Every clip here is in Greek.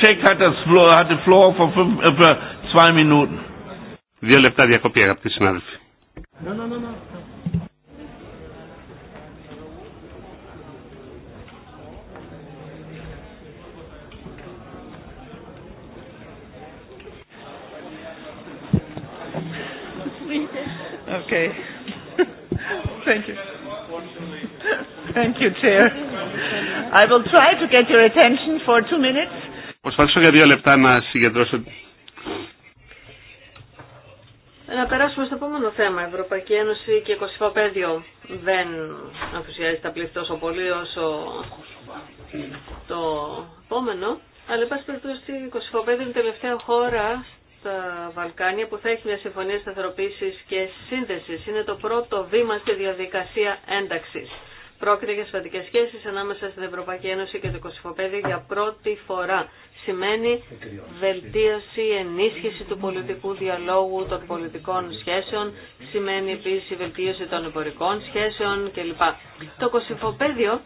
Τσεκ had das floor, had the floor for, for zwei Minuten. Δύο λεπτά διακοπή αγαπητοί συνάδελφοι. Okay. Thank you. Thank you, Chair. I will try to get your attention for minutes. Προσπαθήσω για δύο λεπτά να συγκεντρώσω. Να περάσουμε στο επόμενο θέμα. Ευρωπαϊκή Ένωση και Κωσυφοπαίδιο δεν ενθουσιάζει τα πλήθη τόσο πολύ όσο το επόμενο. Αλλά πάση περιπτώσει η Κωσυφοπαίδιο είναι η τελευταία χώρα στα Βαλκάνια που θα έχει μια συμφωνία σταθεροποίησης και σύνδεσης. Είναι το πρώτο βήμα στη διαδικασία ένταξης. Πρόκειται για σφατικές σχέσεις ανάμεσα στην Ευρωπαϊκή Ένωση και το Κωσυφοπέδιο για πρώτη φορά. Σημαίνει βελτίωση, ενίσχυση του πολιτικού διαλόγου των πολιτικών σχέσεων, σημαίνει επίσης βελτίωση των εμπορικών σχέσεων κλπ. Το Κωσυφοπέδιο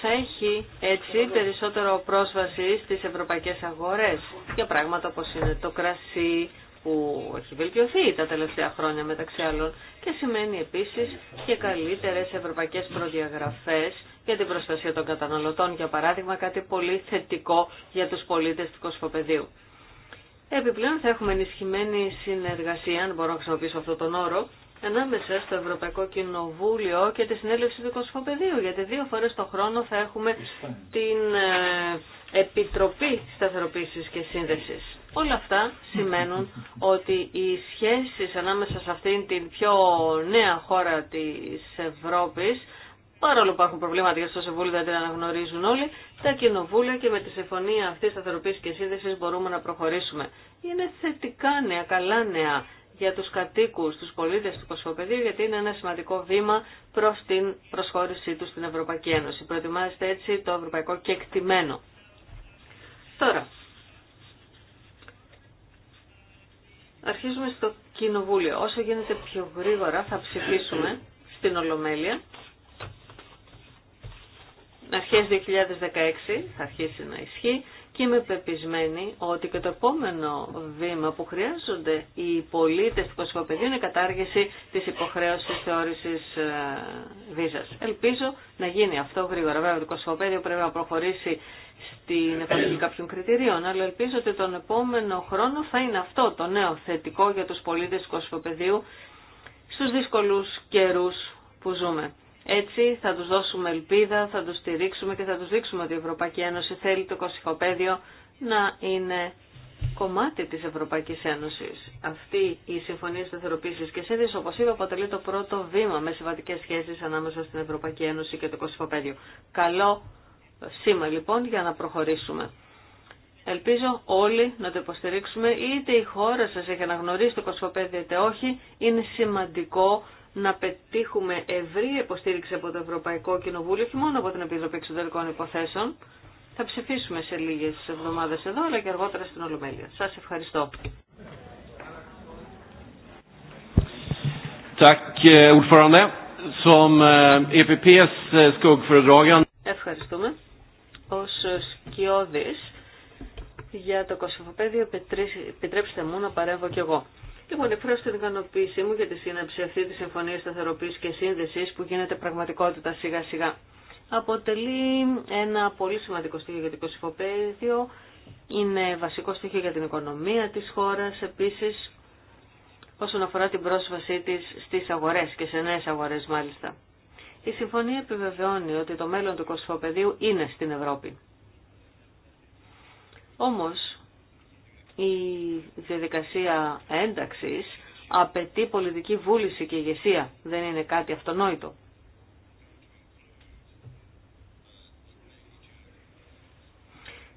θα έχει έτσι περισσότερο πρόσβαση στις ευρωπαϊκές αγορές για πράγματα όπως είναι το κρασί, που έχει βελτιωθεί τα τελευταία χρόνια μεταξύ άλλων και σημαίνει επίσης και καλύτερες ευρωπαϊκές προδιαγραφές για την προστασία των καταναλωτών, για παράδειγμα κάτι πολύ θετικό για τους πολίτες του κοσμοπεδίου. Επιπλέον θα έχουμε ενισχυμένη συνεργασία, αν μπορώ να χρησιμοποιήσω αυτόν τον όρο, ανάμεσα στο Ευρωπαϊκό Κοινοβούλιο και τη συνέλευση του Κοσμοπεδίου, γιατί δύο φορές το χρόνο θα έχουμε την ε, Επιτροπή Σταθεροποίησης και Σύνδεσης. Όλα αυτά σημαίνουν ότι οι σχέσεις ανάμεσα σε αυτήν την πιο νέα χώρα της Ευρώπης παρόλο που υπάρχουν προβλήματα για στο Σεβούλιο δεν την αναγνωρίζουν όλοι, τα κοινοβούλια και με τη συμφωνία αυτή σταθεροποίηση και σύνδεση μπορούμε να προχωρήσουμε. Είναι θετικά νέα, καλά νέα για τους κατοίκους, τους πολίτες του Κοσμοπεδίου, γιατί είναι ένα σημαντικό βήμα προς την προσχώρησή τους στην Ευρωπαϊκή Ένωση. Προετοιμάζεται έτσι το ευρωπαϊκό κεκτημένο. Τώρα, αρχίζουμε στο Κοινοβούλιο. Όσο γίνεται πιο γρήγορα θα ψηφίσουμε στην Ολομέλεια. Αρχές 2016 θα αρχίσει να ισχύει και είμαι πεπισμένη ότι και το επόμενο βήμα που χρειάζονται οι πολίτες του Κοσμοπαιδίου είναι η κατάργηση της υποχρέωσης θεώρησης ε, βίζας. Ελπίζω να γίνει αυτό γρήγορα. Βέβαια το Κωσυφοπέδιο πρέπει να προχωρήσει στην εφαρμογή κάποιων κριτηρίων, αλλά ελπίζω ότι τον επόμενο χρόνο θα είναι αυτό το νέο θετικό για τους πολίτες του Κοσμοπαιδίου στους δύσκολους καιρούς που ζούμε. Έτσι θα τους δώσουμε ελπίδα, θα τους στηρίξουμε και θα τους δείξουμε ότι η Ευρωπαϊκή Ένωση θέλει το κοσυχοπαίδιο να είναι κομμάτι της Ευρωπαϊκής Ένωσης. Αυτή η Συμφωνία Σταθεροποίησης και Σύνδεσης, όπως είπα, αποτελεί το πρώτο βήμα με συμβατικές σχέσεις ανάμεσα στην Ευρωπαϊκή Ένωση και το κοσυχοπαίδιο. Καλό σήμα λοιπόν για να προχωρήσουμε. Ελπίζω όλοι να το υποστηρίξουμε, είτε η χώρα σας έχει αναγνωρίσει το κοσμοπέδιο είτε όχι, είναι σημαντικό να πετύχουμε ευρή υποστήριξη από το Ευρωπαϊκό Κοινοβούλιο και μόνο από την Επιτροπή Εξωτερικών Υποθέσεων. Θα ψηφίσουμε σε λίγες εβδομάδες εδώ, αλλά και αργότερα στην Ολομέλεια. Σας ευχαριστώ. Ευχαριστούμε. ω eh, σκιώδη για το Κωσοφοπέδιο επιτρέψτε μου να παρέμβω κι εγώ. Λοιπόν, εκφράζω την ικανοποίησή μου για τη σύναψη αυτή τη Συμφωνία Σταθεροποίηση και Σύνδεση που γίνεται πραγματικότητα σιγά-σιγά. Αποτελεί ένα πολύ σημαντικό στοιχείο για το κοσυφοπαίδιο. Είναι βασικό στοιχείο για την οικονομία της χώρας επίσης όσον αφορά την πρόσβασή της στις αγορές και σε νέες αγορές μάλιστα. Η συμφωνία επιβεβαιώνει ότι το μέλλον του κοσφοπεδίου είναι στην Ευρώπη. Όμως η διαδικασία ένταξης απαιτεί πολιτική βούληση και ηγεσία. Δεν είναι κάτι αυτονόητο.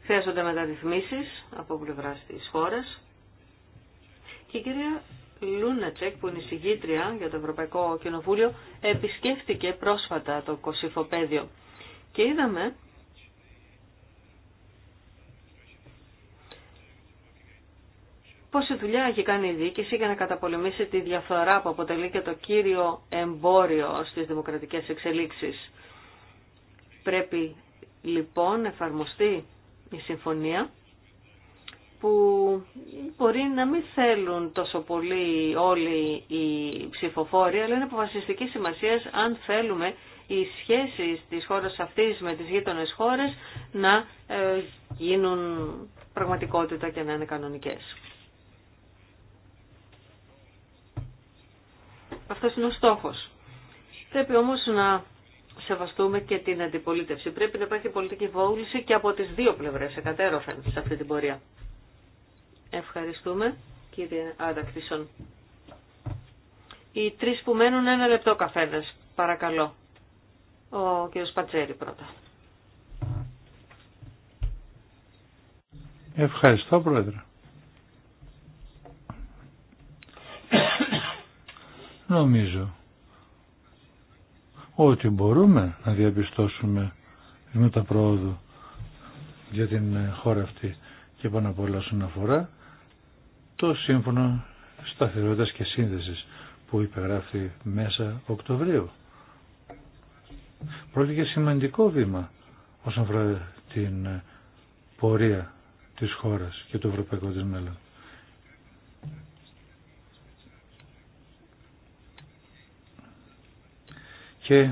Χρειάζονται μεταρρυθμίσεις από πλευρά της χώρας. Και η κυρία Λούνατσεκ, που είναι συγγήτρια για το Ευρωπαϊκό Κοινοβούλιο, επισκέφτηκε πρόσφατα το κοσυφοπέδιο Και είδαμε Πόση δουλειά έχει κάνει η διοίκηση για να καταπολεμήσει τη διαφθορά που αποτελεί και το κύριο εμπόριο στις δημοκρατικές εξελίξεις. Πρέπει λοιπόν εφαρμοστεί η συμφωνία που μπορεί να μην θέλουν τόσο πολύ όλοι οι ψηφοφόροι, αλλά είναι αποφασιστική σημασία αν θέλουμε οι σχέσεις της χώρας αυτής με τις γείτονες χώρες να ε, γίνουν πραγματικότητα και να είναι κανονικές. Αυτός είναι ο στόχος. Πρέπει όμως να σεβαστούμε και την αντιπολίτευση. Πρέπει να υπάρχει πολιτική βόληση και από τις δύο πλευρές εκατέρωθεν σε αυτή την πορεία. Ευχαριστούμε κύριε Άντακτησον. Οι τρεις που μένουν ένα λεπτό καθένας. Παρακαλώ. Ο κύριος Πατσέρη πρώτα. Ευχαριστώ πρόεδρε. νομίζω ότι μπορούμε να διαπιστώσουμε με τα πρόοδο για την χώρα αυτή και πάνω απ' όλα όσον αφορά το σύμφωνο σταθερότητας και σύνδεσης που υπεγράφει μέσα Οκτωβρίου. Πρόκειται για σημαντικό βήμα όσον αφορά την πορεία της χώρας και του ευρωπαϊκού της μέλλον. και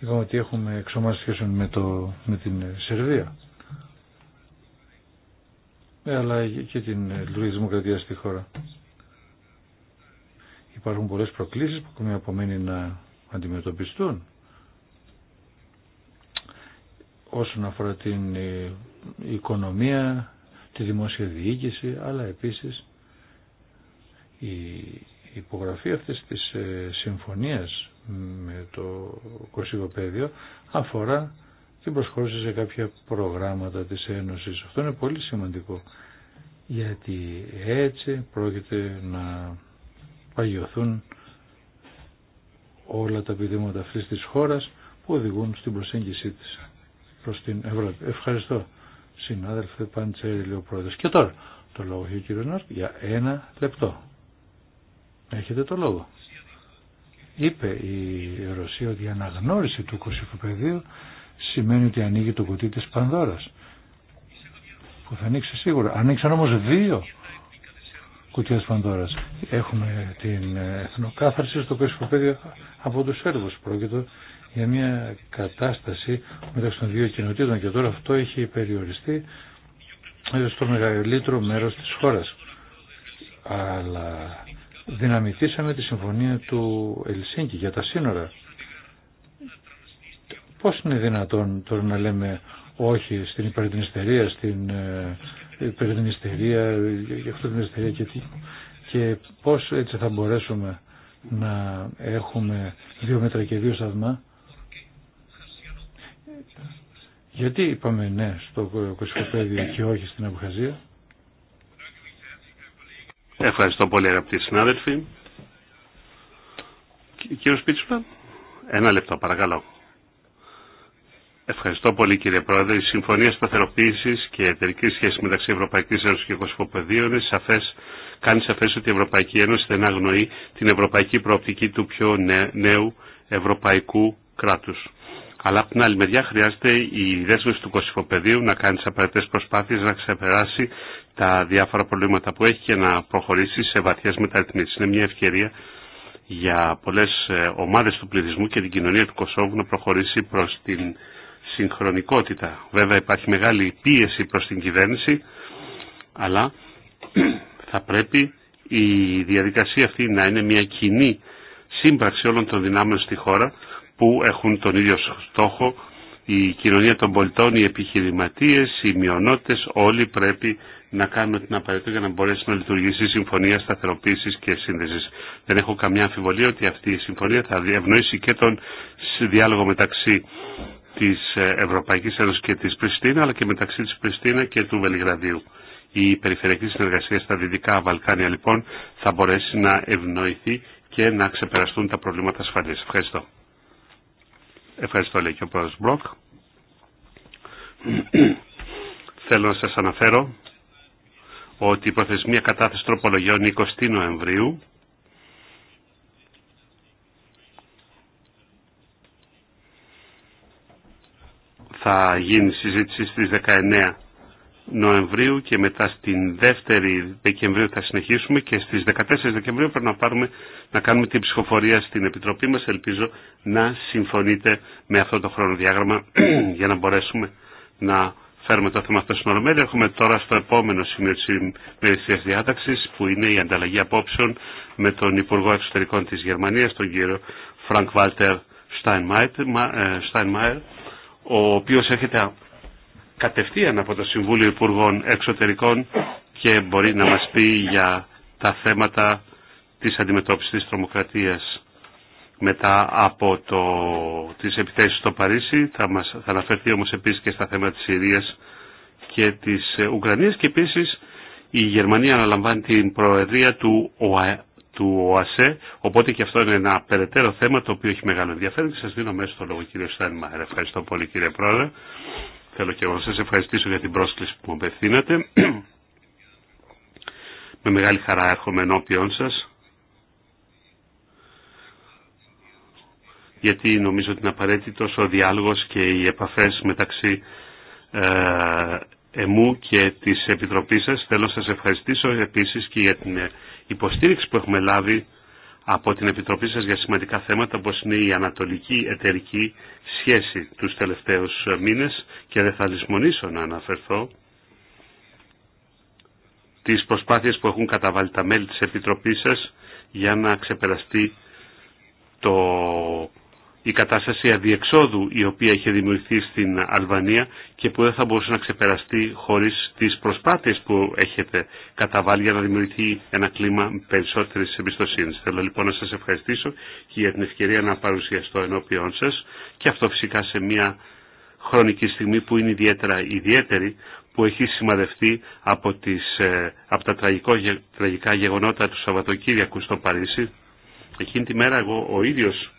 είπαμε ότι έχουμε εξωμάσεις σχέσεων με, το, με την Σερβία ε, αλλά και την λειτουργία δημοκρατία στη χώρα. Υπάρχουν πολλές προκλήσεις που ακόμη απομένει να αντιμετωπιστούν όσον αφορά την ε, οικονομία, τη δημόσια διοίκηση, αλλά επίσης η η υπογραφή αυτής της ε, συμφωνίας με το Κωσικοπαίδιο αφορά την προσχώρηση σε κάποια προγράμματα της Ένωσης. Αυτό είναι πολύ σημαντικό γιατί έτσι πρόκειται να παγιωθούν όλα τα επιδήματα αυτής της χώρας που οδηγούν στην προσέγγιση της προς την Ευρώπη. Ευχαριστώ συνάδελφε Παντσέρη πρόεδρος. Και τώρα το λόγο έχει ο κύριος για ένα λεπτό. Έχετε το λόγο. Είπε η Ρωσία ότι η αναγνώριση του κοσυφοπεδίου σημαίνει ότι ανοίγει το κουτί της Πανδώρας που θα ανοίξει σίγουρα. Ανοίξαν όμως δύο κουτιά Πανδώρας. Έχουμε την εθνοκάθαρση στο κοσυφοπεδίο από τους Σέρβους. Πρόκειται για μια κατάσταση μεταξύ των δύο κοινοτήτων και τώρα αυτό έχει περιοριστεί στο μεγαλύτερο μέρος της χώρας. Αλλά δυναμηθήσαμε τη συμφωνία του Ελσίνκη για τα σύνορα. Πώς είναι δυνατόν τώρα να λέμε όχι στην υπερδινιστερία, στην ε, υπερδινιστερία, για αυτό την και τι. Και πώς έτσι θα μπορέσουμε να έχουμε δύο μέτρα και δύο σταθμά. Γιατί είπαμε ναι στο κοσικοπέδιο και όχι στην Αμπουχαζία. Ευχαριστώ πολύ αγαπητοί συνάδελφοι. Κύριο Σπίτσουλα, ένα λεπτό παρακαλώ. Ευχαριστώ πολύ κύριε Πρόεδρε. Η Συμφωνία Σταθεροποίηση και Εταιρική Σχέση μεταξύ Ευρωπαϊκή Ένωση και Κοσμοπεδίου είναι κάνει σαφέ ότι η Ευρωπαϊκή Ένωση δεν αγνοεί την ευρωπαϊκή προοπτική του πιο νέου ευρωπαϊκού κράτου. Αλλά από την άλλη μεριά χρειάζεται η δέσμευση του Κωσυφοπεδίου να κάνει τι απαραίτητε προσπάθειε να ξεπεράσει τα διάφορα προβλήματα που έχει και να προχωρήσει σε βαθιές μεταρρυθμίσεις. Είναι μια ευκαιρία για πολλές ε, ομάδες του πληθυσμού και την κοινωνία του Κωσόβου να προχωρήσει προς την συγχρονικότητα. Βέβαια υπάρχει μεγάλη πίεση προς την κυβέρνηση, αλλά θα πρέπει η διαδικασία αυτή να είναι μια κοινή σύμπραξη όλων των δυνάμεων στη χώρα που έχουν τον ίδιο στόχο η κοινωνία των πολιτών, οι επιχειρηματίες, οι μειονότητες, όλοι πρέπει να κάνουμε την απαραίτητο για να μπορέσει να λειτουργήσει η Συμφωνία Σταθεροποίηση και Σύνδεση. Δεν έχω καμιά αμφιβολία ότι αυτή η συμφωνία θα ευνοήσει και τον διάλογο μεταξύ τη ε, Ευρωπαϊκή Ένωση και τη Πριστίνα, αλλά και μεταξύ τη Πριστίνα και του Βελιγραδίου. Η περιφερειακή συνεργασία στα Δυτικά Βαλκάνια λοιπόν θα μπορέσει να ευνοηθεί και να ξεπεραστούν τα προβλήματα ασφαλεία. Ευχαριστώ. Ευχαριστώ λέει και ο πρόεδρο Μπροκ. Θέλω να σας αναφέρω ότι η προθεσμία κατάθεση τροπολογιών 20 Νοεμβρίου θα γίνει συζήτηση στις 19 Νοεμβρίου και μετά στην 2η Δεκεμβρίου θα συνεχίσουμε και στις 14 Δεκεμβρίου πρέπει να, πάρουμε, να κάνουμε την ψυχοφορία στην Επιτροπή μας. Ελπίζω να συμφωνείτε με αυτό το χρονοδιάγραμμα για να μπορέσουμε να φέρουμε το θέμα αυτό στην Ολομέλεια. Έχουμε τώρα στο επόμενο σημείο τη διάταξη που είναι η ανταλλαγή απόψεων με τον Υπουργό Εξωτερικών της Γερμανίας, τον κύριο Φρανκ Βάλτερ Στάινμαερ, ο οποίος έρχεται κατευθείαν από το Συμβούλιο Υπουργών Εξωτερικών και μπορεί να μας πει για τα θέματα της αντιμετώπισης της τρομοκρατίας μετά από το, τις επιθέσεις στο Παρίσι. Θα, μας, θα αναφερθεί όμως επίσης και στα θέματα της Συρίας και της ε, Ουκρανίας και επίσης η Γερμανία αναλαμβάνει την προεδρία του, ΟΑ, του ΟΑΣΕ, οπότε και αυτό είναι ένα περαιτέρω θέμα το οποίο έχει μεγάλο ενδιαφέρον και σας δίνω μέσα στο λόγο κύριε Στάνιμαρ. Ευχαριστώ πολύ κύριε Πρόεδρε. Θέλω και εγώ να σας ευχαριστήσω για την πρόσκληση που μου απευθύνατε. Με μεγάλη χαρά έρχομαι ενώπιον σας γιατί νομίζω ότι είναι απαραίτητο ο διάλογος και οι επαφές μεταξύ ε, εμού και της Επιτροπής σας. Θέλω να σας ευχαριστήσω επίσης και για την ε, υποστήριξη που έχουμε λάβει από την Επιτροπή σας για σημαντικά θέματα όπως είναι η ανατολική εταιρική σχέση τους τελευταίους μήνες και δεν θα λησμονήσω να αναφερθώ τις προσπάθειες που έχουν καταβάλει τα μέλη της Επιτροπής σας για να ξεπεραστεί το η κατάσταση αδιεξόδου η οποία είχε δημιουργηθεί στην Αλβανία και που δεν θα μπορούσε να ξεπεραστεί χωρίς τις προσπάθειες που έχετε καταβάλει για να δημιουργηθεί ένα κλίμα περισσότερης εμπιστοσύνης. Θέλω λοιπόν να σας ευχαριστήσω και για την ευκαιρία να παρουσιαστώ ενώπιόν σας και αυτό φυσικά σε μια χρονική στιγμή που είναι ιδιαίτερα ιδιαίτερη που έχει σημαδευτεί από, τις, ε, από τα τραγικό, τραγικά γεγονότα του Σαββατοκύριακου στο Παρίσι. Εκείνη τη μέρα εγώ ο ίδιος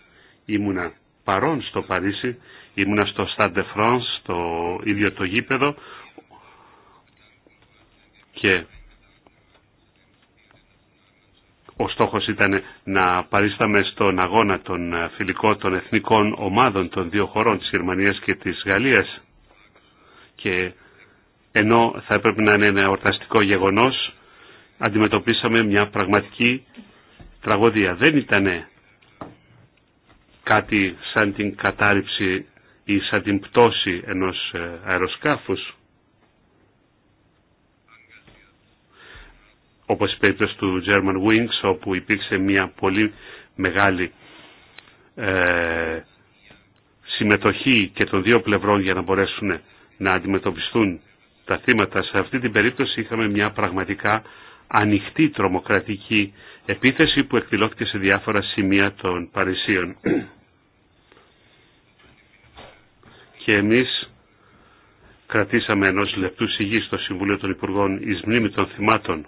ήμουνα παρόν στο Παρίσι, ήμουνα στο Stade de France, στο ίδιο το γήπεδο και ο στόχος ήταν να παρίσταμε στον αγώνα των ε, φιλικών των εθνικών ομάδων των δύο χωρών, της Γερμανίας και της Γαλλίας. Και ενώ θα έπρεπε να είναι ένα ορταστικό γεγονός, αντιμετωπίσαμε μια πραγματική τραγωδία. Δεν ήτανε κάτι σαν την κατάρριψη ή σαν την πτώση ενός ε, αεροσκάφους. Όπως η περίπτωση του German Wings όπου υπήρξε μια πολύ μεγάλη ε, συμμετοχή και των δύο πλευρών για να μπορέσουν να αντιμετωπιστούν τα θύματα. Σε αυτή την περίπτωση είχαμε μια πραγματικά ανοιχτή τρομοκρατική επίθεση που εκδηλώθηκε σε διάφορα σημεία των Παρισίων. Και εμείς κρατήσαμε ενός λεπτού σιγή στο Συμβούλιο των Υπουργών εις μνήμη των θυμάτων.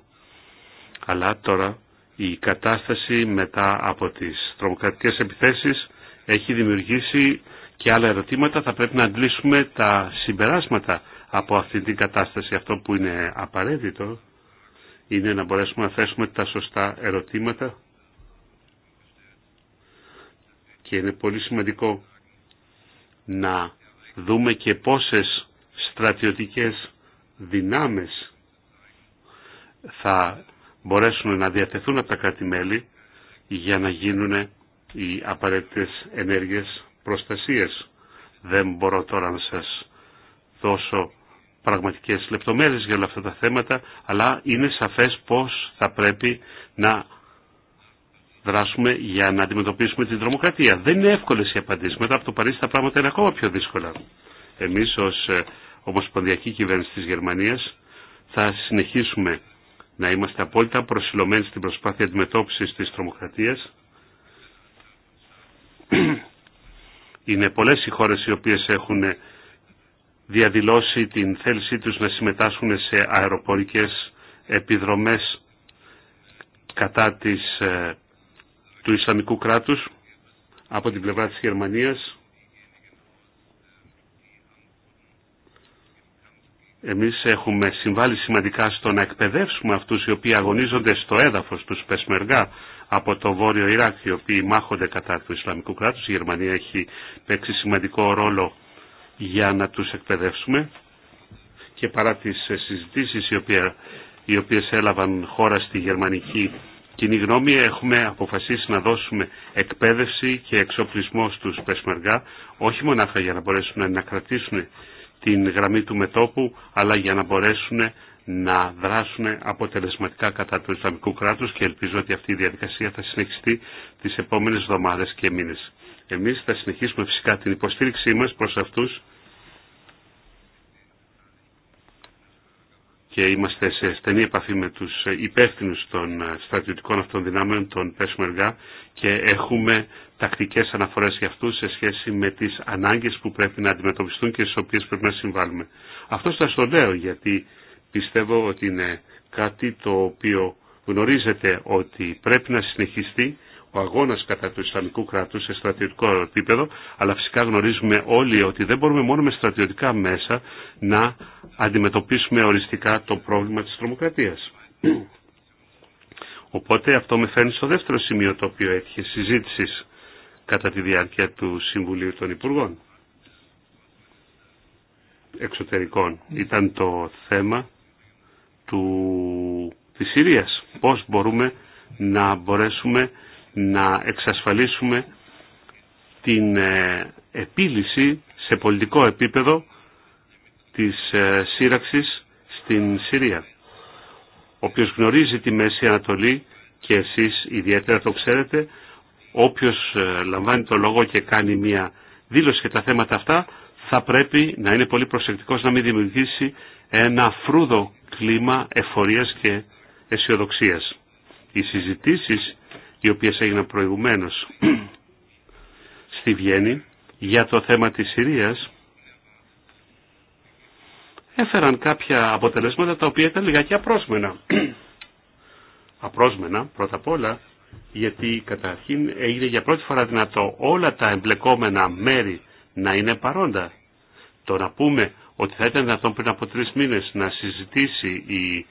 Αλλά τώρα η κατάσταση μετά από τις τρομοκρατικές επιθέσεις έχει δημιουργήσει και άλλα ερωτήματα. Θα πρέπει να αντλήσουμε τα συμπεράσματα από αυτή την κατάσταση. Αυτό που είναι απαραίτητο είναι να μπορέσουμε να θέσουμε τα σωστά ερωτήματα και είναι πολύ σημαντικό να δούμε και πόσες στρατιωτικές δυνάμεις θα μπορέσουν να διατεθούν από τα κράτη-μέλη για να γίνουν οι απαραίτητες ενέργειες προστασίας. Δεν μπορώ τώρα να σας δώσω πραγματικές λεπτομέρειες για όλα αυτά τα θέματα, αλλά είναι σαφές πώς θα πρέπει να δράσουμε για να αντιμετωπίσουμε την τρομοκρατία. Δεν είναι εύκολες οι απαντήσεις. Μετά από το Παρίσι τα πράγματα είναι ακόμα πιο δύσκολα. Εμείς ως ε, Ομοσπονδιακή Κυβέρνηση της Γερμανίας θα συνεχίσουμε να είμαστε απόλυτα προσιλωμένοι στην προσπάθεια αντιμετώπισης της τρομοκρατίας. Είναι πολλές οι χώρες οι οποίες έχουν διαδηλώσει την θέλησή τους να συμμετάσχουν σε αεροπορικές επιδρομές κατά της, ε, του Ισλαμικού κράτους από την πλευρά της Γερμανίας. Εμείς έχουμε συμβάλει σημαντικά στο να εκπαιδεύσουμε αυτούς οι οποίοι αγωνίζονται στο έδαφος τους Πεσμεργά από το Βόρειο Ιράκ, οι οποίοι μάχονται κατά του Ισλαμικού κράτους. Η Γερμανία έχει παίξει σημαντικό ρόλο για να τους εκπαιδεύσουμε και παρά τις ε, συζητήσεις οι, οποία, οι οποίες έλαβαν χώρα στη γερμανική κοινή γνώμη έχουμε αποφασίσει να δώσουμε εκπαίδευση και εξοπλισμό στους Πεσμεργά όχι μονάχα για να μπορέσουν να κρατήσουν την γραμμή του μετόπου αλλά για να μπορέσουν να δράσουν αποτελεσματικά κατά του Ισλαμικού κράτους και ελπίζω ότι αυτή η διαδικασία θα συνεχιστεί τις επόμενες εβδομάδες και μήνες. Εμείς θα συνεχίσουμε φυσικά την υποστήριξή μας προς αυτούς και είμαστε σε στενή επαφή με τους υπεύθυνου των στρατιωτικών αυτών δυνάμεων, των Πεσμεργά και έχουμε τακτικές αναφορές για αυτούς σε σχέση με τις ανάγκες που πρέπει να αντιμετωπιστούν και στις οποίες πρέπει να συμβάλλουμε. Αυτό σα το λέω γιατί πιστεύω ότι είναι κάτι το οποίο γνωρίζετε ότι πρέπει να συνεχιστεί ο αγώνα κατά του Ισλαμικού κράτους σε στρατιωτικό επίπεδο, αλλά φυσικά γνωρίζουμε όλοι ότι δεν μπορούμε μόνο με στρατιωτικά μέσα να αντιμετωπίσουμε οριστικά το πρόβλημα της τρομοκρατία. Οπότε αυτό με φέρνει στο δεύτερο σημείο το οποίο έτυχε συζήτηση κατά τη διάρκεια του Συμβουλίου των Υπουργών Εξωτερικών. Ήταν το θέμα του, της Συρίας. Πώς μπορούμε να μπορέσουμε να εξασφαλίσουμε την ε, επίλυση σε πολιτικό επίπεδο της ε, σύραξης στην Συρία. Όποιος γνωρίζει τη Μέση Ανατολή και εσείς ιδιαίτερα το ξέρετε, όποιος ε, λαμβάνει το λόγο και κάνει μια δήλωση για τα θέματα αυτά, θα πρέπει να είναι πολύ προσεκτικός να μην δημιουργήσει ένα φρούδο κλίμα εφορίας και αισιοδοξία. Οι συζητήσεις οι οποίες έγιναν προηγουμένως στη Βιέννη για το θέμα της Συρίας έφεραν κάποια αποτελέσματα τα οποία ήταν λιγάκι απρόσμενα. απρόσμενα πρώτα απ' όλα γιατί καταρχήν έγινε για πρώτη φορά δυνατό όλα τα εμπλεκόμενα μέρη να είναι παρόντα. Το να πούμε ότι θα ήταν δυνατόν πριν από τρει μήνε να συζητήσει η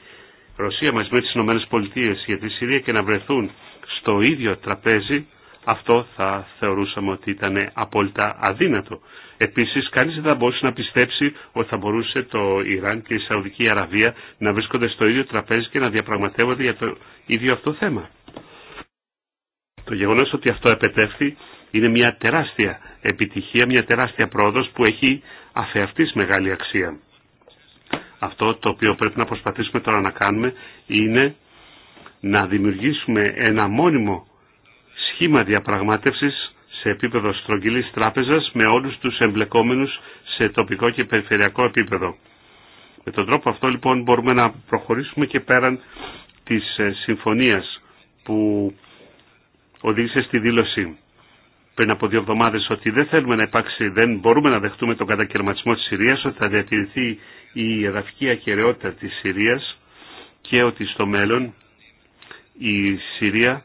Ρωσία μαζί με τις ΗΠΑ για τη Συρία και να βρεθούν στο ίδιο τραπέζι, αυτό θα θεωρούσαμε ότι ήταν απόλυτα αδύνατο. Επίσης, κανείς δεν θα μπορούσε να πιστέψει ότι θα μπορούσε το Ιράν και η Σαουδική Αραβία να βρίσκονται στο ίδιο τραπέζι και να διαπραγματεύονται για το ίδιο αυτό θέμα. Το γεγονός ότι αυτό επετεύχθη είναι μια τεράστια επιτυχία, μια τεράστια πρόοδος που έχει αφεαυτής μεγάλη αξία. Αυτό το οποίο πρέπει να προσπαθήσουμε τώρα να κάνουμε είναι να δημιουργήσουμε ένα μόνιμο σχήμα διαπραγμάτευσης σε επίπεδο στρογγυλής τράπεζας με όλους τους εμπλεκόμενους σε τοπικό και περιφερειακό επίπεδο. Με τον τρόπο αυτό λοιπόν μπορούμε να προχωρήσουμε και πέραν της ε, συμφωνίας που οδήγησε στη δήλωση πριν από δύο εβδομάδες ότι δεν θέλουμε να υπάρξει, δεν μπορούμε να δεχτούμε τον κατακαιρματισμό της Συρίας, ότι θα διατηρηθεί η εδαφική ακαιρεότητα της Συρίας και ότι στο μέλλον η Συρία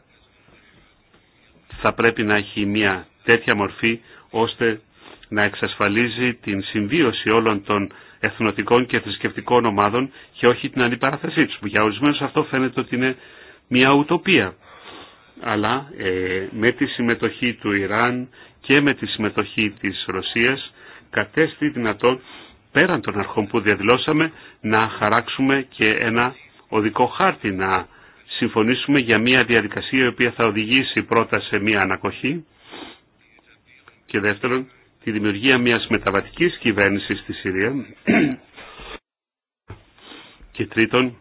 θα πρέπει να έχει μια τέτοια μορφή ώστε να εξασφαλίζει την συμβίωση όλων των εθνοτικών και θρησκευτικών ομάδων και όχι την αντιπαράθεσή τους. Για ορισμένους αυτό φαίνεται ότι είναι μια ουτοπία. Αλλά ε, με τη συμμετοχή του Ιράν και με τη συμμετοχή της Ρωσίας κατέστη δυνατόν πέραν των αρχών που διαδηλώσαμε να χαράξουμε και ένα οδικό χάρτη να συμφωνήσουμε για μια διαδικασία η οποία θα οδηγήσει πρώτα σε μια ανακοχή και δεύτερον τη δημιουργία μιας μεταβατικής κυβέρνησης στη Συρία και τρίτον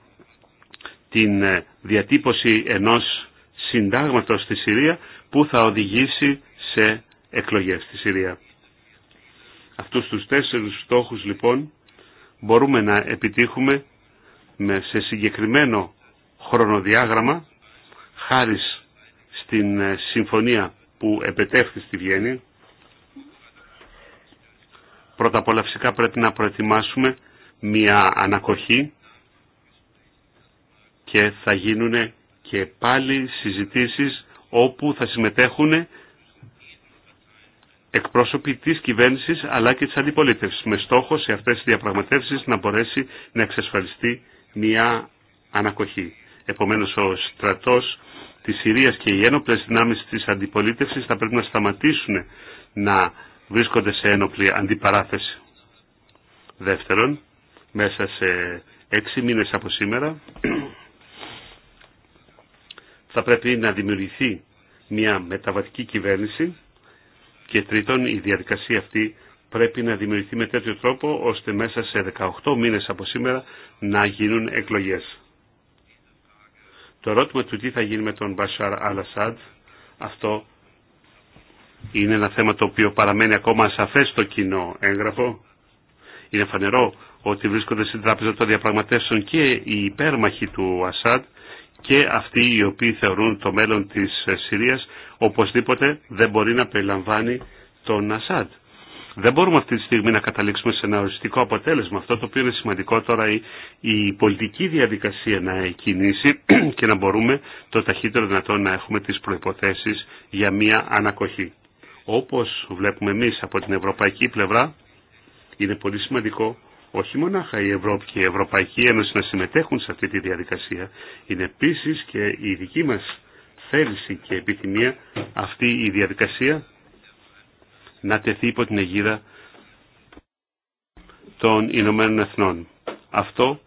την ε, διατύπωση ενός συντάγματος στη Συρία που θα οδηγήσει σε εκλογές στη Συρία. Αυτούς τους τέσσερις στόχους λοιπόν μπορούμε να επιτύχουμε με, σε συγκεκριμένο χρονοδιάγραμμα χάρη στην ε, συμφωνία που επετέφθη στη Βιέννη. Πρώτα απ' όλα φυσικά πρέπει να προετοιμάσουμε μια ανακοχή και θα γίνουν και πάλι συζητήσεις όπου θα συμμετέχουν εκπρόσωποι της κυβέρνησης αλλά και της αντιπολίτευσης με στόχο σε αυτές τις διαπραγματεύσεις να μπορέσει να εξασφαλιστεί μια ανακοχή. Επομένως ο στρατός της Συρίας και οι ένοπλες δυνάμεις της αντιπολίτευσης θα πρέπει να σταματήσουν να βρίσκονται σε ένοπλη αντιπαράθεση. Δεύτερον, μέσα σε έξι μήνες από σήμερα θα πρέπει να δημιουργηθεί μια μεταβατική κυβέρνηση και τρίτον η διαδικασία αυτή πρέπει να δημιουργηθεί με τέτοιο τρόπο ώστε μέσα σε 18 μήνες από σήμερα να γίνουν εκλογές. Το ερώτημα του τι θα γίνει με τον Μπασάρ Αλασάντ, αυτό είναι ένα θέμα το οποίο παραμένει ακόμα ασαφές στο κοινό έγγραφο. Είναι φανερό ότι βρίσκονται στην τράπεζα των διαπραγματεύσεων και οι υπέρμαχοι του Ασάντ και αυτοί οι οποίοι θεωρούν το μέλλον της Συρίας οπωσδήποτε δεν μπορεί να περιλαμβάνει τον Ασάντ. Δεν μπορούμε αυτή τη στιγμή να καταλήξουμε σε ένα οριστικό αποτέλεσμα. Αυτό το οποίο είναι σημαντικό τώρα η, η πολιτική διαδικασία να κινήσει και να μπορούμε το ταχύτερο δυνατόν να έχουμε τις προϋποθέσεις για μια ανακοχή. Όπως βλέπουμε εμείς από την ευρωπαϊκή πλευρά, είναι πολύ σημαντικό όχι μονάχα η Ευρώπη και η Ευρωπαϊκή Ένωση να συμμετέχουν σε αυτή τη διαδικασία, είναι επίσης και η δική μας θέληση και επιθυμία αυτή η διαδικασία να τεθεί υπό την αιγίδα των Ηνωμένων Εθνών. Αυτό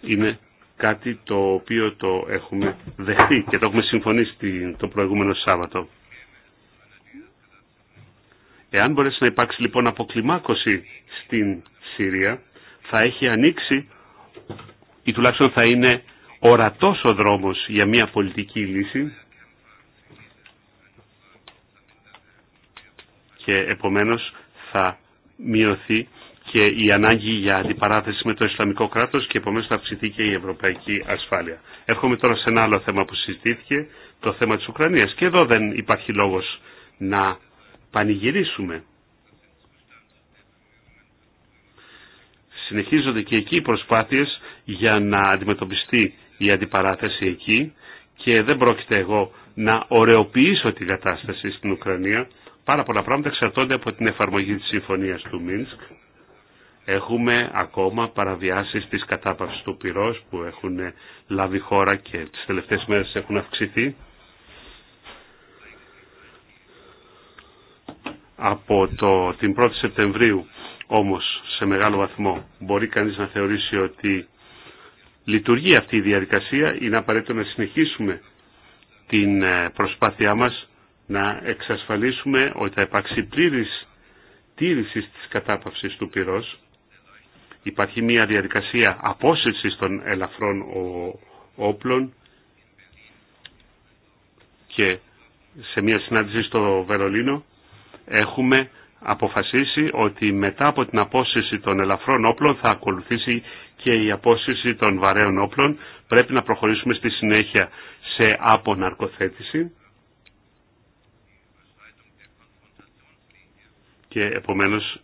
είναι κάτι το οποίο το έχουμε δεχτεί και το έχουμε συμφωνήσει το προηγούμενο Σάββατο. Εάν μπορέσει να υπάρξει λοιπόν αποκλιμάκωση στην Συρία, θα έχει ανοίξει ή τουλάχιστον θα είναι ορατός ο δρόμος για μια πολιτική λύση και επομένως θα μειωθεί και η ανάγκη για αντιπαράθεση με το Ισλαμικό κράτος και επομένως θα αυξηθεί και η ευρωπαϊκή ασφάλεια. Έρχομαι τώρα σε ένα άλλο θέμα που συζητήθηκε, το θέμα της Ουκρανίας. Και εδώ δεν υπάρχει λόγος να πανηγυρίσουμε. Συνεχίζονται και εκεί οι προσπάθειες για να αντιμετωπιστεί η αντιπαράθεση εκεί και δεν πρόκειται εγώ να ωρεοποιήσω την κατάσταση στην Ουκρανία. Πάρα πολλά πράγματα εξαρτώνται από την εφαρμογή της συμφωνίας του Μίνσκ. Έχουμε ακόμα παραβιάσεις της κατάπαυσης του πυρός που έχουν λάβει χώρα και τις τελευταίες μέρες έχουν αυξηθεί. Από το, την 1η Σεπτεμβρίου όμως σε μεγάλο βαθμό μπορεί κανείς να θεωρήσει ότι λειτουργεί αυτή η διαδικασία, είναι απαραίτητο να συνεχίσουμε την ε, προσπάθειά μας να εξασφαλίσουμε ότι θα υπάρξει πλήρης τήρηση της κατάπαυσης του πυρός. Υπάρχει μια διαδικασία απόσυρσης των ελαφρών όπλων και σε μια συνάντηση στο Βερολίνο έχουμε αποφασίσει ότι μετά από την απόσυρση των ελαφρών όπλων θα ακολουθήσει και η απόσυρση των βαρέων όπλων. Πρέπει να προχωρήσουμε στη συνέχεια σε αποναρκοθέτηση. και επομένως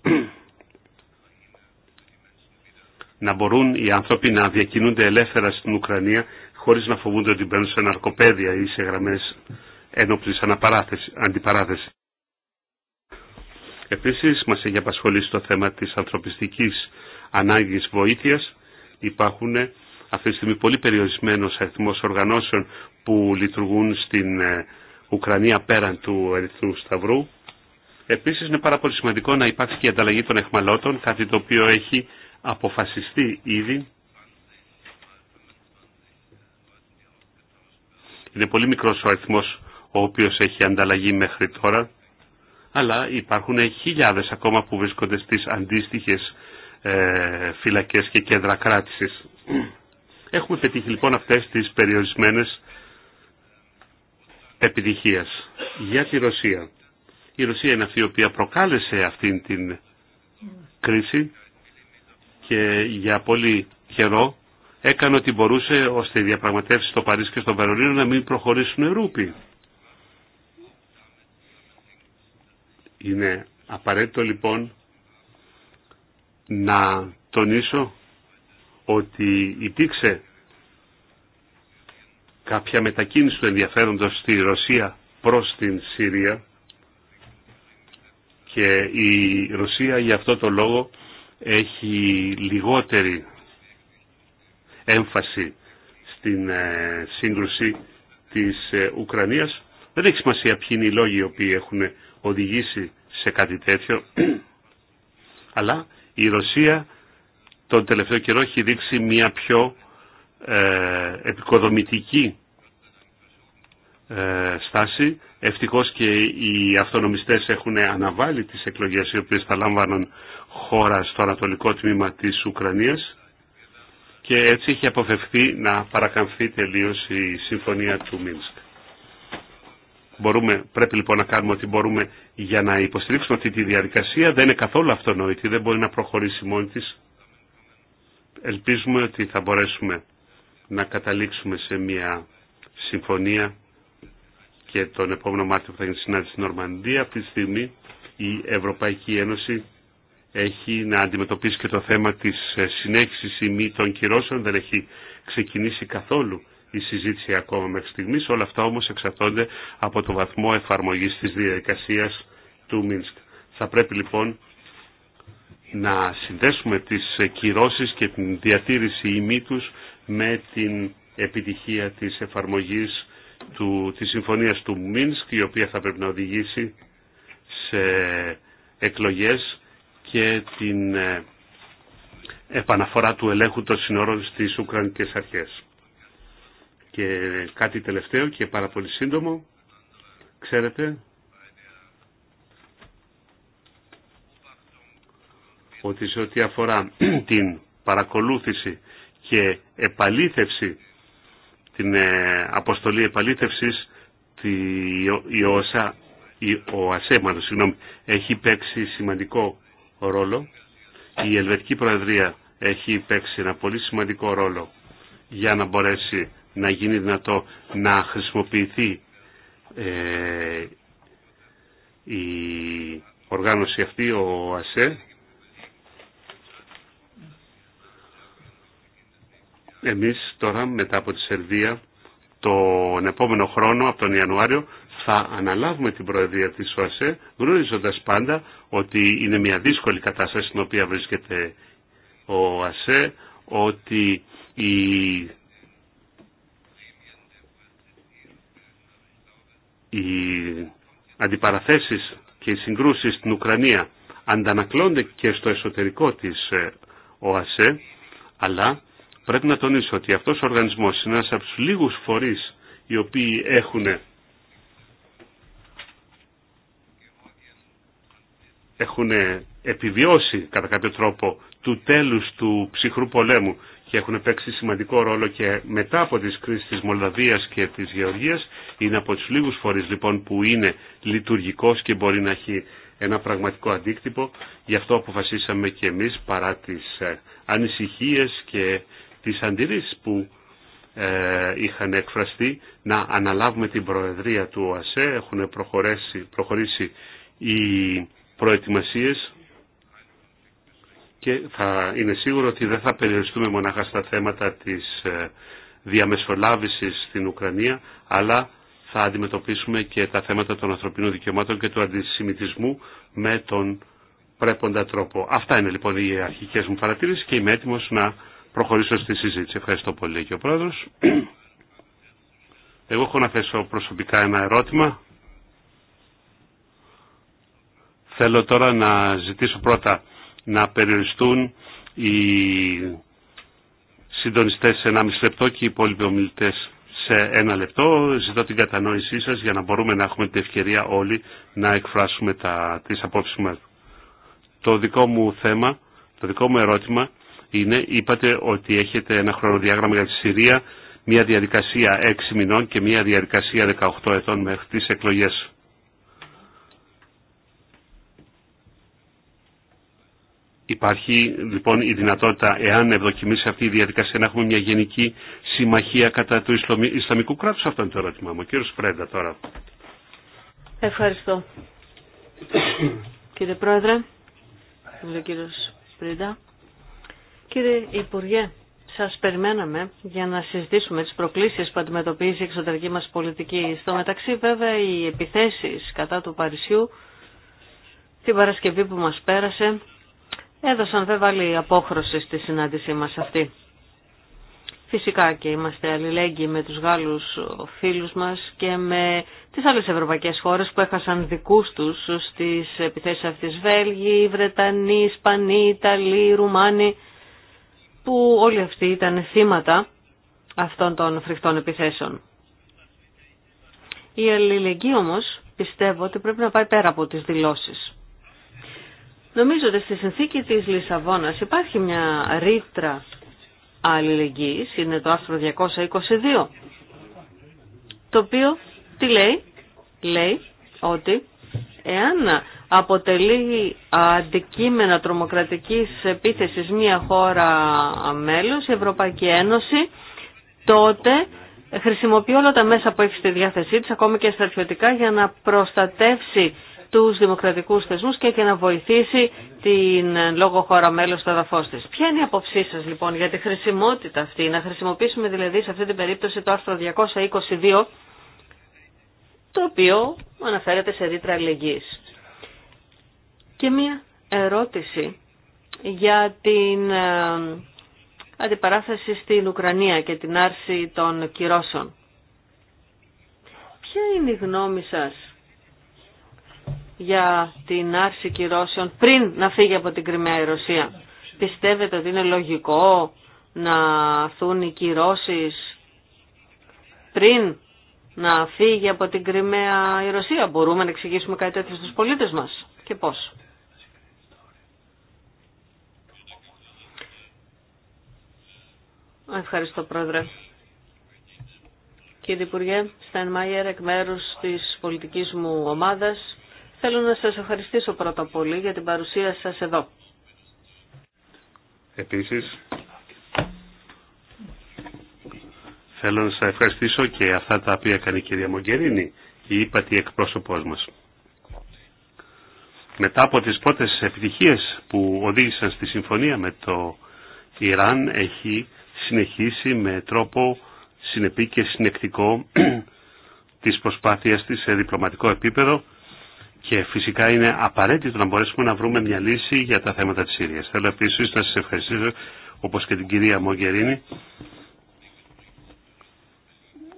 να μπορούν οι άνθρωποι να διακινούνται ελεύθερα στην Ουκρανία χωρίς να φοβούνται ότι μπαίνουν σε ναρκοπαίδια ή σε γραμμές ένοπλης αντιπαράθεση. Επίσης μας έχει απασχολήσει το θέμα της ανθρωπιστικής ανάγκης βοήθειας. Υπάρχουν αυτή τη στιγμή πολύ περιορισμένος αριθμός οργανώσεων που λειτουργούν στην ε, Ουκρανία πέραν του Ερυθρού Σταυρού Επίσης είναι πάρα πολύ σημαντικό να υπάρχει και η ανταλλαγή των εχμαλώτων, κάτι το οποίο έχει αποφασιστεί ήδη. Είναι πολύ μικρό ο αριθμό ο οποίος έχει ανταλλαγή μέχρι τώρα, αλλά υπάρχουν χιλιάδες ακόμα που βρίσκονται στις αντίστοιχε ε, φυλακές και κέντρα κράτηση. Έχουμε πετύχει λοιπόν αυτές τις περιορισμένες επιτυχίες για τη Ρωσία. Η Ρωσία είναι αυτή η οποία προκάλεσε αυτήν την κρίση και για πολύ καιρό έκανε ό,τι μπορούσε ώστε οι διαπραγματεύσεις στο Παρίσι και στο Βερολίνο να μην προχωρήσουν ρούπι. Είναι απαραίτητο λοιπόν να τονίσω ότι υπήρξε κάποια μετακίνηση του ενδιαφέροντος στη Ρωσία προς την Συρία και η Ρωσία για αυτό το λόγο έχει λιγότερη έμφαση στην ε, σύγκρουση της ε, Ουκρανίας. Δεν έχει σημασία ποιοι είναι οι λόγοι οι οποίοι έχουν οδηγήσει σε κάτι τέτοιο. Αλλά η Ρωσία τον τελευταίο καιρό έχει δείξει μια πιο ε, επικοδομητική ε, στάση. Ευτυχώς και οι αυτονομιστές έχουν αναβάλει τις εκλογές οι οποίες θα λάμβαναν χώρα στο ανατολικό τμήμα της Ουκρανίας και έτσι έχει αποφευθεί να παρακαμφθεί τελείως η συμφωνία του Μίνσκ. Μπορούμε, πρέπει λοιπόν να κάνουμε ό,τι μπορούμε για να υποστηρίξουμε αυτή τη διαδικασία. Δεν είναι καθόλου αυτονόητη, δεν μπορεί να προχωρήσει μόνη της. Ελπίζουμε ότι θα μπορέσουμε να καταλήξουμε σε μια συμφωνία και τον επόμενο Μάρτιο που θα γίνει συνάντηση στην Ορμανδία. Αυτή τη στιγμή η Ευρωπαϊκή Ένωση έχει να αντιμετωπίσει και το θέμα της ε, συνέχισης ή μη των κυρώσεων. Δεν έχει ξεκινήσει καθόλου η συζήτηση ακόμα μέχρι στιγμή. Όλα αυτά όμως εξαρτώνται από το βαθμό εφαρμογής της διαδικασίας του Μίνσκ. Θα πρέπει λοιπόν να συνδέσουμε τις ε, κυρώσεις και την διατήρηση ημί με την επιτυχία της εφαρμογής του, της συμφωνίας του Μίνσκ η οποία θα πρέπει να οδηγήσει σε εκλογές και την ε, επαναφορά του ελέγχου των συνόρων στις Ουκρανικές αρχές. Και κάτι τελευταίο και πάρα πολύ σύντομο, ξέρετε ότι σε ό,τι αφορά την παρακολούθηση και επαλήθευση την ε, αποστολή επαλήτευσης η ΟΣΑ, η ΟΑΣΕ, συγγνώμη, έχει παίξει σημαντικό ρόλο. Η Ελβετική Προεδρία έχει παίξει ένα πολύ σημαντικό ρόλο για να μπορέσει να γίνει δυνατό να χρησιμοποιηθεί ε, η οργάνωση αυτή, ο ΑΣΕ, Εμείς τώρα μετά από τη Σερβία τον επόμενο χρόνο, από τον Ιανουάριο, θα αναλάβουμε την προεδρία της ΟΑΣΕ, γνωρίζοντας πάντα ότι είναι μια δύσκολη κατάσταση στην οποία βρίσκεται ο ΟΑΣΕ, ότι η οι αντιπαραθέσεις και οι συγκρούσεις στην Ουκρανία αντανακλώνται και στο εσωτερικό της ε, ΟΑΣΕ, αλλά Πρέπει να τονίσω ότι αυτός ο οργανισμός είναι ένας από τους λίγους φορείς οι οποίοι έχουν έχουν επιβιώσει κατά κάποιο τρόπο του τέλους του ψυχρού πολέμου και έχουν παίξει σημαντικό ρόλο και μετά από τις κρίσεις της Μολδαβίας και της Γεωργίας είναι από τους λίγους φορείς λοιπόν που είναι λειτουργικός και μπορεί να έχει ένα πραγματικό αντίκτυπο. Γι' αυτό αποφασίσαμε και εμείς παρά τις ε, ανησυχίες και τις αντιρρήσεις που ε, είχαν εκφραστεί να αναλάβουμε την Προεδρία του ΟΑΣΕ. Έχουν προχωρήσει, προχωρήσει οι προετοιμασίες και θα είναι σίγουρο ότι δεν θα περιοριστούμε μονάχα στα θέματα της ε, διαμεσολάβησης στην Ουκρανία, αλλά θα αντιμετωπίσουμε και τα θέματα των ανθρωπίνων δικαιωμάτων και του αντισημιτισμού με τον πρέποντα τρόπο. Αυτά είναι λοιπόν οι αρχικές μου παρατήρησεις και είμαι έτοιμος να προχωρήσω στη συζήτηση. Ευχαριστώ πολύ και ο Πρόεδρος. Εγώ έχω να θέσω προσωπικά ένα ερώτημα. Θέλω τώρα να ζητήσω πρώτα να περιοριστούν οι συντονιστές σε ένα λεπτό και οι υπόλοιποι ομιλητές σε ένα λεπτό. Ζητώ την κατανόησή σας για να μπορούμε να έχουμε την ευκαιρία όλοι να εκφράσουμε τα, τις απόψεις μας. Το δικό μου θέμα, το δικό μου ερώτημα είναι, είπατε ότι έχετε ένα χρονοδιάγραμμα για τη Συρία, μια διαδικασία 6 μηνών και μια διαδικασία 18 ετών μέχρι τις εκλογές. Υπάρχει λοιπόν η δυνατότητα, εάν ευδοκιμήσει αυτή η διαδικασία, να έχουμε μια γενική συμμαχία κατά του Ισλαμικού κράτους. Αυτό είναι το ερώτημά μου. κύριος Φρέντα τώρα. Ευχαριστώ. Κύριε Πρόεδρε, κύριε κύριος Φρέντα. Κύριε Υπουργέ, σας περιμέναμε για να συζητήσουμε τις προκλήσεις που αντιμετωπίζει η εξωτερική μας πολιτική. Στο μεταξύ βέβαια οι επιθέσεις κατά του Παρισιού την Παρασκευή που μας πέρασε έδωσαν βέβαια άλλη απόχρωση στη συνάντησή μας αυτή. Φυσικά και είμαστε αλληλέγγυοι με τους Γάλλους φίλους μας και με τις άλλες ευρωπαϊκές χώρες που έχασαν δικούς τους στις επιθέσεις αυτής Βέλγοι, Βρετανοί, Ισπανοί, Ιταλοί, Ρουμάνοι που όλοι αυτοί ήταν θύματα αυτών των φρικτών επιθέσεων. Η αλληλεγγύη όμως πιστεύω ότι πρέπει να πάει πέρα από τις δηλώσεις. Νομίζω ότι στη συνθήκη της Λισαβόνας υπάρχει μια ρήτρα αλληλεγγύης, είναι το άρθρο 222, το οποίο τι λέει, λέει ότι εάν αποτελεί αντικείμενα τρομοκρατικής επίθεσης μια χώρα μέλος, η Ευρωπαϊκή Ένωση, τότε χρησιμοποιεί όλα τα μέσα που έχει στη διάθεσή της, ακόμη και στρατιωτικά, για να προστατεύσει τους δημοκρατικούς θεσμούς και, για να βοηθήσει την λόγω χώρα μέλος στο δαφός της. Ποια είναι η αποψή σας λοιπόν για τη χρησιμότητα αυτή, να χρησιμοποιήσουμε δηλαδή σε αυτή την περίπτωση το άρθρο 222, το οποίο αναφέρεται σε ρήτρα αλληλεγγύης. Και μία ερώτηση για την ε, αντιπαράθεση στην Ουκρανία και την άρση των κυρώσεων. Ποια είναι η γνώμη σας για την άρση κυρώσεων πριν να φύγει από την Κρυμαία η Ρωσία. Πιστεύετε ότι είναι λογικό να αρθούν οι κυρώσεις πριν να φύγει από την Κρυμαία η Ρωσία. Μπορούμε να εξηγήσουμε κάτι τέτοιο στους πολίτες μας και πώς. Ευχαριστώ, Πρόεδρε. Κύριε Υπουργέ, Μάιερ, εκ μέρους της πολιτικής μου ομάδας, θέλω να σας ευχαριστήσω πρώτα πολύ για την παρουσία σας εδώ. Επίσης, θέλω να σας ευχαριστήσω και αυτά τα οποία έκανε η κυρία Μογκερίνη, η ύπατη εκπρόσωπο μας. Μετά από τις πρώτες επιτυχίες που οδήγησαν στη συμφωνία με το Ιράν, έχει συνεχίσει με τρόπο συνεπή και συνεκτικό τις προσπάθειες της σε διπλωματικό επίπεδο και φυσικά είναι απαραίτητο να μπορέσουμε να βρούμε μια λύση για τα θέματα της Συρίας. Θέλω επίσης να σας ευχαριστήσω όπως και την κυρία Μογκερίνη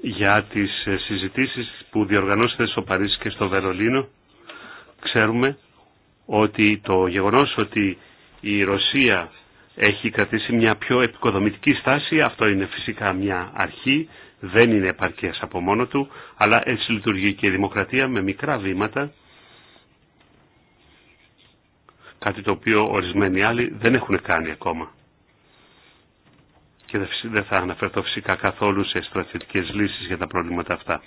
για τις συζητήσεις που διοργανώσετε στο Παρίσι και στο Βερολίνο. Ξέρουμε ότι το γεγονός ότι η Ρωσία έχει κρατήσει μια πιο επικοδομητική στάση. Αυτό είναι φυσικά μια αρχή, δεν είναι επαρκές από μόνο του, αλλά έτσι λειτουργεί και η δημοκρατία με μικρά βήματα, κάτι το οποίο ορισμένοι άλλοι δεν έχουν κάνει ακόμα. Και δεν θα αναφερθώ φυσικά καθόλου σε στρατιωτικές λύσεις για τα προβλήματα αυτά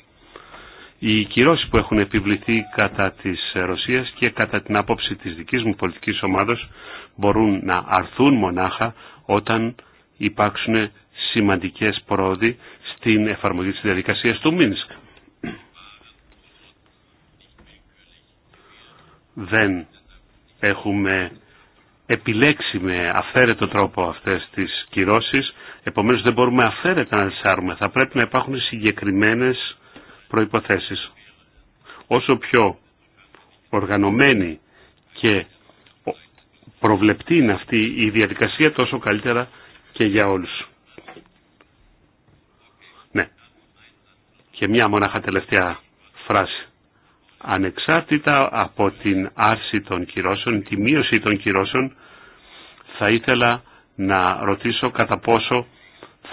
οι κυρώσεις που έχουν επιβληθεί κατά της Ρωσίας και κατά την άποψη της δικής μου πολιτικής ομάδος μπορούν να αρθούν μονάχα όταν υπάρξουν σημαντικές πρόοδοι στην εφαρμογή της διαδικασίας του Μίνσκ. Δεν έχουμε επιλέξει με αφαίρετο τρόπο αυτές τις κυρώσεις, επομένως δεν μπορούμε αφαίρετα να τις άρουμε. Θα πρέπει να υπάρχουν συγκεκριμένες προϋποθέσεις. Όσο πιο οργανωμένη και προβλεπτή είναι αυτή η διαδικασία, τόσο καλύτερα και για όλους. Ναι. Και μια μονάχα τελευταία φράση. Ανεξάρτητα από την άρση των κυρώσεων, τη μείωση των κυρώσεων, θα ήθελα να ρωτήσω κατά πόσο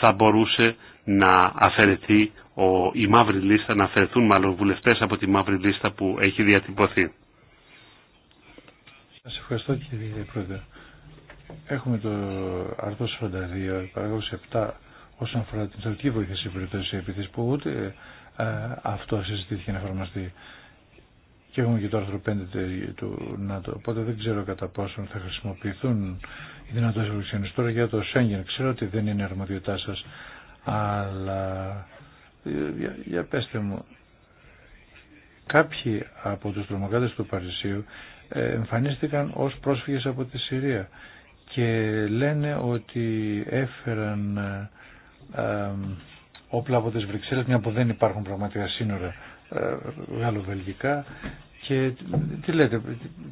θα μπορούσε να αφαιρεθεί ο, η μαύρη λίστα, να αφαιρεθούν μάλλον από τη μαύρη λίστα που έχει διατυπωθεί. Σας ευχαριστώ κύριε Πρόεδρε. Έχουμε το άρθρο 42, παράγραφο 7, όσον αφορά την τελική βοήθεια σε περιπτώσει επιθέσεις που ούτε ε, αυτό συζητήθηκε να εφαρμοστεί. Και έχουμε και το άρθρο 5 του ΝΑΤΟ. Οπότε δεν ξέρω κατά πόσο θα χρησιμοποιηθούν οι δυνατότητε που Τώρα για το Σέγγεν, ξέρω ότι δεν είναι αρμοδιότητά σα, αλλά ε, για, για πέστε μου, κάποιοι από τους τρομοκράτες του Παρισίου ε, εμφανίστηκαν ως πρόσφυγες από τη Συρία και λένε ότι έφεραν ε, όπλα από τις Βρυξέλλες μια που δεν υπάρχουν πραγματικά σύνορα ε, γαλλοβελγικά και τι λέτε,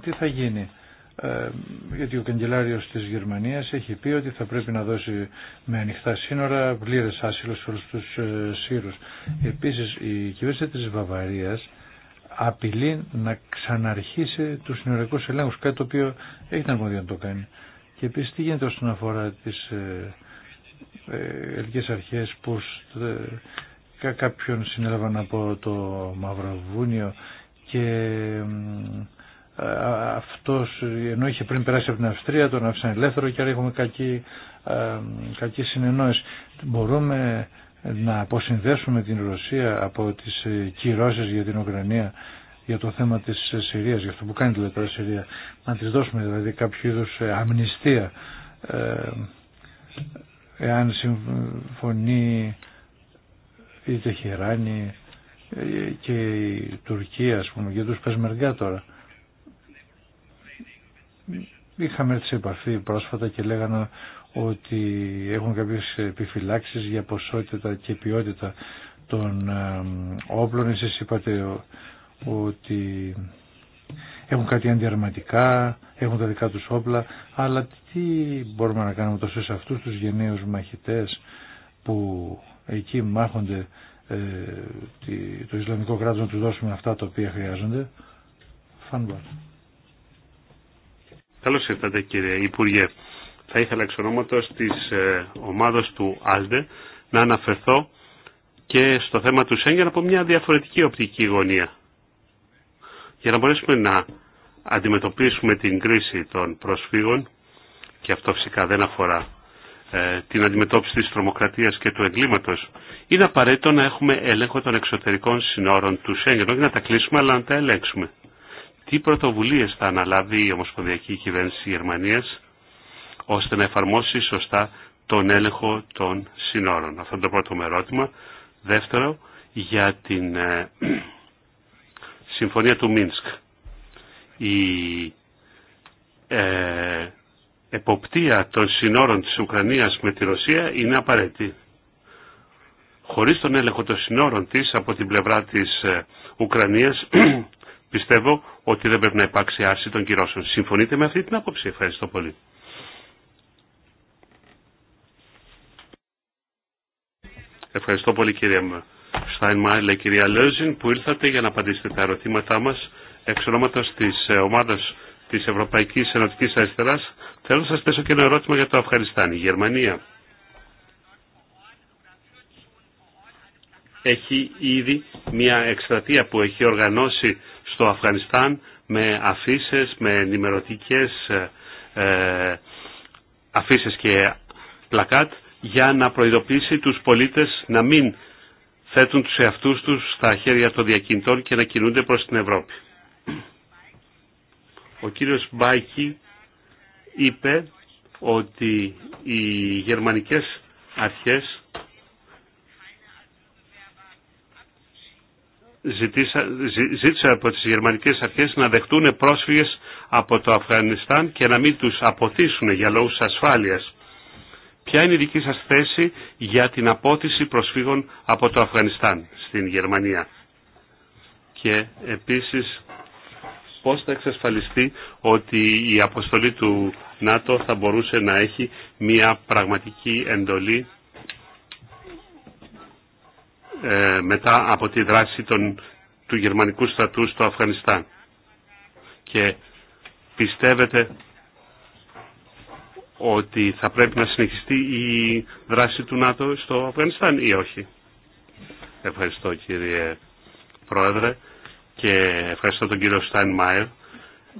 τι θα γίνει ε, γιατί ο καγκελάριο της Γερμανίας έχει πει ότι θα πρέπει να δώσει με ανοιχτά σύνορα πλήρες άσυλο σε τους ε, Σύρους. Επίσης η κυβέρνηση της Βαβαρίας απειλεί να ξαναρχίσει τους συνορικούς ελέγχους, κάτι το οποίο έχει την αρμοδία να το κάνει. Και επίσης τι γίνεται όσον αφορά τις ε, ελληνικές αρχές που κάποιον συνέλαβαν από το Μαυροβούνιο και ε, αυτός ενώ είχε πριν περάσει από την Αυστρία τον άφησαν ελεύθερο και άρα έχουμε κακή, ε, κακή συνεννόηση. Μπορούμε να αποσυνδέσουμε την Ρωσία από τις ε, κυρώσεις για την Ουκρανία για το θέμα της Συρίας, για αυτό που κάνει τώρα η Συρία, να της δώσουμε δηλαδή κάποιο είδους αμνηστία εάν συμφωνεί η Τεχεράνη και η Τουρκία ας πούμε για τους Πεσμεργά τώρα Είχαμε έρθει σε επαφή πρόσφατα και λέγανε ότι έχουν κάποιες επιφυλάξεις για ποσότητα και ποιότητα των όπλων. Εσείς είπατε ότι έχουν κάτι αντιαρματικά, έχουν τα δικά τους όπλα, αλλά τι μπορούμε να κάνουμε τόσο σε αυτούς τους γενναίους μαχητές που εκεί μάχονται ε, το Ισλαμικό κράτος να τους δώσουμε αυτά τα οποία χρειάζονται. Καλώ ήρθατε κύριε Υπουργέ. Θα ήθελα εξ ονόματος της ε, ομάδος του Άλντε να αναφερθώ και στο θέμα του Σέγγεν από μια διαφορετική οπτική γωνία. Για να μπορέσουμε να αντιμετωπίσουμε την κρίση των προσφύγων και αυτό φυσικά δεν αφορά ε, την αντιμετώπιση της τρομοκρατίας και του εγκλήματος, είναι απαραίτητο να έχουμε έλεγχο των εξωτερικών συνόρων του Σέγγεν, όχι να τα κλείσουμε αλλά να τα ελέγξουμε τι πρωτοβουλίες θα αναλάβει η Ομοσπονδιακή Κυβέρνηση Γερμανίας ώστε να εφαρμόσει σωστά τον έλεγχο των συνόρων. Αυτό είναι το πρώτο μου ερώτημα. Δεύτερο, για την ε, Συμφωνία του Μίνσκ. Η ε, εποπτεία των συνόρων της Ουκρανίας με τη Ρωσία είναι απαραίτητη. Χωρίς τον έλεγχο των συνόρων της από την πλευρά της ε, Ουκρανίας πιστεύω ότι δεν πρέπει να υπάρξει άρση των κυρώσεων. Συμφωνείτε με αυτή την άποψη. Ευχαριστώ πολύ. Ευχαριστώ πολύ κυρία η κυρία Λέζιν που ήρθατε για να απαντήσετε τα ερωτήματά μας εξ ονόματος της ε, ομάδας της Ευρωπαϊκής Ενωτικής Αριστεράς. Θέλω να σας θέσω και ένα ερώτημα για το Αφγανιστάν. Η Γερμανία έχει ήδη μια εκστρατεία που έχει οργανώσει στο Αφγανιστάν με αφήσει, με ενημερωτικέ ε, ε αφήσει και πλακάτ για να προειδοποιήσει τους πολίτες να μην θέτουν τους εαυτούς τους στα χέρια των διακινητών και να κινούνται προς την Ευρώπη. Ο κύριος Μπάικη είπε ότι οι γερμανικές αρχές ζητήσα, από τις γερμανικές αρχές να δεχτούν πρόσφυγες από το Αφγανιστάν και να μην τους αποθήσουν για λόγους ασφάλειας. Ποια είναι η δική σας θέση για την απότηση προσφύγων από το Αφγανιστάν στην Γερμανία. Και επίσης πώς θα εξασφαλιστεί ότι η αποστολή του ΝΑΤΟ θα μπορούσε να έχει μια πραγματική εντολή ε, μετά από τη δράση των, του γερμανικού στρατού στο Αφγανιστάν. Και πιστεύετε ότι θα πρέπει να συνεχιστεί η δράση του ΝΑΤΟ στο Αφγανιστάν ή όχι. Ευχαριστώ κύριε Πρόεδρε και ευχαριστώ τον κύριο Στάινμαερ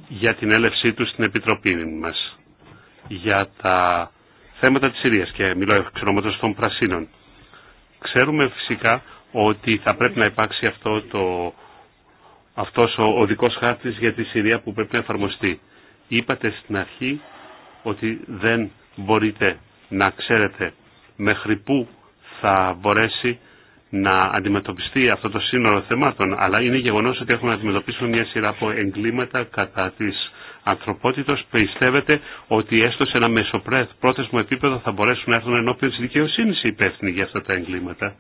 για την έλευσή του στην Επιτροπή μας για τα θέματα της Συρίας και μιλώ εξ των Πρασίνων. Ξέρουμε φυσικά ότι θα πρέπει να υπάρξει αυτό το, αυτός ο οδικός χάρτης για τη Συρία που πρέπει να εφαρμοστεί. Είπατε στην αρχή ότι δεν μπορείτε να ξέρετε μέχρι πού θα μπορέσει να αντιμετωπιστεί αυτό το σύνολο θεμάτων, αλλά είναι γεγονός ότι έχουμε να αντιμετωπίσουμε μια σειρά από εγκλήματα κατά της ανθρωπότητος πιστεύετε ότι έστω σε ένα μεσοπρόθεσμο επίπεδο θα μπορέσουν να έρθουν ενώπιον της δικαιοσύνης οι υπεύθυνοι για αυτά τα εγκλήματα.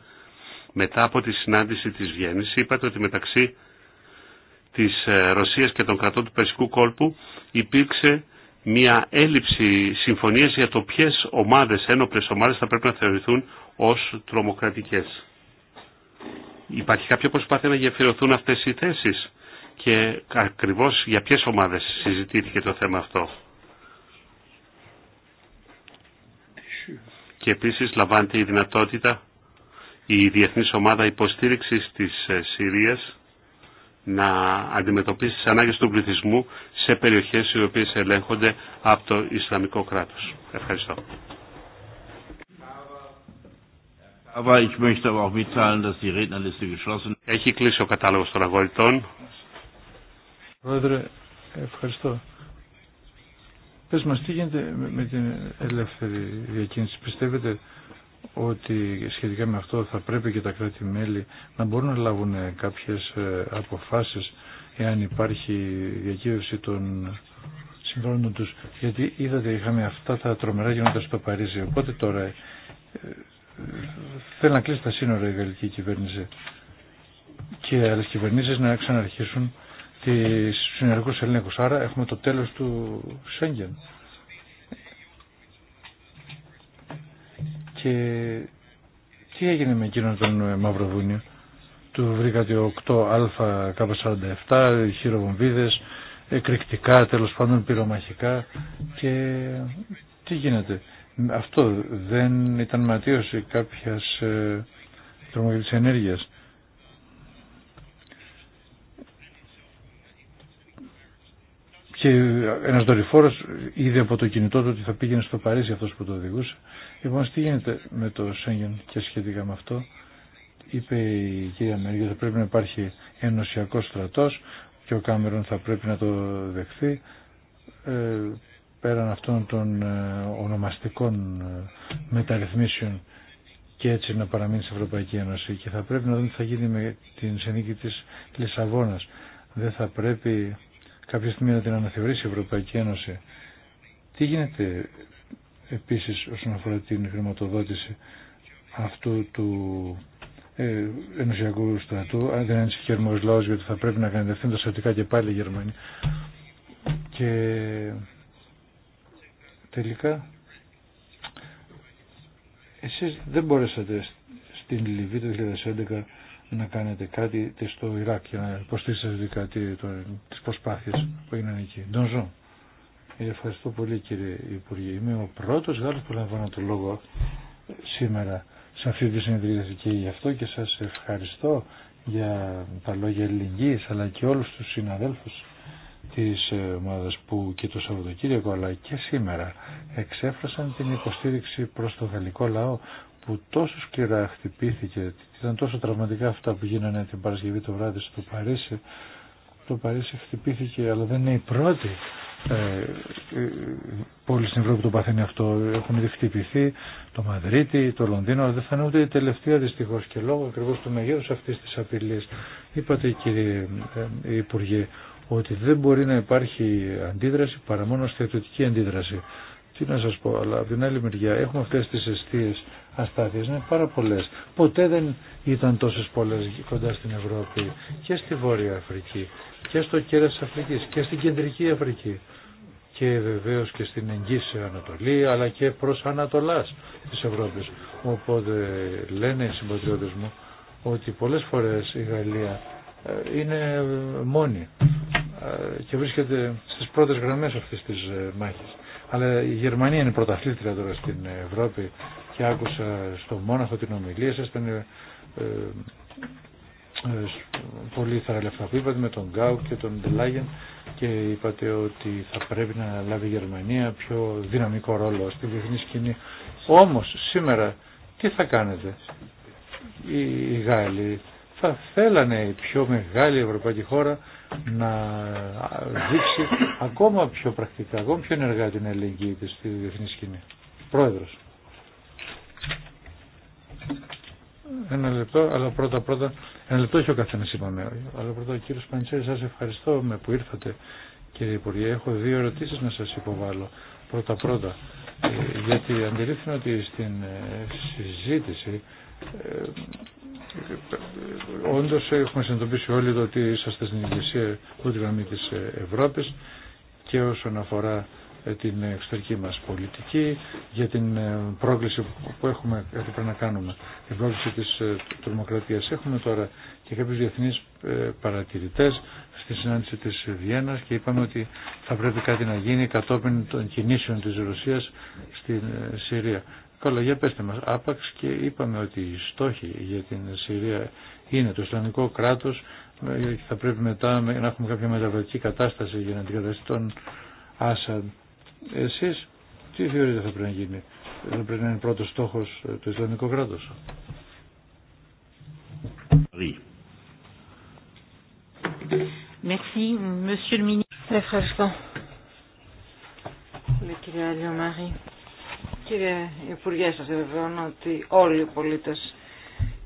Μετά από τη συνάντηση της Βιέννης είπατε ότι μεταξύ της ε, Ρωσίας και των κρατών του Περσικού κόλπου υπήρξε μια έλλειψη συμφωνίας για το ποιες ομάδες, ένοπλες ομάδες θα πρέπει να θεωρηθούν ως τρομοκρατικές. Υπάρχει κάποια προσπάθεια να γεφυρωθούν αυτές οι θέσεις και ακριβώς για ποιες ομάδες συζητήθηκε το θέμα αυτό. Και επίσης λαμβάνεται η δυνατότητα η Διεθνής Ομάδα Υποστήριξης της ε, Συρίας να αντιμετωπίσει τις ανάγκες του πληθυσμού σε περιοχές οι οποίες ελέγχονται από το Ισλαμικό κράτος. Ευχαριστώ. Έχει κλείσει ο κατάλογος των αγορητών. Πρόεδρε, ευχαριστώ. Πες μας τι γίνεται με την ελεύθερη διακίνηση. Πιστεύετε ότι σχετικά με αυτό θα πρέπει και τα κράτη-μέλη να μπορούν να λάβουν κάποιες ε, αποφάσεις εάν υπάρχει διακύβευση των συγχρόνων τους. Γιατί είδατε είχαμε αυτά τα τρομερά γεγονότα στο Παρίσι. Οπότε τώρα ε, θέλει να κλείσει τα σύνορα η γαλλική κυβέρνηση και άλλες κυβερνήσεις να ξαναρχίσουν τη συνεργούς ελληνικούς. Άρα έχουμε το τέλος του Σέγγεν. Και τι έγινε με εκείνον τον ε, Μαυροβούνιο. Του βρήκατε 8α47, χειροβομβίδες, εκρηκτικά, τέλος πάντων πυρομαχικά και τι γίνεται. Αυτό δεν ήταν ματίωση κάποιας ε, τρομοκρατικής ενέργειας. και ένα δορυφόρο, είδε από το κινητό του ότι θα πήγαινε στο Παρίσι αυτό που το οδηγούσε. Λοιπόν, τι γίνεται με το Σέγγεν και σχετικά με αυτό. Είπε η κυρία Μέρκελ, ότι πρέπει να υπάρχει ενωσιακό στρατό και ο Κάμερον θα πρέπει να το δεχθεί ε, πέραν αυτών των ε, ονομαστικών ε, μεταρρυθμίσεων και έτσι να παραμείνει στην Ευρωπαϊκή Ένωση και θα πρέπει να δούμε τι θα γίνει με την συνήκη της Λισαβόνας. Δεν θα πρέπει κάποια στιγμή να την αναθεωρήσει η Ευρωπαϊκή Ένωση. Τι γίνεται επίσης όσον αφορά την χρηματοδότηση αυτού του ε, ενωσιακού στρατού. Αν δεν είναι ο λαός γιατί θα πρέπει να κατευθύνουν τα στρατικά και πάλι οι Γερμανοί. Και τελικά εσείς δεν μπορέσατε στην Λιβύη το 2011 να κάνετε κάτι στο Ιράκ για να υποστήσετε κάτι τις προσπάθειες που έγιναν εκεί. Ντονζό. Ευχαριστώ πολύ κύριε Υπουργέ. Είμαι ο πρώτος Γάλλος που λαμβάνω το λόγο σήμερα σε αυτή τη συνεδρίαση και γι' αυτό και σας ευχαριστώ για τα λόγια ελληνικής αλλά και όλους τους συναδέλφους της ε, ομάδας που και το Σαββατοκύριακο αλλά και σήμερα εξέφρασαν την υποστήριξη προς το γαλλικό λαό που τόσο σκληρά χτυπήθηκε, ήταν τόσο τραυματικά αυτά που γίνανε την Παρασκευή το βράδυ στο Παρίσι, το Παρίσι χτυπήθηκε, αλλά δεν είναι η πρώτη ε, ε πόλη στην Ευρώπη που το παθαίνει αυτό. Έχουν ήδη χτυπηθεί το Μαδρίτη, το Λονδίνο, αλλά δεν θα είναι ούτε η τελευταία δυστυχώ και λόγω ακριβώ του μεγέθου αυτή τη απειλή. Είπατε κύριε ε, Υπουργέ ότι δεν μπορεί να υπάρχει αντίδραση παρά μόνο στρατιωτική αντίδραση. Τι να σας πω, αλλά από την άλλη μεριά έχουμε αυτές τις αιστείες αστάθειες είναι πάρα πολλές. Ποτέ δεν ήταν τόσες πολλές κοντά στην Ευρώπη και στη Βόρεια Αφρική και στο κέρας της Αφρικής και στην Κεντρική Αφρική και βεβαίως και στην εγγύση Ανατολή αλλά και προς Ανατολάς της Ευρώπης. Οπότε λένε οι συμπατριώτες μου ότι πολλές φορές η Γαλλία ε, είναι μόνη ε, και βρίσκεται στις πρώτες γραμμές αυτής της ε, μάχης. Αλλά η Γερμανία είναι πρωταθλήτρια τώρα στην Ευρώπη και άκουσα στο μόναχο την ομιλία σας, ήταν ε, ε, ε πολύ θαραλευτά που είπατε με τον Γκάου και τον Ντελάγεν και είπατε ότι θα πρέπει να λάβει η Γερμανία πιο δυναμικό ρόλο στη διεθνή σκηνή. Όμως σήμερα τι θα κάνετε οι, οι Γάλλοι θα θέλανε η πιο μεγάλη ευρωπαϊκή χώρα να δείξει ακόμα πιο πρακτικά, ακόμα πιο ενεργά την ελληνική της στη διεθνή σκηνή. Πρόεδρος. Ένα λεπτό, αλλά πρώτα πρώτα, ένα λεπτό έχει ο καθένα είπαμε. Αλλά πρώτα ο κύριο Παντσέρη, σα ευχαριστώ με που ήρθατε κύριε Υπουργέ. Έχω δύο ερωτήσει να σα υποβάλω. Πρώτα πρώτα, ε, γιατί αντιλήφθηνα ότι στην ε, συζήτηση ε, ε Όντω έχουμε συνειδητοποιήσει όλοι το ότι είσαστε στην ηγεσία του γραμμή τη Ευρώπη και όσον αφορά ε, την εξωτερική μας πολιτική, για την ε, πρόκληση που έχουμε έτσι ε, πρέπει να κάνουμε, την πρόκληση της τρομοκρατίας. Έχουμε τώρα και κάποιους διεθνείς παρατηρητές στη συνάντηση της Βιέννας και είπαμε ότι θα πρέπει κάτι να γίνει κατόπιν των κινήσεων της Ρωσίας στην Συρία. Καλό, για πέστε μας, άπαξ και είπαμε ότι οι στόχοι για την Συρία είναι το κράτο κράτος θα πρέπει μετά να έχουμε κάποια μεταβατική κατάσταση για να αντικαταστεί τον Άσαντ εσείς τι θεωρείτε θα πρέπει να γίνει, θα πρέπει να είναι πρώτος στόχος ε, το Ισλαμικό κράτος. Ευχαριστώ. Κύριε κύριε Υπουργέ, σας βεβαιώνω ότι όλοι οι πολίτες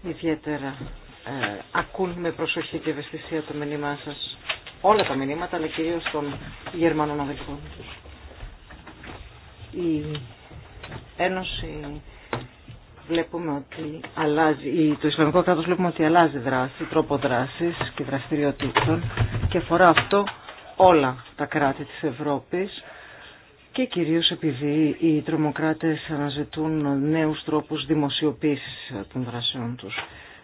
ιδιαίτερα ε, ακούν με προσοχή και ευαισθησία το μήνυμά σας. Όλα τα μηνύματα, αλλά κυρίως των Γερμανών αδελφών τους η Ένωση βλέπουμε ότι αλλάζει, το Ισλαμικό κράτος βλέπουμε ότι αλλάζει δράση, τρόπο δράσης και δραστηριοτήτων και αφορά αυτό όλα τα κράτη της Ευρώπης και κυρίως επειδή οι τρομοκράτες αναζητούν νέους τρόπους δημοσιοποίησης των δρασίων τους.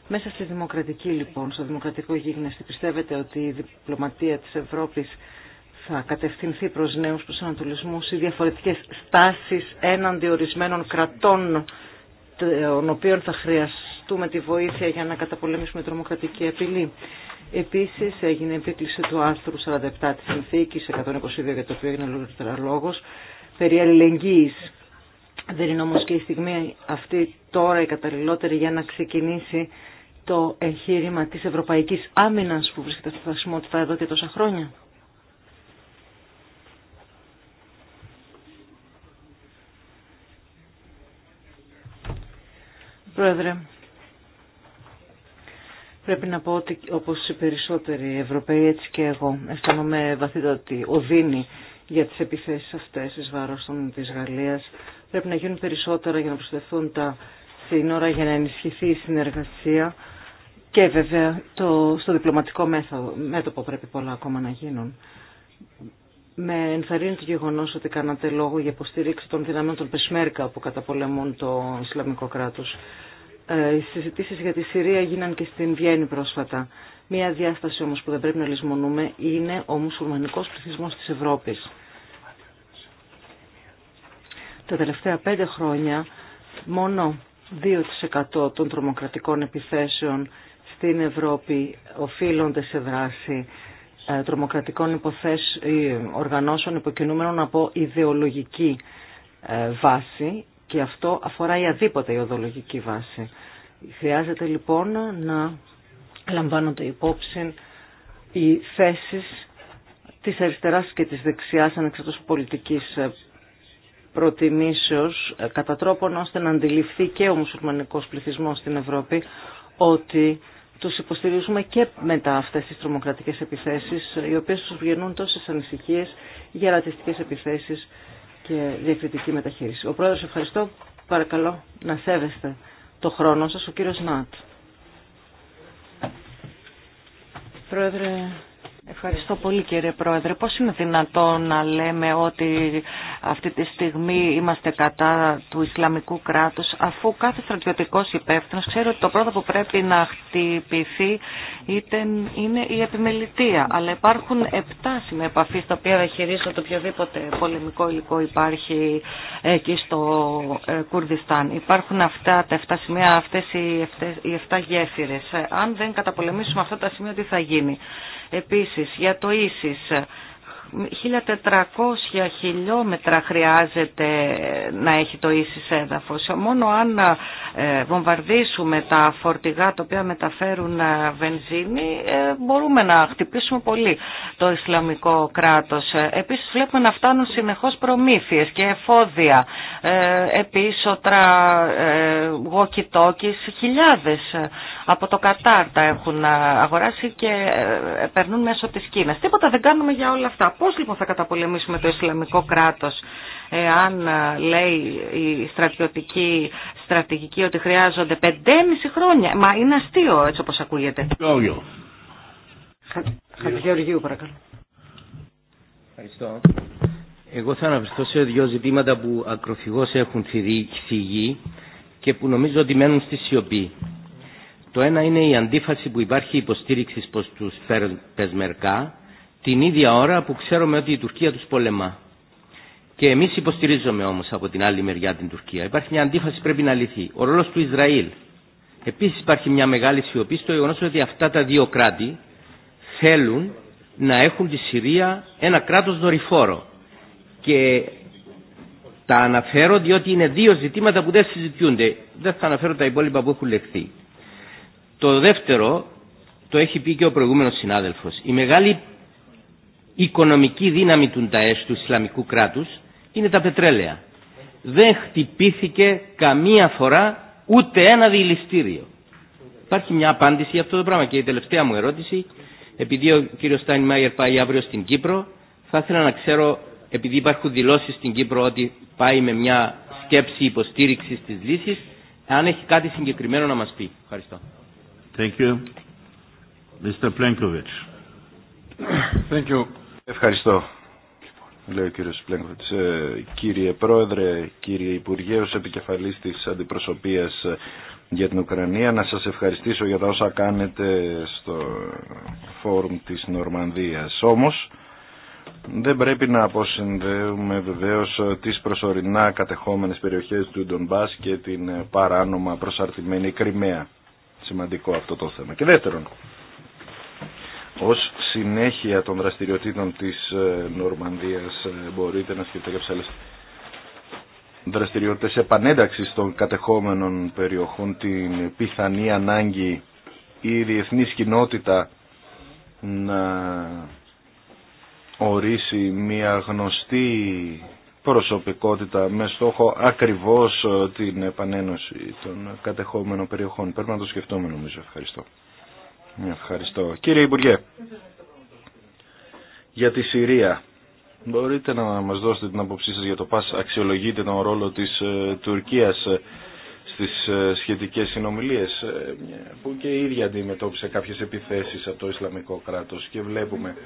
Μέσα στη δημοκρατική λοιπόν, στο δημοκρατικό γίγνεστη πιστεύετε ότι η διπλωματία της Ευρώπης θα κατευθυνθεί προς νέους προσανατολισμούς ή διαφορετικές στάσεις έναντι ορισμένων κρατών των οποίων θα χρειαστούμε τη βοήθεια για να καταπολεμήσουμε τρομοκρατική απειλή. Επίσης έγινε επίκληση του άρθρου 47 της συνθήκης, 122 για το οποίο έγινε λογότερα λόγος, περί αλληλεγγύης. Δεν είναι όμως και η στιγμή αυτή τώρα η καταλληλότερη για να ξεκινήσει το εγχείρημα της Ευρωπαϊκής Άμυνας που βρίσκεται στη φασιμότητα εδώ και τόσα χρόνια. Πρόεδρε, πρέπει να πω ότι όπως οι περισσότεροι Ευρωπαίοι έτσι και εγώ αισθάνομαι ότι οδύνει για τις επιθέσεις αυτές εις βάρος των της Γαλλίας. Πρέπει να γίνουν περισσότερα για να προσθεθούν τα σύνορα, για να ενισχυθεί η συνεργασία και βέβαια το, στο διπλωματικό μέτωπο πρέπει πολλά ακόμα να γίνουν. Με ενθαρρύνει το γεγονό ότι κάνατε λόγο για υποστήριξη των δυνάμεων των Πεσμέρκα που καταπολεμούν το Ισλαμικό κράτο. Ε, οι συζητήσει για τη Συρία γίναν και στην Βιέννη πρόσφατα. Μία διάσταση όμω που δεν πρέπει να λησμονούμε είναι ο μουσουλμανικό πληθυσμό τη Ευρώπη. Τα τελευταία πέντε χρόνια μόνο 2% των τρομοκρατικών επιθέσεων στην Ευρώπη οφείλονται σε δράση ε, τρομοκρατικών υποθέσεων, οργανώσεων υποκινούμενων από ιδεολογική ε, βάση και αυτό αφορά η αδίποτε ιδεολογική βάση. Χρειάζεται λοιπόν να λαμβάνονται υπόψη οι θέσεις της αριστεράς και της δεξιάς ανεξαρτήτως πολιτικής ε, προτιμήσεως κατά τρόπον ώστε να αντιληφθεί και ο μουσουλμανικός πληθυσμός στην Ευρώπη ότι τους υποστηρίζουμε και μετά αυτές τις τρομοκρατικές επιθέσεις, οι οποίες τους βγαίνουν τόσες ανησυχίες για ρατσιστικές επιθέσεις και διακριτική μεταχείριση. Ο Πρόεδρος, ευχαριστώ. Παρακαλώ να σέβεστε το χρόνο σας, ο κύριος Νάτ. Πρόεδρε, Ευχαριστώ πολύ κύριε Πρόεδρε. Πώς είναι δυνατόν να λέμε ότι αυτή τη στιγμή είμαστε κατά του Ισλαμικού κράτους αφού κάθε στρατιωτικός υπεύθυνο ξέρει ότι το πρώτο που πρέπει να χτυπηθεί είτε είναι η επιμελητία. Αλλά υπάρχουν επτά σημεία επαφή στα οποία διαχειρίζονται το οποιοδήποτε πολεμικό υλικό υπάρχει εκεί στο ε, Κουρδιστάν. Υπάρχουν αυτά τα 7 σημεία, αυτές οι 7 γέφυρες. Ε, αν δεν καταπολεμήσουμε αυτά τα σημεία τι θα γίνει. Επίσης, για το ίσις, 1400 χιλιόμετρα χρειάζεται να έχει το ίσις έδαφος. Μόνο αν ε, βομβαρδίσουμε τα φορτηγά τα οποία μεταφέρουν ε, βενζίνη ε, μπορούμε να χτυπήσουμε πολύ το Ισλαμικό κράτος. Επίσης βλέπουμε να φτάνουν συνεχώς προμήθειες και εφόδια, επίσωτρα, γοκιτόκις, χιλιάδες από το Κατάρ τα έχουν ε, αγοράσει και ε, ε, περνούν μέσω της Κίνας. Τίποτα δεν κάνουμε για όλα αυτά. Πώς λοιπόν θα καταπολεμήσουμε το Ισλαμικό κράτος αν λέει η στρατιωτική στρατηγική ότι χρειάζονται 5,5 χρόνια. Μα είναι αστείο έτσι όπως ακούγεται. παρακαλώ. Εγώ θα αναφερθώ σε δύο ζητήματα που ακροφυγώς έχουν θυγεί και που νομίζω ότι μένουν στη σιωπή. Το ένα είναι η αντίφαση που υπάρχει υποστήριξη προ του πεσμερκά την ίδια ώρα που ξέρουμε ότι η Τουρκία του πολεμά. Και εμεί υποστηρίζουμε όμω από την άλλη μεριά την Τουρκία. Υπάρχει μια αντίφαση που πρέπει να λυθεί. Ο ρόλο του Ισραήλ. Επίση υπάρχει μια μεγάλη σιωπή στο γεγονό ότι αυτά τα δύο κράτη θέλουν να έχουν τη Συρία ένα κράτο δορυφόρο. Και τα αναφέρω διότι είναι δύο ζητήματα που δεν συζητιούνται. Δεν θα αναφέρω τα υπόλοιπα που έχουν λεχθεί. Το δεύτερο, το έχει πει και ο προηγούμενος συνάδελφος, η μεγάλη οικονομική δύναμη του ΝΤΑΕΣ, του Ισλαμικού κράτους, είναι τα πετρέλαια. Δεν χτυπήθηκε καμία φορά ούτε ένα διηληστήριο. Υπάρχει μια απάντηση για αυτό το πράγμα και η τελευταία μου ερώτηση, επειδή ο κύριος Στάιν Μάγερ πάει αύριο στην Κύπρο, θα ήθελα να ξέρω, επειδή υπάρχουν δηλώσεις στην Κύπρο ότι πάει με μια σκέψη υποστήριξης της λύσης, αν έχει κάτι συγκεκριμένο να μας πει. Ευχαριστώ. Thank you. Mr. Thank you. Ευχαριστώ. Λέω ο ε, Κύριε Πρόεδρε, κύριε Υπουργέ, ως επικεφαλής της αντιπροσωπείας για την Ουκρανία, να σας ευχαριστήσω για τα όσα κάνετε στο φόρουμ της Νορμανδίας. Όμως, δεν πρέπει να αποσυνδέουμε βεβαίως τις προσωρινά κατεχόμενες περιοχές του Ντομπάς και την παράνομα προσαρτημένη Κρυμαία σημαντικό αυτό το θέμα. Και δεύτερον, ως συνέχεια των δραστηριοτήτων της ε, Νορμανδίας ε, μπορείτε να σκεφτείτε κάποιες δραστηριότητες επανένταξης των κατεχόμενων περιοχών την πιθανή ανάγκη η διεθνη κοινότητα να ορίσει μια γνωστή προσωπικότητα με στόχο ακριβώς ε, την επανένωση των κατεχόμενων περιοχών. Πρέπει να το σκεφτούμε νομίζω. Ευχαριστώ. Ευχαριστώ. Κύριε Υπουργέ, για τη Συρία. Μπορείτε να μας δώσετε την αποψή σας για το πώς αξιολογείτε τον ρόλο της ε, Τουρκίας ε, στις σχετικές συνομιλίες που και η ίδια αντιμετώπισε κάποιες επιθέσεις από το Ισλαμικό κράτος και βλέπουμε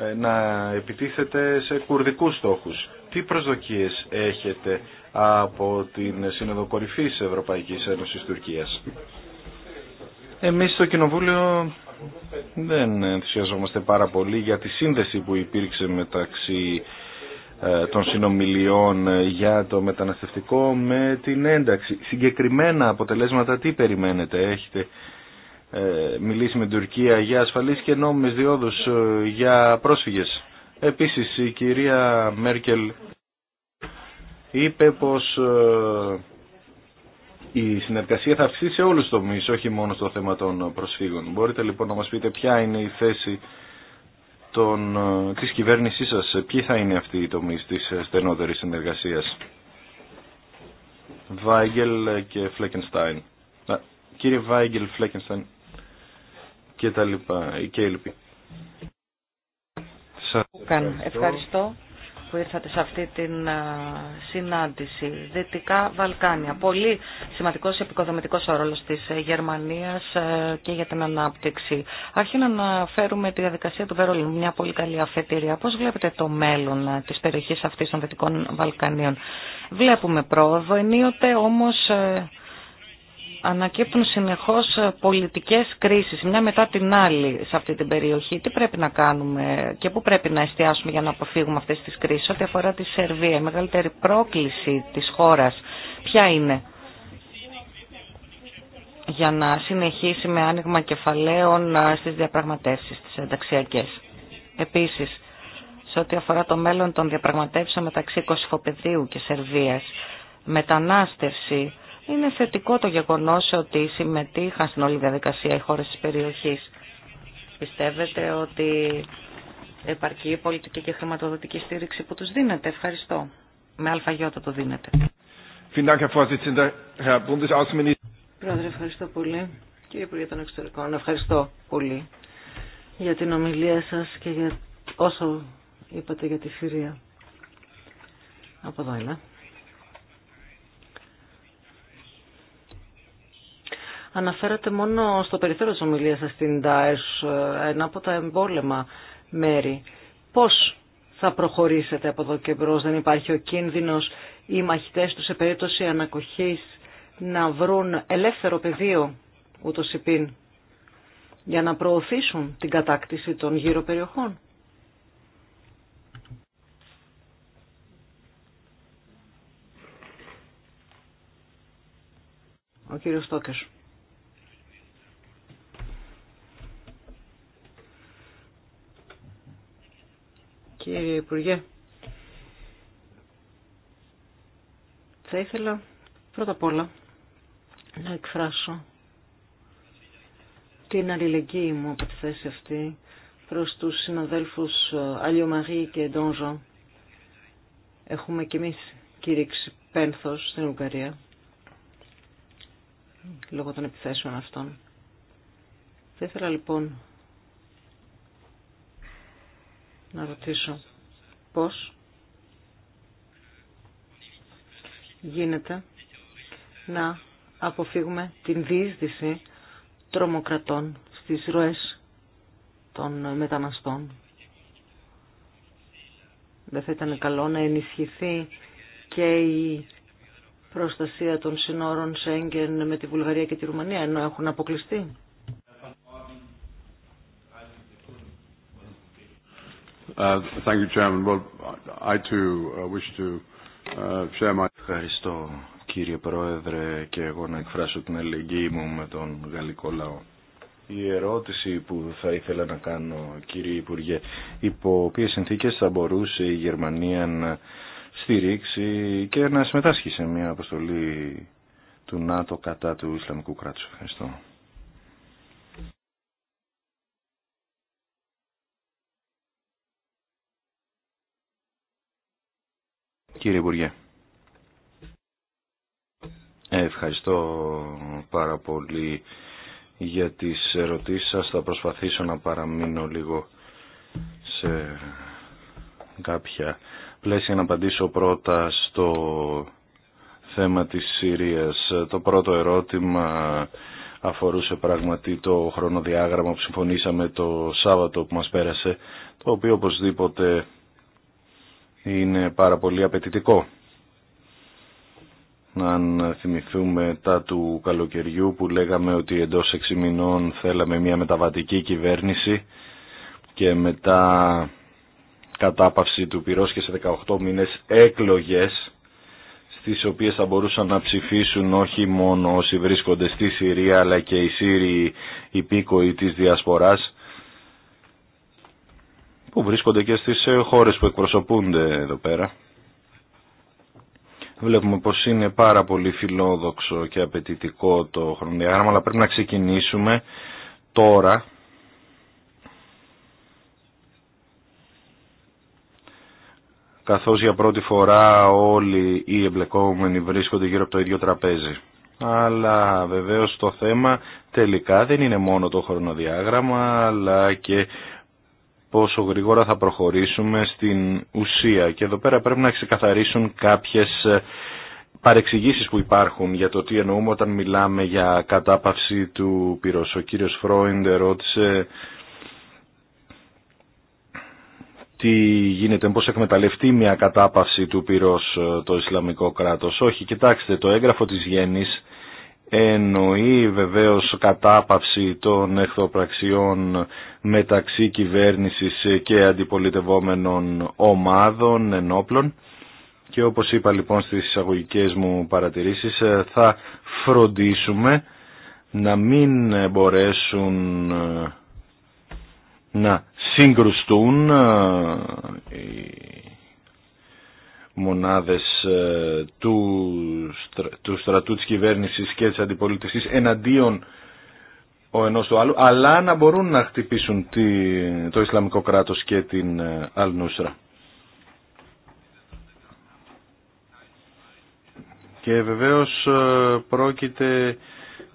ε, να επιτίθεται σε κουρδικούς στόχους. Τι προσδοκίες έχετε από την Σύνοδο Κορυφής Ευρωπαϊκής Ένωσης Τουρκίας. Εμείς στο Κοινοβούλιο δεν ενθουσιαζόμαστε πάρα πολύ για τη σύνδεση που υπήρξε μεταξύ ε, των συνομιλιών για το μεταναστευτικό με την ένταξη. Συγκεκριμένα αποτελέσματα τι περιμένετε, έχετε ε, μιλήσει με την Τουρκία για ασφαλείς και νόμιμες διόδους ε, για πρόσφυγες. Επίσης η κυρία Μέρκελ είπε πως ε, η συνεργασία θα αυξήσει σε όλους τους τομείς, όχι μόνο στο θέμα των προσφύγων. Μπορείτε λοιπόν να μας πείτε ποια είναι η θέση των, της κυβέρνησής σας, ποιοι θα είναι αυτοί οι τομείς της στενότερης συνεργασίας. Βάγγελ και Φλέκενστάιν. Κύριε Βάγγελ Φλέκενστάιν, και τα λοιπά, και ελπί. Ευχαριστώ. Ευχαριστώ που ήρθατε σε αυτή την συνάντηση. Δυτικά Βαλκάνια. Πολύ σημαντικός επικοδομητικός ο ρόλος της Γερμανίας ε, και για την ανάπτυξη. Αρχή να φέρουμε τη διαδικασία του Βερολίνου, μια πολύ καλή αφετηρία. Πώς βλέπετε το μέλλον ε, της περιοχής αυτής των Δυτικών Βαλκανίων. Βλέπουμε πρόοδο, ενίοτε όμως ε, ανακύπτουν συνεχώς ε, πολιτικές κρίσεις, μια μετά την άλλη σε αυτή την περιοχή. Τι πρέπει να κάνουμε και πού πρέπει να εστιάσουμε για να αποφύγουμε αυτές τις κρίσεις. Ό,τι αφορά τη Σερβία, η μεγαλύτερη πρόκληση της χώρας, ποια είναι για να συνεχίσει με άνοιγμα κεφαλαίων ε, στις διαπραγματεύσεις τις ενταξιακές. Επίσης, σε ό,τι αφορά το μέλλον των διαπραγματεύσεων μεταξύ Κωσυφοπεδίου και Σερβίας, μετανάστευση, είναι θετικό το γεγονός ότι συμμετείχαν στην όλη διαδικασία οι χώρες της περιοχής. Πιστεύετε ότι επαρκεί η πολιτική και χρηματοδοτική στήριξη που τους δίνεται. Ευχαριστώ. Με αλφαγιώτα το δίνετε. Πρόεδρε, ευχαριστώ πολύ. Κύριε Υπουργέ των Εξωτερικών, ευχαριστώ πολύ για την ομιλία σας και για όσο είπατε για τη φυρία. Από εδώ είναι. Αναφέρατε μόνο στο περιθώριο της ομιλίας σας στην ΤΑΕΣ, ένα από τα εμπόλεμα μέρη. Πώς θα προχωρήσετε από εδώ και μπρος, δεν υπάρχει ο κίνδυνος οι μαχητές του σε περίπτωση ανακοχής να βρουν ελεύθερο πεδίο, ούτως πίν, για να προωθήσουν την κατάκτηση των γύρω περιοχών. Ο κύριος Στόκερ. Κύριε Υπουργέ, θα ήθελα πρώτα απ' όλα να εκφράσω την αλληλεγγύη μου από τη θέση αυτή προς τους συναδέλφους Αλιομαρή και Ντόνζο. Έχουμε κι εμείς κήρυξη πένθος στην Ουγγαρία λόγω των επιθέσεων αυτών. Θα ήθελα λοιπόν να ρωτήσω πώς γίνεται να αποφύγουμε την διείσδυση τρομοκρατών στις ροές των μεταναστών. Δεν θα ήταν καλό να ενισχυθεί και η προστασία των συνόρων Σέγγεν με τη Βουλγαρία και τη Ρουμανία, ενώ έχουν αποκλειστεί. Uh, thank you, Chairman. Well, I too uh, wish to uh, share my... Ευχαριστώ κύριε Πρόεδρε και εγώ να εκφράσω την αλληλεγγύη μου με τον γαλλικό λαό. Η ερώτηση που θα ήθελα να κάνω κύριε Υπουργέ, υπό ποιε συνθήκε θα μπορούσε η Γερμανία να στηρίξει και να συμμετάσχει σε μια αποστολή του ΝΑΤΟ κατά του Ισλαμικού κράτους. Ευχαριστώ. κύριε Υπουργέ. Ε, ευχαριστώ πάρα πολύ για τις ερωτήσεις σας. Θα προσπαθήσω να παραμείνω λίγο σε κάποια πλαίσια να απαντήσω πρώτα στο θέμα της Συρίας. Το πρώτο ερώτημα αφορούσε πραγματί το χρονοδιάγραμμα που συμφωνήσαμε το Σάββατο που μας πέρασε, το οποίο οπωσδήποτε είναι πάρα πολύ απαιτητικό. να θυμηθούμε τα του καλοκαιριού που λέγαμε ότι εντός 6 μηνών θέλαμε μια μεταβατική κυβέρνηση και μετά κατάπαυση του πυρός και σε 18 μήνες εκλογές στις οποίες θα μπορούσαν να ψηφίσουν όχι μόνο όσοι βρίσκονται στη Συρία αλλά και οι Σύριοι υπήκοοι της Διασποράς που βρίσκονται και στις ε, χώρες που εκπροσωπούνται εδώ πέρα. Βλέπουμε πως είναι πάρα πολύ φιλόδοξο και απαιτητικό το χρονοδιάγραμμα, αλλά πρέπει να ξεκινήσουμε τώρα. Καθώς για πρώτη φορά όλοι οι εμπλεκόμενοι βρίσκονται γύρω από το ίδιο τραπέζι. Αλλά βεβαίως το θέμα τελικά δεν είναι μόνο το χρονοδιάγραμμα, αλλά και πόσο γρήγορα θα προχωρήσουμε στην ουσία. Και εδώ πέρα πρέπει να ξεκαθαρίσουν κάποιες ε, παρεξηγήσεις που υπάρχουν για το τι εννοούμε όταν μιλάμε για κατάπαυση του πυρός. Ο κύριος Φρόιντ ρώτησε τι γίνεται, πώς εκμεταλλευτεί μια κατάπαυση του πυρός ε, το Ισλαμικό κράτος. Όχι, κοιτάξτε, το έγγραφο της Γέννης εννοεί βεβαίως κατάπαυση των εχθροπραξιών μεταξύ κυβέρνησης και αντιπολιτευόμενων ομάδων ενόπλων και όπως είπα λοιπόν στις εισαγωγικές μου παρατηρήσεις θα φροντίσουμε να μην μπορέσουν ε, να συγκρουστούν ε, μονάδες ε, του, του στρατού της κυβέρνησης και της αντιπολίτευσης εναντίον ο ενός του άλλου, αλλά να μπορούν να χτυπήσουν τη, το Ισλαμικό κράτος και την ε, Αλνούσρα. Και βεβαίως ε, πρόκειται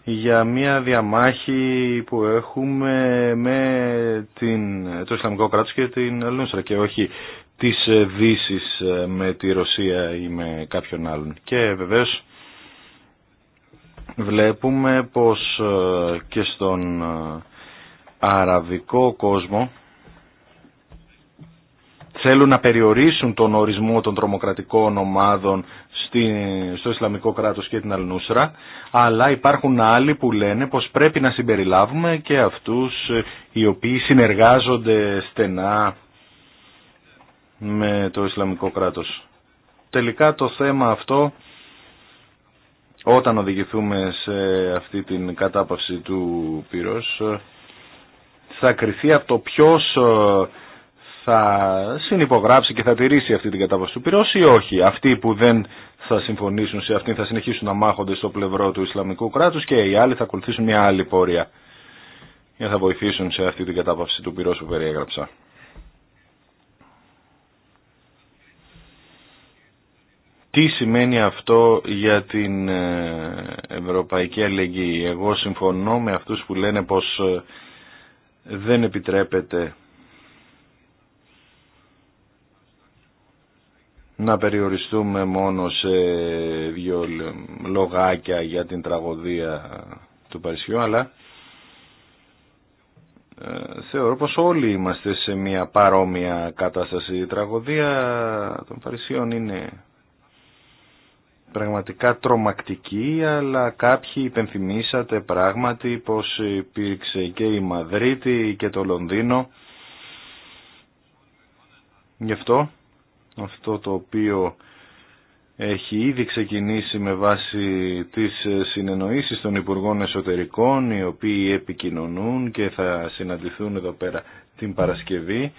για μια διαμάχη που έχουμε με την, το Ισλαμικό κράτος και την Αλνούσρα και όχι της ε, δύση ε, με τη Ρωσία ή με κάποιον άλλον. Και βεβαίως βλέπουμε πως ε, και στον αραβικό κόσμο θέλουν να περιορίσουν τον ορισμό των τρομοκρατικών ομάδων στο Ισλαμικό κράτος και την Αλνούσρα, αλλά υπάρχουν άλλοι που λένε πως πρέπει να συμπεριλάβουμε και αυτούς οι οποίοι συνεργάζονται στενά με το Ισλαμικό κράτος. Τελικά το θέμα αυτό, όταν οδηγηθούμε σε αυτή την κατάπαυση του πυρός, θα κριθεί από το ποιος ε, θα συνυπογράψει και θα τηρήσει αυτή την κατάπαυση του πυρός ή όχι. Αυτοί που δεν θα συμφωνήσουν σε αυτήν θα συνεχίσουν να μάχονται στο πλευρό του Ισλαμικού κράτους και οι άλλοι θα ακολουθήσουν μια άλλη πορεία για να θα βοηθήσουν σε αυτή την κατάπαυση του πυρός που περιέγραψα. Τι σημαίνει αυτό για την ε, ευρωπαϊκή αλληλεγγύη. Εγώ συμφωνώ με αυτούς που λένε πως ε, δεν επιτρέπεται να περιοριστούμε μόνο σε δύο λογάκια για την τραγωδία του Παρισιού, αλλά ε, θεωρώ πως όλοι είμαστε σε μια παρόμοια κατάσταση. Η τραγωδία των Παρισιών είναι πραγματικά τρομακτική, αλλά κάποιοι υπενθυμίσατε πράγματι πως υπήρξε και η Μαδρίτη και το Λονδίνο. Γι' αυτό, αυτό το οποίο έχει ήδη ξεκινήσει με βάση τις συνεννοήσεις των Υπουργών Εσωτερικών, οι οποίοι επικοινωνούν και θα συναντηθούν εδώ πέρα την Παρασκευή,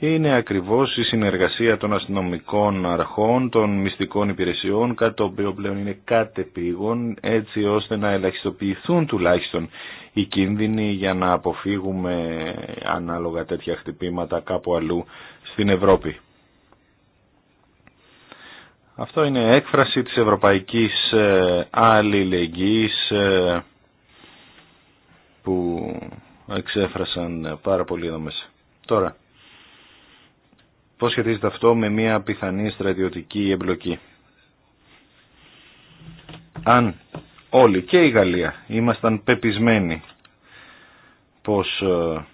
είναι ακριβώς η συνεργασία των αστυνομικών αρχών, των μυστικών υπηρεσιών, κάτι το οποίο πλέον είναι κατεπήγον, έτσι ώστε να ελαχιστοποιηθούν τουλάχιστον οι κίνδυνοι για να αποφύγουμε ανάλογα τέτοια χτυπήματα κάπου αλλού στην Ευρώπη. Αυτό είναι έκφραση της ευρωπαϊκής ε, αλληλεγγύης ε, που εξέφρασαν πάρα πολύ εδώ μέσα. Τώρα, Πώς σχετίζεται αυτό με μια πιθανή στρατιωτική εμπλοκή. Αν όλοι και η Γαλλία ήμασταν πεπισμένοι πως ε,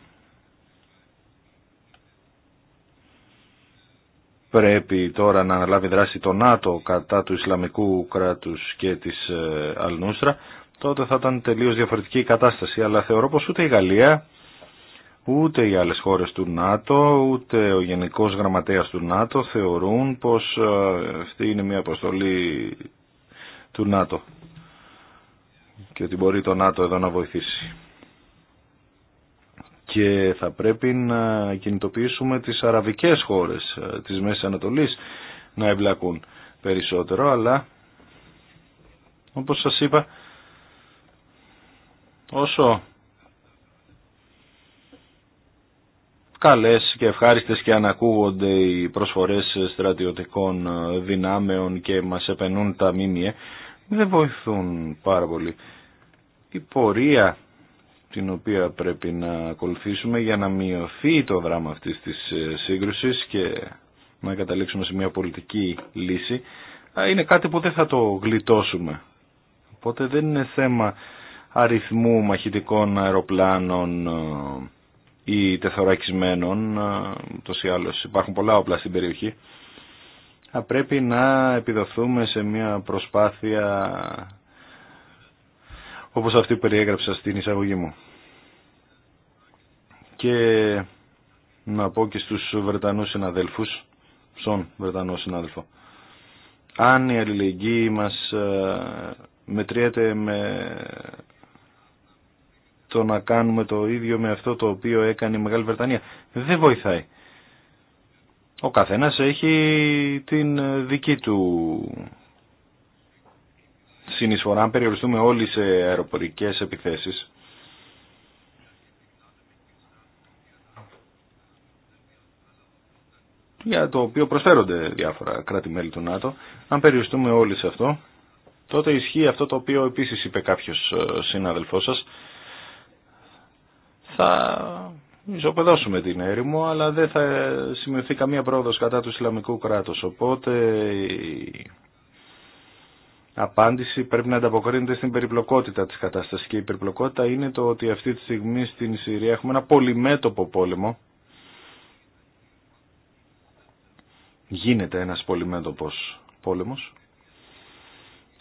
πρέπει τώρα να αναλάβει δράση το ΝΑΤΟ κατά του Ισλαμικού κράτους και της ε, Αλνούστρα, τότε θα ήταν τελείως διαφορετική η κατάσταση. Αλλά θεωρώ πως ούτε η Γαλλία, Ούτε οι άλλες χώρες του ΝΑΤΟ, ούτε ο Γενικός Γραμματέας του ΝΑΤΟ θεωρούν πως ε, αυτή είναι μια αποστολή του ΝΑΤΟ και ότι μπορεί το ΝΑΤΟ εδώ να βοηθήσει. Και θα πρέπει να κινητοποιήσουμε τις αραβικές χώρες ε, της Μέσης Ανατολής να εμπλακούν περισσότερο, αλλά όπως σας είπα, όσο καλές και ευχάριστες και ανακούγονται οι προσφορές στρατιωτικών δυνάμεων και μας επενούν τα μήνυε, δεν βοηθούν πάρα πολύ. Η πορεία την οποία πρέπει να ακολουθήσουμε για να μειωθεί το δράμα αυτής της ε, σύγκρουσης και να καταλήξουμε σε μια πολιτική λύση, είναι κάτι που δεν θα το γλιτώσουμε. Οπότε δεν είναι θέμα αριθμού μαχητικών αεροπλάνων ε, ή τεθωρακισμένων, ούτως ή άλλως υπάρχουν πολλά όπλα στην περιοχή, θα πρέπει να επιδοθούμε σε μια προσπάθεια όπως αυτή που περιέγραψα στην εισαγωγή μου. Και να πω και στους Βρετανούς συναδέλφους, στον Βρετανό συνάδελφο, αν η αλληλεγγύη μας μετριέται με το να κάνουμε το ίδιο με αυτό το οποίο έκανε η Μεγάλη Βρετανία. Δεν βοηθάει. Ο καθένας έχει την δική του συνεισφορά. Αν περιοριστούμε όλοι σε αεροπορικές επιθέσεις, για το οποίο προσφέρονται διάφορα κράτη-μέλη του ΝΑΤΟ, αν περιοριστούμε όλοι σε αυτό, τότε ισχύει αυτό το οποίο επίσης είπε κάποιος ε, συνάδελφός σας, θα ισοπεδώσουμε την έρημο, αλλά δεν θα σημειωθεί καμία πρόοδος κατά του Ισλαμικού κράτους. Οπότε η απάντηση πρέπει να ανταποκρίνεται στην περιπλοκότητα της κατάστασης. Και η περιπλοκότητα είναι το ότι αυτή τη στιγμή στην Συρία έχουμε ένα πολυμέτωπο πόλεμο. Γίνεται ένας πολυμέτωπος πόλεμος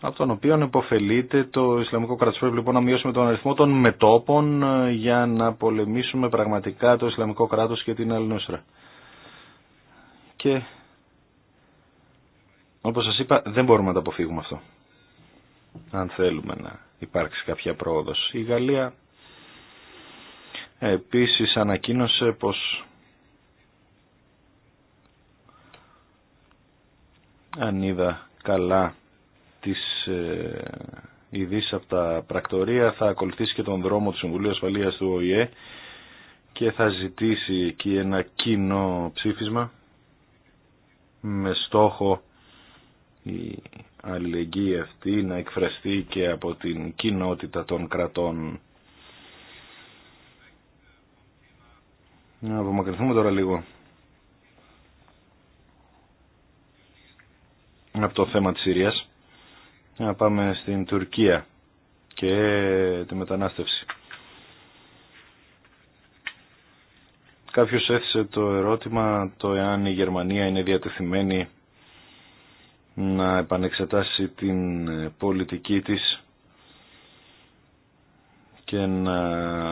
από τον οποίο υποφελείται το Ισλαμικό κράτος. Πρέπει λοιπόν να μειώσουμε τον αριθμό των μετόπων ε, για να πολεμήσουμε πραγματικά το Ισλαμικό κράτος και την Αλληνόσρα. Και όπως σας είπα δεν μπορούμε να το αποφύγουμε αυτό. Αν θέλουμε να υπάρξει κάποια πρόοδος. Η Γαλλία ε, επίσης ανακοίνωσε πως αν είδα καλά τις ε, ειδήσει από τα πρακτορία θα ακολουθήσει και τον δρόμο του Συμβουλίου Ασφαλείας του ΟΗΕ και θα ζητήσει εκεί ένα κοινό ψήφισμα με στόχο η αλληλεγγύη αυτή να εκφραστεί και από την κοινότητα των κρατών. Να απομακρυνθούμε τώρα λίγο από το θέμα της Συρίας. Να πάμε στην Τουρκία και τη μετανάστευση. Κάποιος έθεσε το ερώτημα το εάν η Γερμανία είναι διατεθειμένη να επανεξετάσει την πολιτική της και να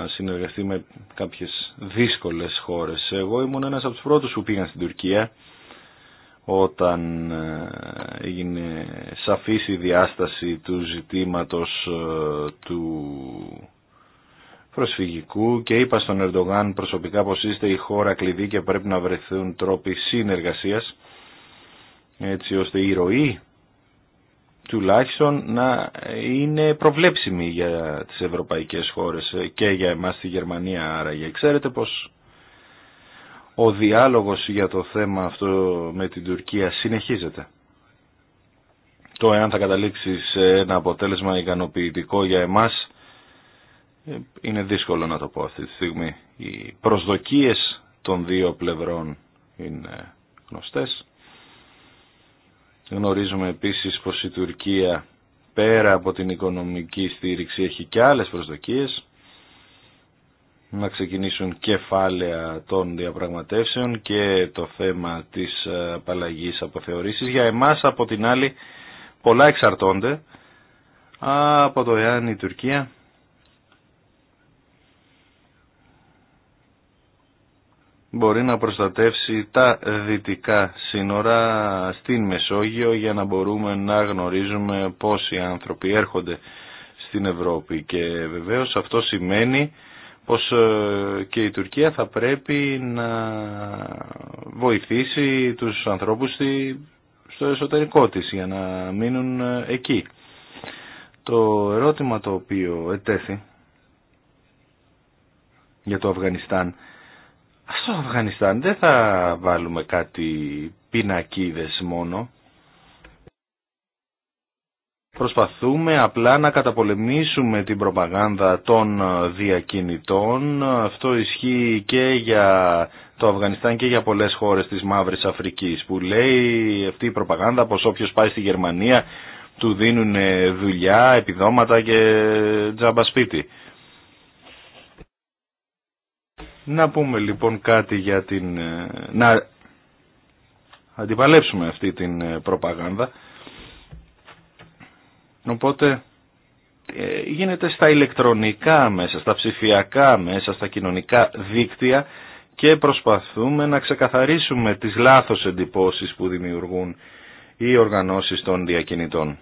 συνεργαστεί με κάποιες δύσκολες χώρες. Εγώ ήμουν ένας από τους πρώτους που πήγαν στην Τουρκία όταν ε, έγινε σαφής η διάσταση του ζητήματος ε, του προσφυγικού και είπα στον Ερντογάν προσωπικά πως είστε η χώρα κλειδί και πρέπει να βρεθούν τρόποι συνεργασίας έτσι ώστε η ροή τουλάχιστον να είναι προβλέψιμη για τις ευρωπαϊκές χώρες ε, και για εμάς στη Γερμανία άραγε. Ξέρετε πως ο διάλογος για το θέμα αυτό με την Τουρκία συνεχίζεται. Το εάν θα καταλήξει σε ένα αποτέλεσμα ικανοποιητικό για εμάς είναι δύσκολο να το πω αυτή τη στιγμή. Οι προσδοκίες των δύο πλευρών είναι γνωστές. Γνωρίζουμε επίσης πως η Τουρκία πέρα από την οικονομική στήριξη έχει και άλλες προσδοκίες να ξεκινήσουν κεφάλαια των διαπραγματεύσεων και το θέμα της απαλλαγή αποθεωρήσεις. Για εμάς από την άλλη πολλά εξαρτώνται από το εάν η Τουρκία μπορεί να προστατεύσει τα δυτικά σύνορα στην Μεσόγειο για να μπορούμε να γνωρίζουμε πόσοι άνθρωποι έρχονται στην Ευρώπη και βεβαίως αυτό σημαίνει πως ε, και η Τουρκία θα πρέπει να βοηθήσει τους ανθρώπους στο εσωτερικό της για να μείνουν ε, εκεί. Το ερώτημα το οποίο ετέθη για το Αφγανιστάν στο Αφγανιστάν δεν θα βάλουμε κάτι πινακίδες μόνο Προσπαθούμε απλά να καταπολεμήσουμε την προπαγάνδα των διακινητών. Αυτό ισχύει και για το Αφγανιστάν και για πολλές χώρες της Μαύρης Αφρικής που λέει αυτή η προπαγάνδα πως όποιος πάει στη Γερμανία του δίνουν δουλειά, επιδόματα και τζάμπα σπίτι. Να πούμε λοιπόν κάτι για την... να αντιπαλέψουμε αυτή την προπαγάνδα Οπότε ε, γίνεται στα ηλεκτρονικά μέσα, στα ψηφιακά μέσα, στα κοινωνικά δίκτυα και προσπαθούμε να ξεκαθαρίσουμε τις λάθος εντυπώσεις που δημιουργούν οι οργανώσεις των διακινητών.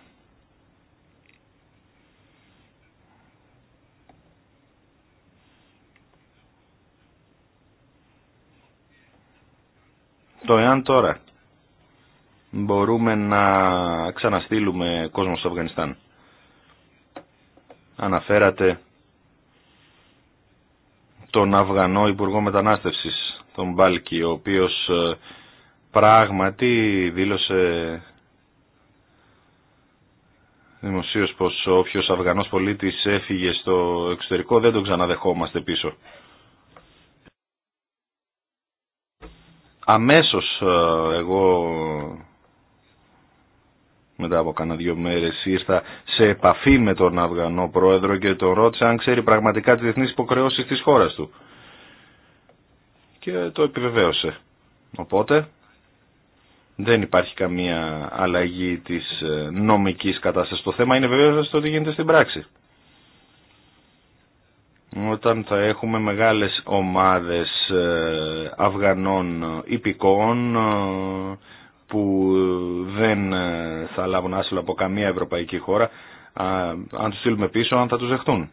Το εάν τώρα μπορούμε να ξαναστείλουμε κόσμο στο Αφγανιστάν. Αναφέρατε τον Αφγανό Υπουργό Μετανάστευσης, τον Μπάλκι, ο οποίος ε, πράγματι δήλωσε δημοσίως πως όποιος Αφγανός πολίτης έφυγε στο εξωτερικό δεν τον ξαναδεχόμαστε πίσω. Αμέσως ε, εγώ μετά από κάνα δύο μέρες ήρθα σε επαφή με τον Αφγανό πρόεδρο και τον ρώτησα αν ξέρει πραγματικά τις διεθνείς υποκρεώσει της χώρας του. Και το επιβεβαίωσε. Οπότε δεν υπάρχει καμία αλλαγή της ε, νομικής κατάστασης. Το θέμα είναι βεβαίως το τι γίνεται στην πράξη. Όταν θα έχουμε μεγάλες ομάδες ε, Αφγανών ε, που ε, δεν ε, θα λάβουν άσυλο από καμία ευρωπαϊκή χώρα, αν τους στείλουμε πίσω, αν θα τους δεχτούν.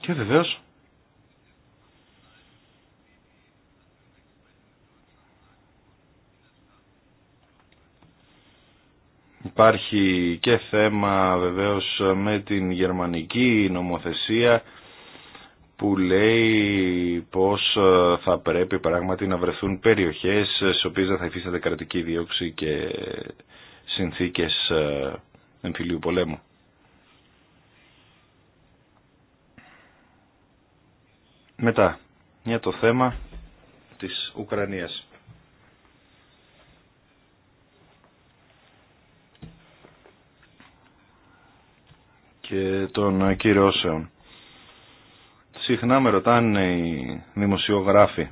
Και βεβαίως... Υπάρχει και θέμα βεβαίως με την γερμανική νομοθεσία που λέει πως ε, θα πρέπει πράγματι να βρεθούν περιοχές στις οποίες δεν θα υφίσταται κρατική δίωξη και συνθήκες ε, εμφυλίου πολέμου. Μετά, για το θέμα της Ουκρανίας. και των κυρώσεων. Συχνά με ρωτάνε οι δημοσιογράφοι.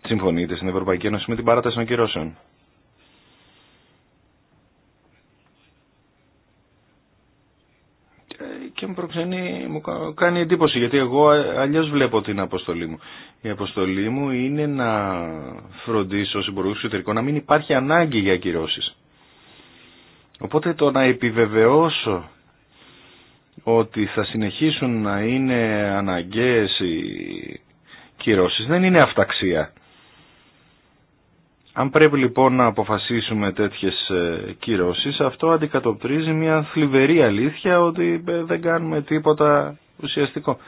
Συμφωνείτε στην Ευρωπαϊκή Ένωση με την παράταση των κυρώσεων. και μου προξενεί, μου κάνει εντύπωση γιατί εγώ αλλιώ βλέπω την αποστολή μου. Η αποστολή μου είναι να φροντίσω στους υπουργού εξωτερικών να μην υπάρχει ανάγκη για κυρώσει. Οπότε το να επιβεβαιώσω ότι θα συνεχίσουν να είναι αναγκαίες οι κυρώσεις δεν είναι αυταξία. Αν πρέπει λοιπόν να αποφασίσουμε τέτοιες ε, κυρώσεις, αυτό αντικατοπτρίζει μια θλιβερή αλήθεια ότι ε, δεν κάνουμε τίποτα ουσιαστικό.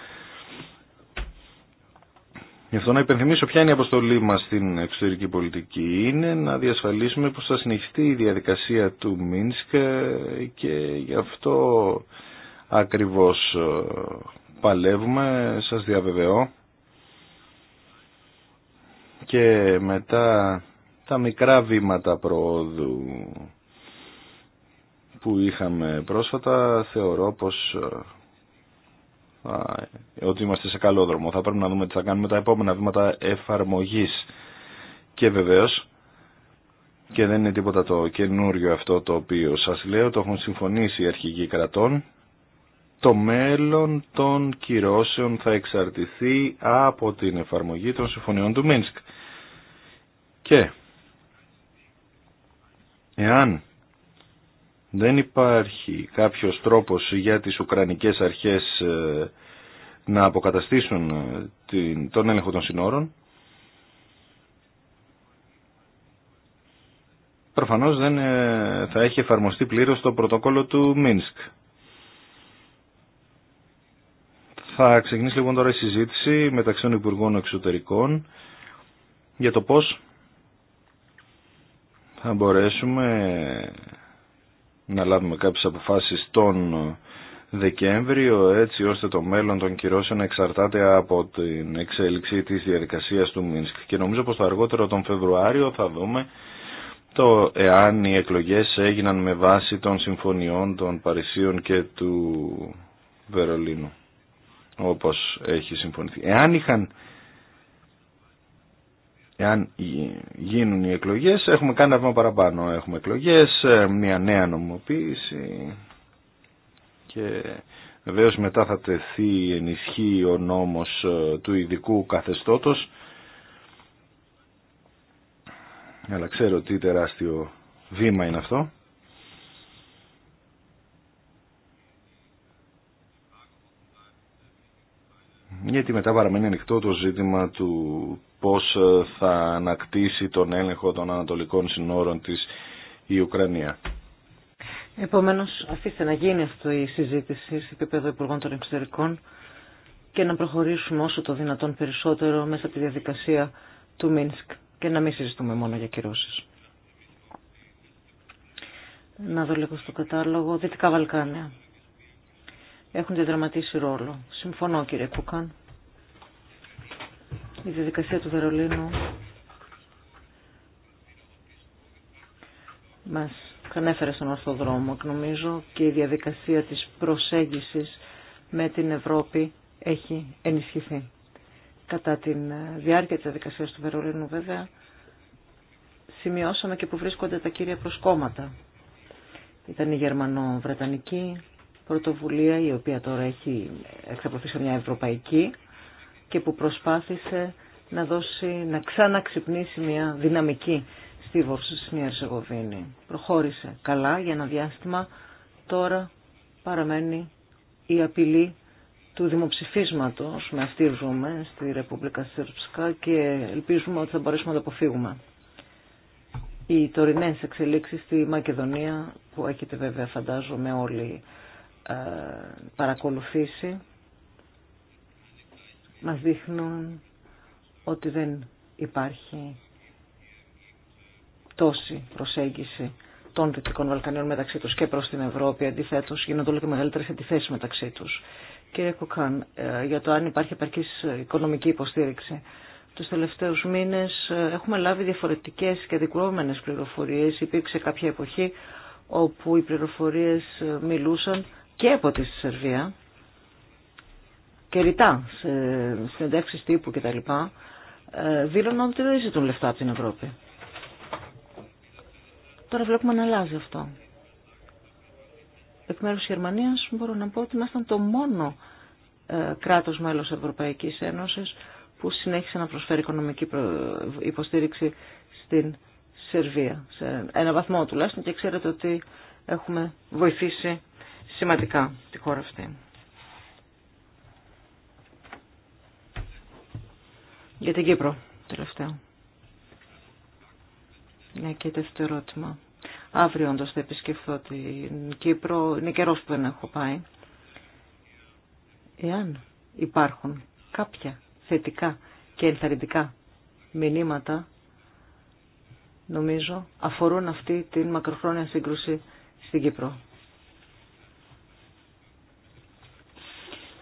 Γι' αυτό να υπενθυμίσω ποια είναι η αποστολή μας στην εξωτερική πολιτική. Είναι να διασφαλίσουμε πως θα συνεχιστεί η διαδικασία του Μίνσκ ε, και γι' αυτό ακριβώς ε, παλεύουμε, σας διαβεβαιώ. Και μετά τα μικρά βήματα προόδου που είχαμε πρόσφατα θεωρώ πως ε, ότι είμαστε σε καλό δρόμο. Θα πρέπει να δούμε τι θα κάνουμε τα επόμενα βήματα εφαρμογής. Και βεβαίως και δεν είναι τίποτα το καινούριο αυτό το οποίο σας λέω, το έχουν συμφωνήσει οι αρχηγοί κρατών το μέλλον των κυρώσεων θα εξαρτηθεί από την εφαρμογή των συμφωνιών του Μίνσκ. Και εάν δεν υπάρχει κάποιος τρόπος για τις Ουκρανικές αρχές ε, να αποκαταστήσουν ε, τον έλεγχο των συνόρων, προφανώς δεν ε, θα έχει εφαρμοστεί πλήρως το πρωτόκολλο του Μίνσκ. Θα ξεκινήσει λοιπόν τώρα η συζήτηση μεταξύ των Υπουργών Εξωτερικών για το πώς θα μπορέσουμε να λάβουμε κάποιες αποφάσεις τον Δεκέμβριο έτσι ώστε το μέλλον των κυρώσεων να εξαρτάται από την εξέλιξη της διαδικασίας του Μίνσκ. Και νομίζω πως το αργότερο τον Φεβρουάριο θα δούμε το εάν οι εκλογές έγιναν με βάση των συμφωνιών των Παρισίων και του Βερολίνου όπως έχει συμφωνηθεί. Εάν είχαν εάν γίνουν οι εκλογές έχουμε κάνει ένα παραπάνω. Έχουμε εκλογές, ε, μια νέα νομοποίηση και βεβαίως μετά θα τεθεί ενισχύ ο νόμος ε, του ειδικού καθεστώτος αλλά ξέρω τι τεράστιο βήμα είναι αυτό γιατί μετά παραμένει ανοιχτό το ζήτημα του πώς ε, θα ανακτήσει τον έλεγχο των ανατολικών συνόρων της η Ουκρανία. Επομένως, αφήστε να γίνει αυτό η συζήτηση σε επίπεδο Υπουργών των Εξωτερικών και να προχωρήσουμε όσο το δυνατόν περισσότερο μέσα από τη διαδικασία του Μίνσκ και να μην συζητούμε μόνο για κυρώσεις. Να δω λίγο στο κατάλογο. Δυτικά Βαλκάνια έχουν διαδραματίσει ρόλο. Συμφωνώ κύριε Κούκαν. Η διαδικασία του Βερολίνου μας ανέφερε στον ορθό δρόμο και νομίζω και η διαδικασία της προσέγγισης με την Ευρώπη έχει ενισχυθεί. Κατά τη ε, διάρκεια της διαδικασίας του Βερολίνου βέβαια σημειώσαμε και που βρίσκονται τα κύρια προσκόμματα. Ήταν η Γερμανο-Βρετανική πρωτοβουλία η οποία τώρα έχει εξαπλωθεί σε μια ευρωπαϊκή και που προσπάθησε να δώσει, να ξαναξυπνήσει μια δυναμική στη μια Ερσεγοβίνη. Προχώρησε καλά για ένα διάστημα, τώρα παραμένει η απειλή του δημοψηφίσματος με αυτή ζούμε στη Ρεπούμπλικα Σερψκά και ελπίζουμε ότι θα μπορέσουμε να το αποφύγουμε. Οι τωρινές εξελίξεις στη Μακεδονία που έχετε βέβαια φαντάζομαι όλοι ε, παρακολουθήσει μας δείχνουν ότι δεν υπάρχει τόση προσέγγιση των Δυτικών Βαλκανίων μεταξύ τους και προς την Ευρώπη. Αντιθέτως, γίνονται όλο και μεγαλύτερες αντιθέσεις μεταξύ τους. Κύριε Κουκάν, ε, για το αν υπάρχει επαρκής οικονομική υποστήριξη. Τους τελευταίους μήνες ε, έχουμε λάβει διαφορετικές και δικρόμενες πληροφορίες. Υπήρξε κάποια εποχή όπου οι πληροφορίες μιλούσαν και από τη Σερβία και ρητά σε συνεντεύξεις τύπου κτλ. Ε, δήλωναν ότι δεν ζητούν λεφτά από την Ευρώπη. Τώρα βλέπουμε να αλλάζει αυτό. Εκ μέρους της Γερμανίας μπορώ να πω ότι ήμασταν το μόνο ε, κράτος μέλος Ευρωπαϊκής Ένωσης που συνέχισε να προσφέρει οικονομική υποστήριξη στην Σερβία. Σε ένα βαθμό τουλάχιστον και ξέρετε ότι έχουμε βοηθήσει σημαντικά τη χώρα αυτή. Για την Κύπρο, τελευταίο. Ναι, και τεύτερο ερώτημα. Αύριο όντω θα επισκεφθώ την Κύπρο. Είναι καιρό που δεν έχω πάει. Εάν υπάρχουν κάποια θετικά και ενθαρρυντικά μηνύματα, νομίζω αφορούν αυτή την μακροχρόνια σύγκρουση στην Κύπρο.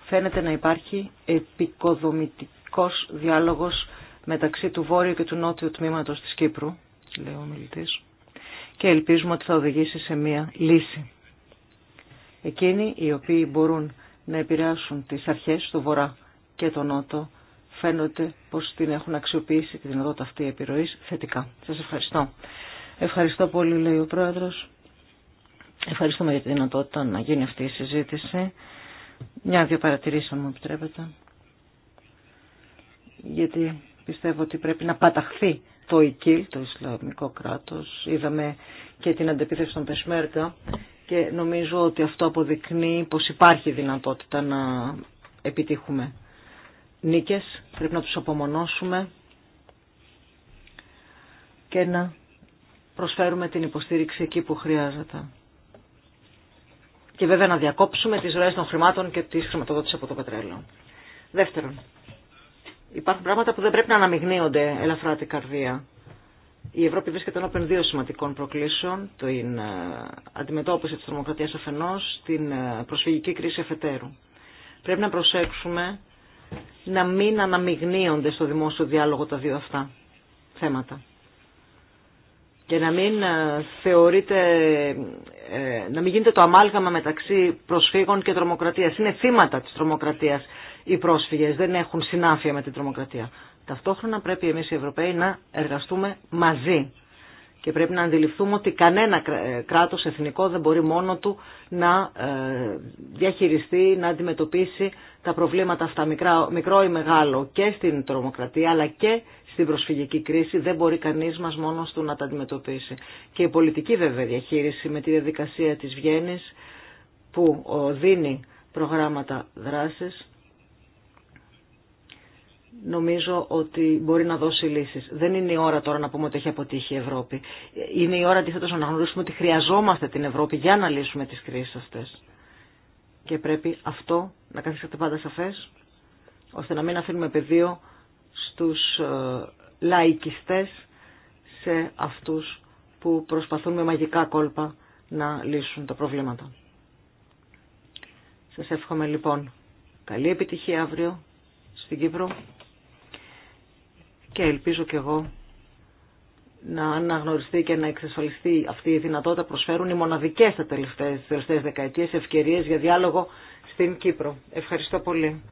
φαίνεται να υπάρχει επικοδομητικός διάλογος μεταξύ του βόρειου και του νότιου τμήματος της Κύπρου, λέει ο και ελπίζουμε ότι θα οδηγήσει σε μία λύση. Εκείνοι οι οποίοι μπορούν να επηρεάσουν τις αρχές του βορρά και τον νότο φαίνονται πως την έχουν αξιοποιήσει τη δυνατότητα αυτή επιρροής θετικά. Σας ευχαριστώ. Ευχαριστώ πολύ λέει ο Πρόεδρος. Ευχαριστούμε για τη δυνατότητα να γίνει αυτή η συζήτηση. Μια-δύο παρατηρήσεις αν μου επιτρέπετε. Γιατί πιστεύω ότι πρέπει να παταχθεί το ΙΚΙΛ, το Ισλαμικό κράτος. Είδαμε και την αντεπίθεση των Πεσμέρκα και νομίζω ότι αυτό αποδεικνύει πως υπάρχει δυνατότητα να επιτύχουμε νίκες. Πρέπει να τους απομονώσουμε και να προσφέρουμε την υποστήριξη εκεί που χρειάζεται και βέβαια να διακόψουμε τις ροές των χρημάτων και τις χρηματοδότηση από το πετρέλαιο. Δεύτερον, υπάρχουν πράγματα που δεν πρέπει να αναμειγνύονται ελαφρά την καρδία. Η Ευρώπη βρίσκεται ενώπιον δύο σημαντικών προκλήσεων, την ε, αντιμετώπιση της τρομοκρατίας αφενός, την ε, προσφυγική κρίση εφετέρου. Πρέπει να προσέξουμε να μην αναμειγνύονται στο δημόσιο διάλογο τα δύο αυτά θέματα και να μην ε, ε, να μην γίνεται το αμάλγαμα μεταξύ προσφύγων και τρομοκρατίας. Είναι θύματα της τρομοκρατίας οι πρόσφυγες, δεν έχουν συνάφεια με την τρομοκρατία. Ταυτόχρονα πρέπει εμείς οι Ευρωπαίοι να εργαστούμε μαζί και πρέπει να αντιληφθούμε ότι κανένα ε, κράτος εθνικό δεν μπορεί μόνο του να διαχειριστεί, να αντιμετωπίσει τα προβλήματα αυτά, μικρό ή μεγάλο, και στην τρομοκρατία αλλά και στην προσφυγική κρίση δεν μπορεί κανείς μας μόνος του να τα αντιμετωπίσει. Και η πολιτική βέβαια διαχείριση με τη διαδικασία της Βιέννης που δίνει προγράμματα δράσης νομίζω ότι μπορεί να δώσει λύσεις. Δεν είναι η ώρα τώρα να πούμε ότι έχει αποτύχει η Ευρώπη. Είναι η ώρα αντίθετως να αναγνωρίσουμε ότι χρειαζόμαστε την Ευρώπη για να λύσουμε τις κρίσεις αυτές. Και πρέπει αυτό να καθίσετε πάντα σαφές, ώστε να μην αφήνουμε πεδίο στους ε, λαϊκιστές σε αυτούς που προσπαθούν με μαγικά κόλπα να λύσουν τα προβλήματα. Σας εύχομαι λοιπόν καλή επιτυχία αύριο στην Κύπρο και ελπίζω και εγώ να αναγνωριστεί και να εξασφαλιστεί αυτή η δυνατότητα προσφέρουν οι μοναδικές τα τελευταίες, τελευταίες δεκαετίες ευκαιρίες για διάλογο στην Κύπρο. Ευχαριστώ πολύ.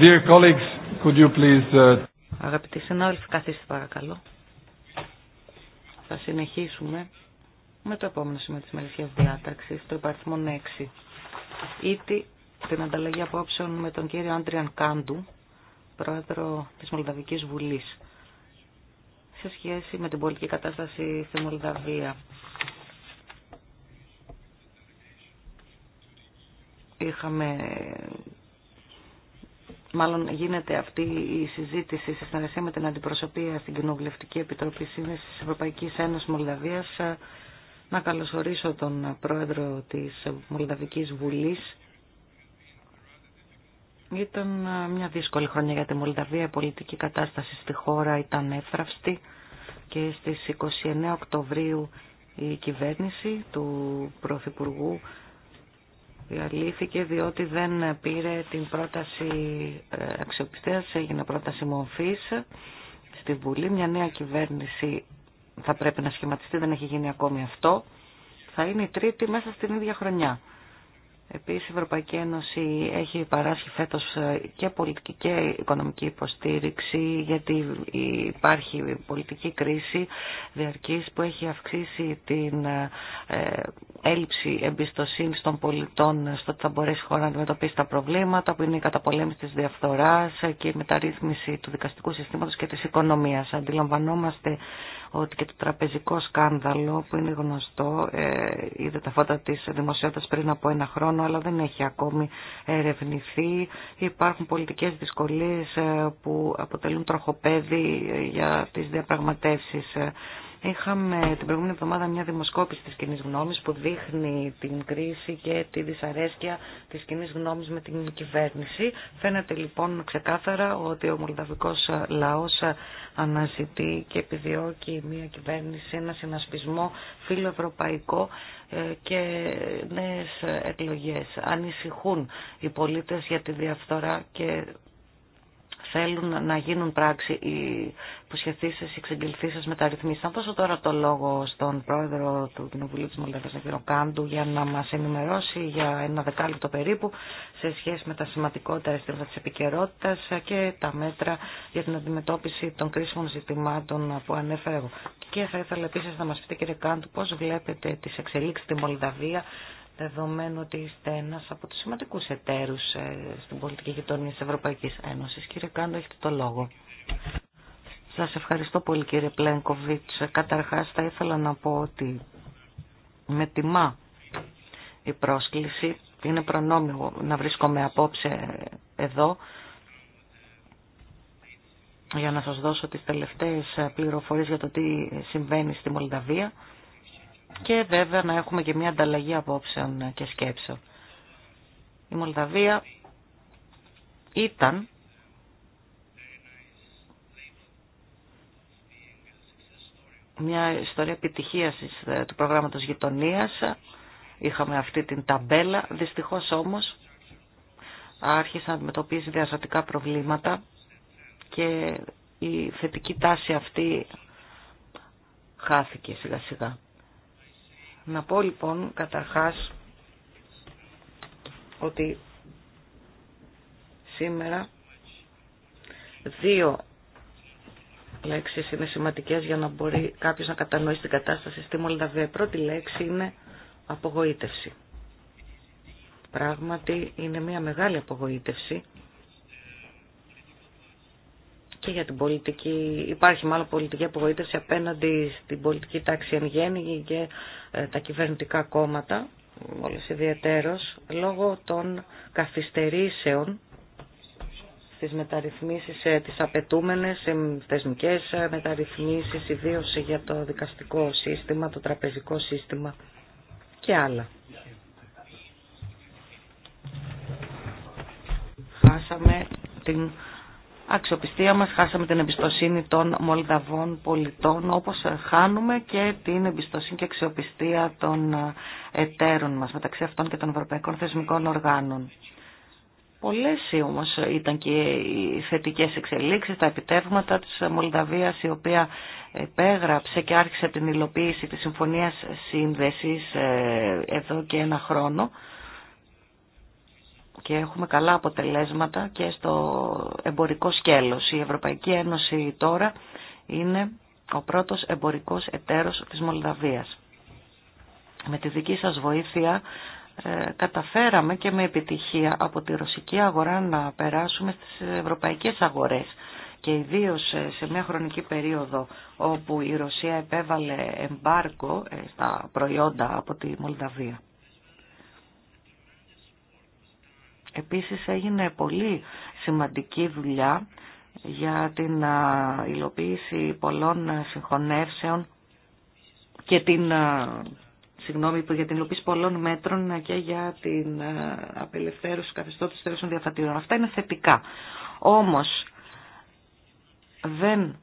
Dear colleagues, could uh, Αγαπητοί συνάδελφοι, καθίστε παρακαλώ. Θα συνεχίσουμε με το επόμενο σημείο τη διάταξης, το υπαριθμό 6. Ήτη, την ανταλλαγή απόψεων με τον κύριο Άντριαν Κάντου, πρόεδρο της Μολδαβικής Βουλής, σε σχέση με την πολιτική κατάσταση στη Μολδαβία. Είχαμε μάλλον γίνεται αυτή η συζήτηση σε συνεργασία με την αντιπροσωπεία στην Κοινοβουλευτική Επιτροπή Σύνδεση τη Ευρωπαϊκή Ένωση Μολδαβία. Να καλωσορίσω τον πρόεδρο της Μολδαβικής Βουλής. Ήταν μια δύσκολη χρονιά για τη Μολδαβία. Η πολιτική κατάσταση στη χώρα ήταν εύθραυστη και στις 29 Οκτωβρίου η κυβέρνηση του Πρωθυπουργού διαλύθηκε διότι δεν πήρε την πρόταση ε, αξιοπιστίας, έγινε πρόταση μορφής στη Βουλή. Μια νέα κυβέρνηση θα πρέπει να σχηματιστεί, δεν έχει γίνει ακόμη αυτό. Θα είναι η τρίτη μέσα στην ίδια χρονιά. Επίσης η Ευρωπαϊκή Ένωση έχει παράσχει φέτος ε, και πολιτική και οικονομική υποστήριξη γιατί υπάρχει πολιτική κρίση διαρκής που έχει αυξήσει την ε, ε, έλλειψη εμπιστοσύνης των πολιτών στο ότι θα μπορέσει η χώρα να αντιμετωπίσει τα προβλήματα που είναι η καταπολέμηση της διαφθοράς και η μεταρρύθμιση του δικαστικού συστήματος και της οικονομίας. Αντιλαμβανόμαστε ότι και το τραπεζικό σκάνδαλο που είναι γνωστό ε, είδε τα φώτα της δημοσιότητας πριν από ένα χρόνο αλλά δεν έχει ακόμη ερευνηθεί. Υπάρχουν πολιτικές δυσκολίες ε, που αποτελούν τροχοπέδι ε, για τις διαπραγματεύσεις Είχαμε την προηγούμενη εβδομάδα μια δημοσκόπηση της κοινή γνώμης που δείχνει την κρίση και τη δυσαρέσκεια της κοινή γνώμης με την κυβέρνηση. Φαίνεται λοιπόν ξεκάθαρα ότι ο μολδαβικός λαός αναζητεί και επιδιώκει μια κυβέρνηση, ένα συνασπισμό φιλοευρωπαϊκό ε, και νέες εκλογές. Ανησυχούν οι πολίτες για τη διαφθορά και θέλουν να γίνουν πράξη οι υποσχεθήσει, οι σα μεταρρυθμίσει. Θα δώσω τώρα το λόγο στον πρόεδρο του Κοινοβουλίου τη Μολδαβία τον κύριο Κάντου, για να μα ενημερώσει για ένα δεκάλεπτο περίπου σε σχέση με τα σημαντικότερα αισθήματα της επικαιρότητα και τα μέτρα για την αντιμετώπιση των κρίσιμων ζητημάτων που ανέφερα εγώ. Και θα ήθελα επίση να μα πείτε κύριε Κάντου πώ βλέπετε τι εξελίξει στη Μολδαβία δεδομένου ότι είστε ένα από τους σημαντικούς εταίρους ε, στην πολιτική γειτονία της Ευρωπαϊκής Ένωσης. Κύριε Κάντο, έχετε το λόγο. Σας ευχαριστώ πολύ κύριε Πλένκοβιτς. Καταρχάς θα ήθελα να πω ότι με τιμά η πρόσκληση. Είναι προνόμιο να βρίσκομαι απόψε εδώ για να σας δώσω τις τελευταίες πληροφορίες για το τι συμβαίνει στη Μολδαβία και βέβαια να έχουμε και μια ανταλλαγή απόψεων και σκέψεων. Η Μολδαβία ήταν μια ιστορία επιτυχίας του προγράμματος γειτονίας. Είχαμε αυτή την ταμπέλα. Δυστυχώς όμως άρχισαν να αντιμετωπίζει διαστατικά προβλήματα και η θετική τάση αυτή χάθηκε σιγά σιγά. Να πω λοιπόν καταρχάς ότι σήμερα δύο λέξεις είναι σημαντικές για να μπορεί κάποιος να κατανοήσει την κατάσταση στη Μολδαβία. Η πρώτη λέξη είναι απογοήτευση. Πράγματι είναι μια μεγάλη απογοήτευση για την πολιτική, υπάρχει μάλλον πολιτική απογοήτευση απέναντι στην πολιτική τάξη εν γέννη και ε, τα κυβερνητικά κόμματα, όλες ιδιαίτερος, λόγω των καθυστερήσεων στις μεταρρυθμίσεις, ε, τις απαιτούμενες ε, θεσμικές μεταρρυθμίσεις, ιδίως για το δικαστικό σύστημα, το τραπεζικό σύστημα και άλλα. Χάσαμε την αξιοπιστία μας, χάσαμε την εμπιστοσύνη των Μολδαβών πολιτών, όπως χάνουμε και την εμπιστοσύνη και αξιοπιστία των εταίρων μας, μεταξύ αυτών και των ευρωπαϊκών θεσμικών οργάνων. Πολλές όμως ήταν και οι θετικές εξελίξεις, τα επιτεύγματα της Μολδαβίας, η οποία επέγραψε και άρχισε την υλοποίηση της Συμφωνίας Σύνδεσης ε, εδώ και ένα χρόνο και έχουμε καλά αποτελέσματα και στο εμπορικό σκέλος. Η Ευρωπαϊκή Ένωση τώρα είναι ο πρώτος εμπορικός εταίρος της Μολδαβίας. Με τη δική σας βοήθεια ε, καταφέραμε και με επιτυχία από τη ρωσική αγορά να περάσουμε στις ευρωπαϊκές αγορές και ιδίως σε μια χρονική περίοδο όπου η Ρωσία επέβαλε εμπάρκο ε, στα προϊόντα από τη Μολδαβία. Επίσης έγινε πολύ σημαντική δουλειά για την υλοποίηση πολλών συγχωνεύσεων και την, συγγνώμη, για την υλοποίηση πολλών μέτρων και για την απελευθέρωση τη των διαφατήρων. Αυτά είναι θετικά. Όμως δεν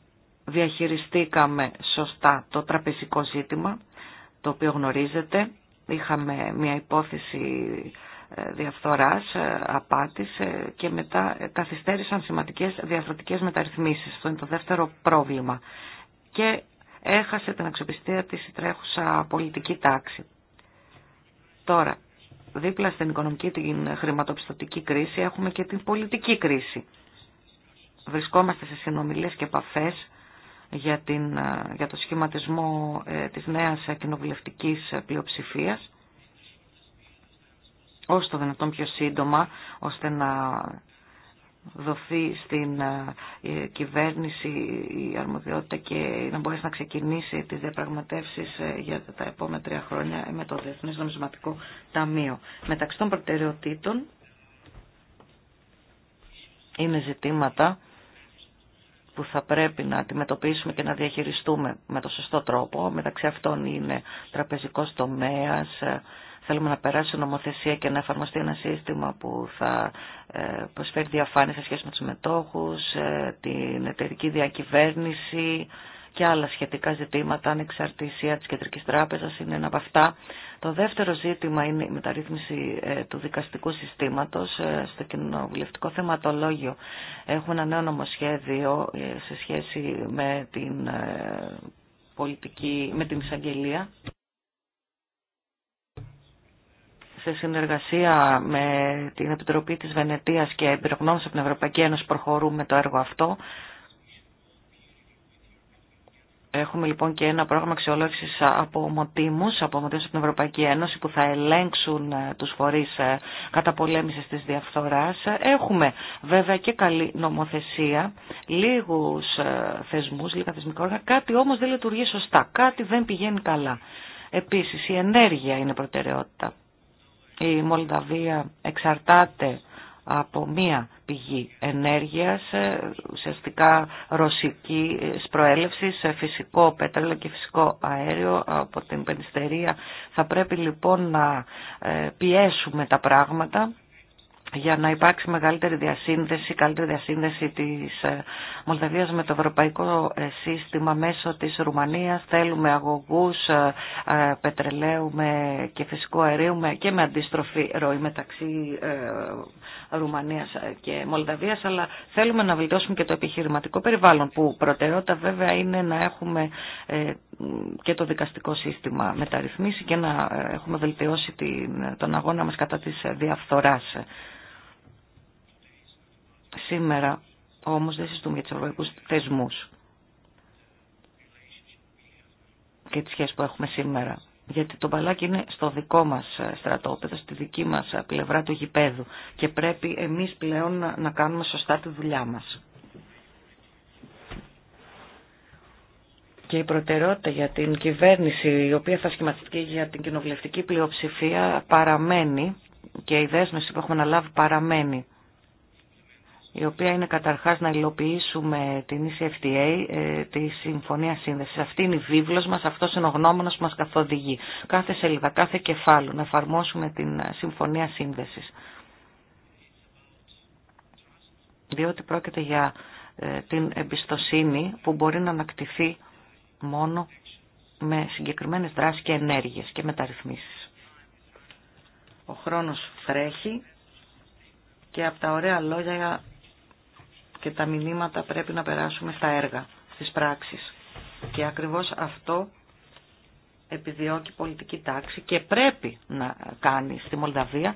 διαχειριστήκαμε σωστά το τραπεζικό ζήτημα, το οποίο γνωρίζετε. Είχαμε μια υπόθεση διαφθοράς, ε, απάτης και μετά καθυστέρησαν σημαντικές διαφορετικές μεταρρυθμίσεις. Αυτό είναι το δεύτερο πρόβλημα. Και έχασε την αξιοπιστία της τρέχουσα πολιτική τάξη. Τώρα, δίπλα στην οικονομική την χρηματοπιστωτική κρίση έχουμε και την πολιτική κρίση. Βρισκόμαστε σε συνομιλίες και επαφές για, την, ε, για το σχηματισμό ε, της νέας κοινοβουλευτικής πλειοψηφίας όσο το δυνατόν πιο σύντομα, ώστε να δοθεί στην ε, κυβέρνηση η αρμοδιότητα και να μπορέσει να ξεκινήσει τις διαπραγματεύσεις ε, για τα επόμενα τρία χρόνια με το Διεθνές Νομισματικό Ταμείο. Μεταξύ των προτεραιοτήτων είναι ζητήματα που θα πρέπει να αντιμετωπίσουμε και να διαχειριστούμε με το σωστό τρόπο. Μεταξύ αυτών είναι τραπεζικός τομέας, Θέλουμε να περάσει νομοθεσία και να εφαρμοστεί ένα σύστημα που θα ε, προσφέρει διαφάνεια σε σχέση με τους μετόχους, ε, την εταιρική διακυβέρνηση και άλλα σχετικά ζητήματα, ανεξαρτησία της Κεντρικής Τράπεζας είναι ένα από αυτά. Το δεύτερο ζήτημα είναι η μεταρρύθμιση ε, του δικαστικού συστήματος στο κοινοβουλευτικό θεματολόγιο. Έχουμε ένα νέο νομοσχέδιο σε σχέση με την πολιτική, με την εισαγγελία σε συνεργασία με την Επιτροπή της Βενετίας και εμπειρογνώμης από την Ευρωπαϊκή Ένωση προχωρούμε το έργο αυτό. Έχουμε λοιπόν και ένα πρόγραμμα αξιολόγηση από ομοτήμου, από ομοτήμου από την Ευρωπαϊκή Ένωση που θα ελέγξουν ε, του φορεί ε, πολέμηση τη διαφθορά. Έχουμε βέβαια και καλή νομοθεσία, λίγου ε, θεσμού, λίγα θεσμικά όργανα. Κάτι όμω δεν λειτουργεί σωστά, κάτι δεν πηγαίνει καλά. Επίση η ενέργεια είναι προτεραιότητα. Η Μολδαβία εξαρτάται από μία πηγή ενέργειας, ε, ουσιαστικά ρωσική προέλευση, φυσικό πέτρελο και φυσικό αέριο από την Πενιστερία. Θα πρέπει λοιπόν να ε, πιέσουμε τα πράγματα για να υπάρξει μεγαλύτερη διασύνδεση, καλύτερη διασύνδεση της ε, Μολδαβίας με το ευρωπαϊκό ε, σύστημα μέσω της Ρουμανίας. Θέλουμε αγωγούς ε, πετρελαίου και φυσικού αερίου και με αντίστροφη ροή μεταξύ Ρουμανίας και Μολδαβίας, αλλά θέλουμε να βελτιώσουμε και το επιχειρηματικό περιβάλλον, που προτεραιότητα βέβαια είναι να έχουμε και το δικαστικό σύστημα μεταρρυθμίσει και να έχουμε βελτιώσει τον αγώνα μας κατά της διαφθοράς. Σήμερα όμως δεν συζητούμε για τους ευρωπαϊκούς θεσμούς και τις σχέσεις που έχουμε σήμερα. Γιατί το μπαλάκι είναι στο δικό μας ε, στρατόπεδο, στη δική μας ε, πλευρά του γηπέδου και πρέπει εμείς πλέον να κάνουμε σωστά τη δουλειά μας. και η προτεραιότητα για την κυβέρνηση η οποία θα σχηματιστεί για την κοινοβουλευτική πλειοψηφία παραμένει και η δέσμευση που έχουμε να λάβει παραμένει η οποία είναι καταρχάς να υλοποιήσουμε την ECFTA, ε, τη Συμφωνία Σύνδεσης. Αυτή είναι η βίβλος μας, αυτός είναι ο γνώμονας που μας καθοδηγεί. Κάθε σελίδα, κάθε κεφάλαιο να εφαρμόσουμε την Συμφωνία Σύνδεσης. Διότι πρόκειται για ε, την εμπιστοσύνη που μπορεί να ανακτηθεί μόνο με συγκεκριμένες δράσεις και ενέργειες και μεταρρυθμίσεις. Ο χρόνος φρέχει και από τα ωραία λόγια και τα μηνύματα πρέπει να περάσουμε στα έργα, στις πράξεις. Και ακριβώς αυτό επιδιώκει η πολιτική τάξη και πρέπει να κάνει στη Μολδαβία,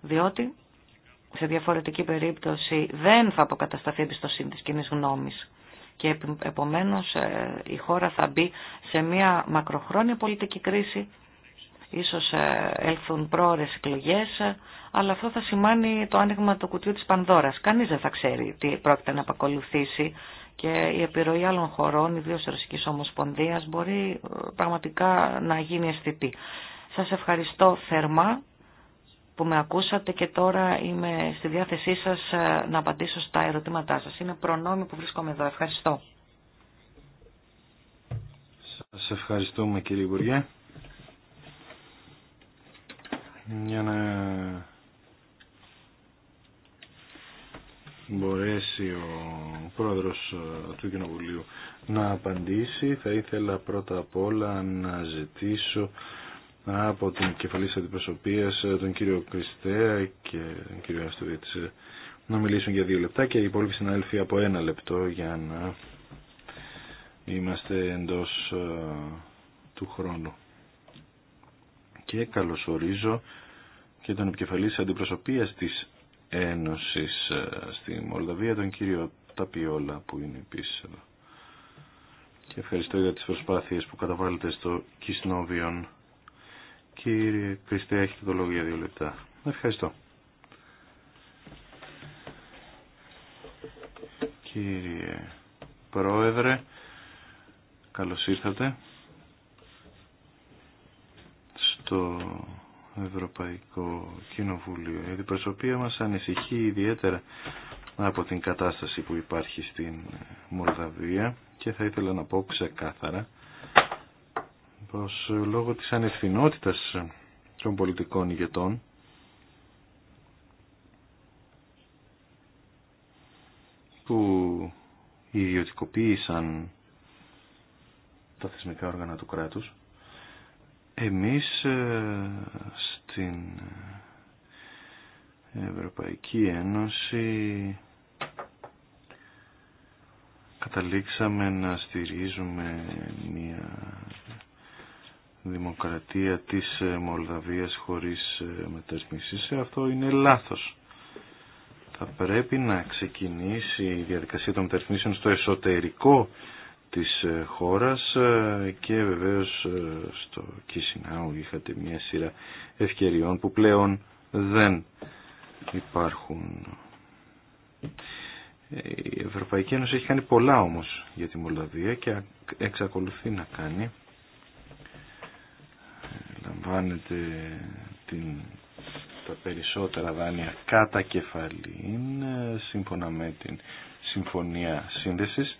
διότι σε διαφορετική περίπτωση δεν θα αποκατασταθεί εμπιστοσύνη της κοινή γνώμης και επομένως ε, η χώρα θα μπει σε μια μακροχρόνια πολιτική κρίση ίσως ε, έλθουν πρόορες εκλογές, ε, αλλά αυτό θα σημάνει το άνοιγμα του κουτιού της Πανδώρας. Κανείς δεν θα ξέρει τι πρόκειται να επακολουθήσει και η επιρροή άλλων χωρών, ιδίως της Ρωσικής Ομοσπονδίας, μπορεί ε, πραγματικά να γίνει αισθητή. Σας ευχαριστώ θερμά που με ακούσατε και τώρα είμαι στη διάθεσή σας να απαντήσω στα ερωτήματά σας. Είναι προνόμιο που βρίσκομαι εδώ. Ευχαριστώ. Σας ευχαριστούμε κύριε Υπουργέ για να μπορέσει ο πρόεδρος ε, του Κοινοβουλίου να απαντήσει. Θα ήθελα πρώτα απ' όλα να ζητήσω από την κεφαλής αντιπροσωπείας ε, τον κύριο Κριστέα και τον κύριο Αστοβίτς ε, να μιλήσουν για δύο λεπτά και οι υπόλοιποι συνάδελφοι από ένα λεπτό για να είμαστε εντός του χρόνου και καλωσορίζω και τον επικεφαλής αντιπροσωπείας της Ένωσης ε, στη Μολδαβία, τον κύριο Ταπιόλα που είναι επίσης εδώ. Και ευχαριστώ για τις προσπάθειες που καταβάλλετε στο Κισνόβιον. Κύριε Κριστέα, έχετε το λόγο για δύο λεπτά. Ευχαριστώ. Κύριε Πρόεδρε, καλώς ήρθατε το Ευρωπαϊκό Κοινοβούλιο. Η αντιπροσωπεία μας ανησυχεί ιδιαίτερα από την κατάσταση που υπάρχει στην Μολδαβία και θα ήθελα να πω ξεκάθαρα πως λόγω της ανευθυνότητας των πολιτικών ηγετών που ιδιωτικοποίησαν τα θεσμικά όργανα του κράτους εμείς ε, στην Ευρωπαϊκή Ένωση καταλήξαμε να στηρίζουμε μια δημοκρατία της ε, Μολδαβίας χωρίς ε, μεταρρυθμίσεις. Αυτό είναι λάθος. Θα πρέπει να ξεκινήσει η διαδικασία των μεταρρυθμίσεων στο εσωτερικό της ε, χώρας ε, και βεβαίως ε, στο Κισινάου είχατε μια σειρά ευκαιριών που πλέον δεν υπάρχουν. Η Ευρωπαϊκή Ένωση έχει κάνει πολλά όμως για τη Μολδαβία και εξακολουθεί να κάνει. Λαμβάνεται την, τα περισσότερα δάνεια κατά κεφαλήν σύμφωνα με την Συμφωνία Σύνδεσης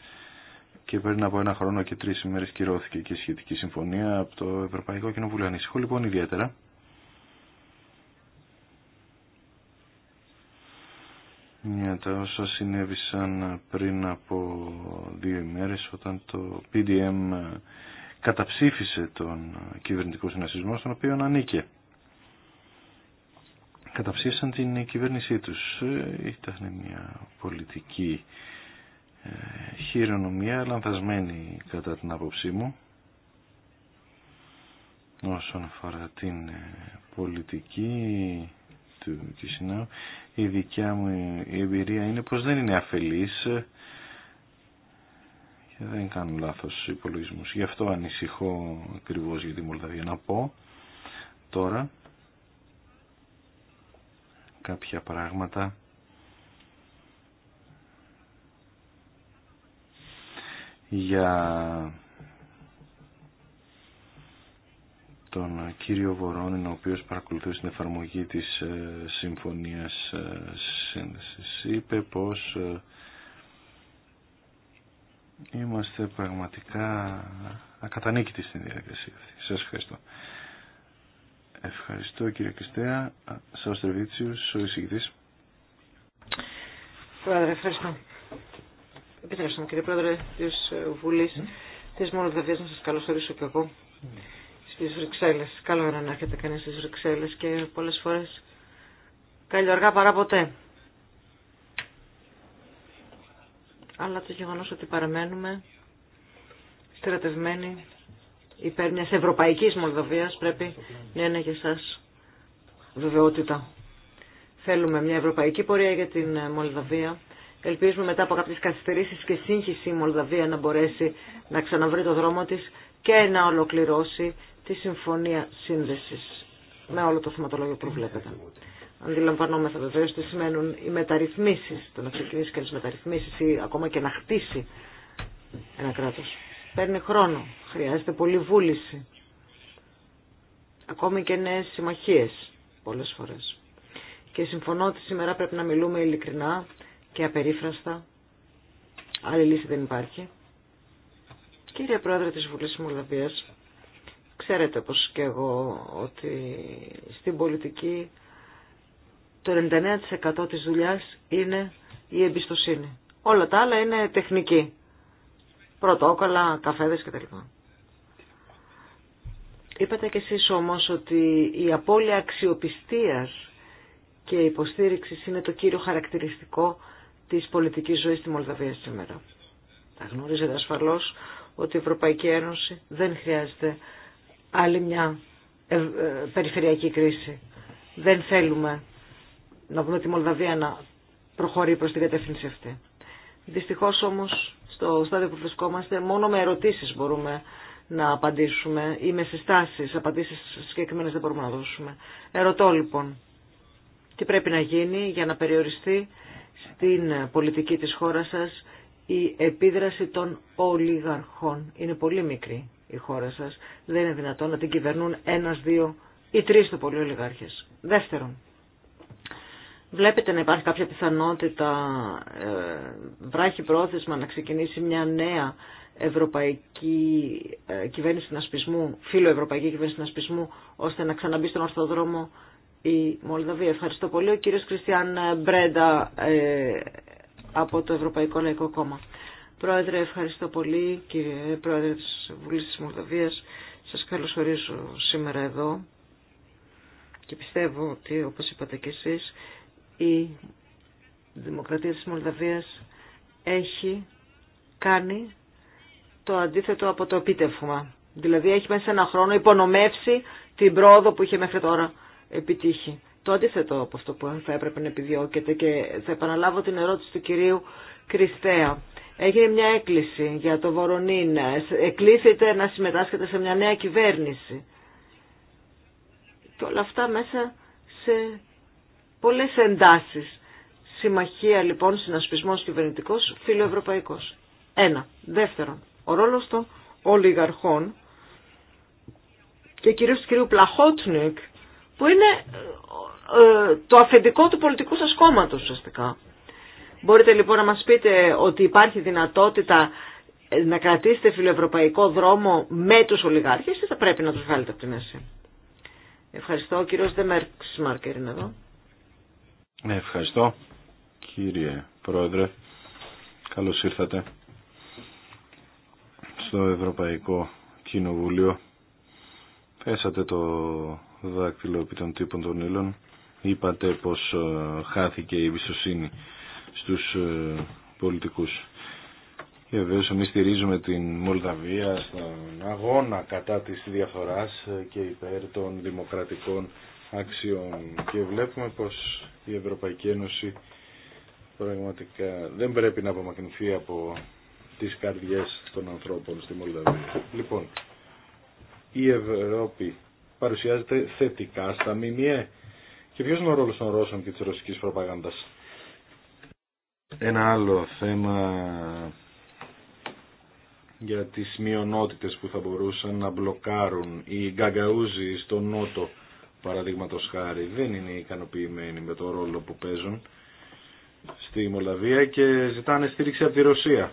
και πριν από ένα χρόνο και τρεις ημέρες κυρώθηκε και σχετική συμφωνία από το Ευρωπαϊκό Κοινοβούλιο. Ανησυχώ λοιπόν ιδιαίτερα. Για τα όσα συνέβησαν πριν από δύο ημέρες όταν το PDM καταψήφισε τον κυβερνητικό συνασυσμό στον οποίο ανήκε. Καταψήφισαν την κυβέρνησή τους. Ε, ήταν μια πολιτική ε, χειρονομία λανθασμένη κατά την άποψή μου όσον αφορά την ε, πολιτική του Κισινάου η δικιά μου η εμπειρία είναι πως δεν είναι αφελής και δεν κάνω λάθος υπολογισμούς γι' αυτό ανησυχώ ακριβώ για τη Μολδαβία να πω τώρα κάποια πράγματα για τον κύριο Βορώνιν ο οποίος παρακολουθούσε την εφαρμογή της ε, Συμφωνίας ε, Σύνδεσης είπε πως ε, είμαστε πραγματικά ακατανίκητοι στην διαδικασία αυτή. Σας ευχαριστώ. Ευχαριστώ κύριε Κριστέα. Σας ο εισηγητής. Πρόεδρε, ευχαριστώ. Επιτρέψτε μου κύριε Πρόεδρε τη ε, Βουλής ναι. τη μολδαβία να σα καλωσορίσω και εγώ ναι. στι Βρυξέλλε. Καλό είναι να έρχεται κανεί στι Βρυξέλλε και πολλέ φορέ καλή αργά παρά ποτέ. Αλλά το γεγονό ότι παραμένουμε στρατευμένοι υπέρ μια ευρωπαϊκής Μολδαβία πρέπει να είναι για εσά βεβαιότητα. Θέλουμε μια ευρωπαϊκή πορεία για την ε, Μολδαβία Ελπίζουμε μετά από κάποιες καθυστερήσεις και σύγχυση η Μολδαβία να μπορέσει να ξαναβρει το δρόμο της και να ολοκληρώσει τη συμφωνία σύνδεσης με όλο το θεματολόγιο που βλέπετε. Αντιλαμβανόμεθα βεβαίω τι σημαίνουν οι μεταρρυθμίσεις, το να ξεκινήσει κανείς μεταρρυθμίσεις ή ακόμα και να χτίσει ένα κράτος. Παίρνει χρόνο, χρειάζεται πολλή βούληση, ακόμη και νέες συμμαχίες πολλές φορές. Και συμφωνώ ότι σήμερα πρέπει να μιλούμε ειλικρινά και απερίφραστα. Άλλη λύση δεν υπάρχει. Κύριε Πρόεδρε της Βουλής Μολδαβίας, ξέρετε πως και εγώ ότι στην πολιτική το 99% της δουλειάς είναι η εμπιστοσύνη. Όλα τα άλλα είναι τεχνική. Πρωτόκολλα, καφέδες κτλ. Είπατε κι εσείς όμως ότι η απώλεια αξιοπιστίας και υποστήριξης είναι το κύριο χαρακτηριστικό της πολιτικής ζωής στη Μολδαβία σήμερα. Θα γνωρίζετε ασφαλώς ότι η Ευρωπαϊκή Ένωση δεν χρειάζεται άλλη μια ε, ε, περιφερειακή κρίση. Δεν θέλουμε να δούμε τη Μολδαβία να προχωρεί προς την κατεύθυνση αυτή. Δυστυχώς όμως στο στάδιο που βρισκόμαστε μόνο με ερωτήσεις μπορούμε να απαντήσουμε ή με συστάσεις, απαντήσεις συγκεκριμένες δεν μπορούμε να δώσουμε. Ερωτώ λοιπόν τι πρέπει να γίνει για να περιοριστεί στην πολιτική της χώρας σας η επίδραση των ολιγαρχών. Είναι πολύ μικρή η χώρα σας. Δεν είναι δυνατόν να την κυβερνούν ένας, δύο ή τρεις το πολύ ολιγάρχες. Δεύτερον, βλέπετε να υπάρχει κάποια πιθανότητα ε, βράχει πρόθεσμα να ξεκινήσει μια νέα ευρωπαϊκή ε, κυβέρνηση συνασπισμού, φιλοευρωπαϊκή κυβέρνηση συνασπισμού, ώστε να ξαναμπεί στον ορθοδρόμο η Μολδαβία. Ευχαριστώ πολύ. Ο κύριος Κριστιαν Μπρέντα ε, από το Ευρωπαϊκό Λαϊκό Κόμμα. Πρόεδρε, ευχαριστώ πολύ κύριε Πρόεδρε της Βουλής της Μολδαβίας. Σας καλωσορίζω σήμερα εδώ και πιστεύω ότι όπως είπατε και εσείς η δημοκρατία της Μολδαβίας έχει κάνει το αντίθετο από το επίτευγμα. Δηλαδή έχει μέσα ένα χρόνο υπονομεύσει την πρόοδο που είχε μέχρι τώρα επιτύχει. Το αντίθετο από αυτό που θα έπρεπε να επιδιώκεται και θα επαναλάβω την ερώτηση του κυρίου Κριστέα. Έγινε μια έκκληση για το Βορονίν. Εκλήθητε να συμμετάσχετε σε μια νέα κυβέρνηση. Και όλα αυτά μέσα σε πολλές εντάσεις. Συμμαχία λοιπόν, συνασπισμός κυβερνητικός, φιλοευρωπαϊκός. Ένα. Δεύτερον, ο ρόλος των ολιγαρχών και κυρίως του κυρίου Πλαχότνικ που είναι ε, ε, το αφεντικό του πολιτικού σας κόμματος ουσιαστικά. Μπορείτε λοιπόν να μας πείτε ότι υπάρχει δυνατότητα ε, να κρατήσετε φιλοευρωπαϊκό δρόμο με τους ολιγάρχες ή θα πρέπει να τους βγάλετε από τη μέση. Ευχαριστώ. Ο κύριος Δεμέρξ Μάρκερ είναι εδώ. Ναι, ευχαριστώ κύριε Πρόεδρε. Καλώς ήρθατε στο Ευρωπαϊκό Κοινοβούλιο. πέσατε το των τύπων των ήλων είπατε πως ε, χάθηκε η εμπιστοσύνη στους ε, πολιτικούς. Και βεβαίω εμεί στηρίζουμε την Μολδαβία στον αγώνα κατά της διαφθοράς ε, και υπέρ των δημοκρατικών αξιών. Και βλέπουμε πως η Ευρωπαϊκή Ένωση πραγματικά δεν πρέπει να απομακρυνθεί από τις καρδιές των ανθρώπων στη Μολδαβία. Λοιπόν, η Ευρώπη παρουσιάζεται θετικά στα ΜΜΕ. Και ποιος είναι ο ρόλος των Ρώσων και της ρωσικής προπαγάνδας. Ένα άλλο θέμα για τις μειονότητες που θα μπορούσαν να μπλοκάρουν οι γκαγκαούζοι στο νότο παραδείγματο χάρη δεν είναι ικανοποιημένοι με το ρόλο που παίζουν στη Μολαβία και ζητάνε στήριξη από τη Ρωσία.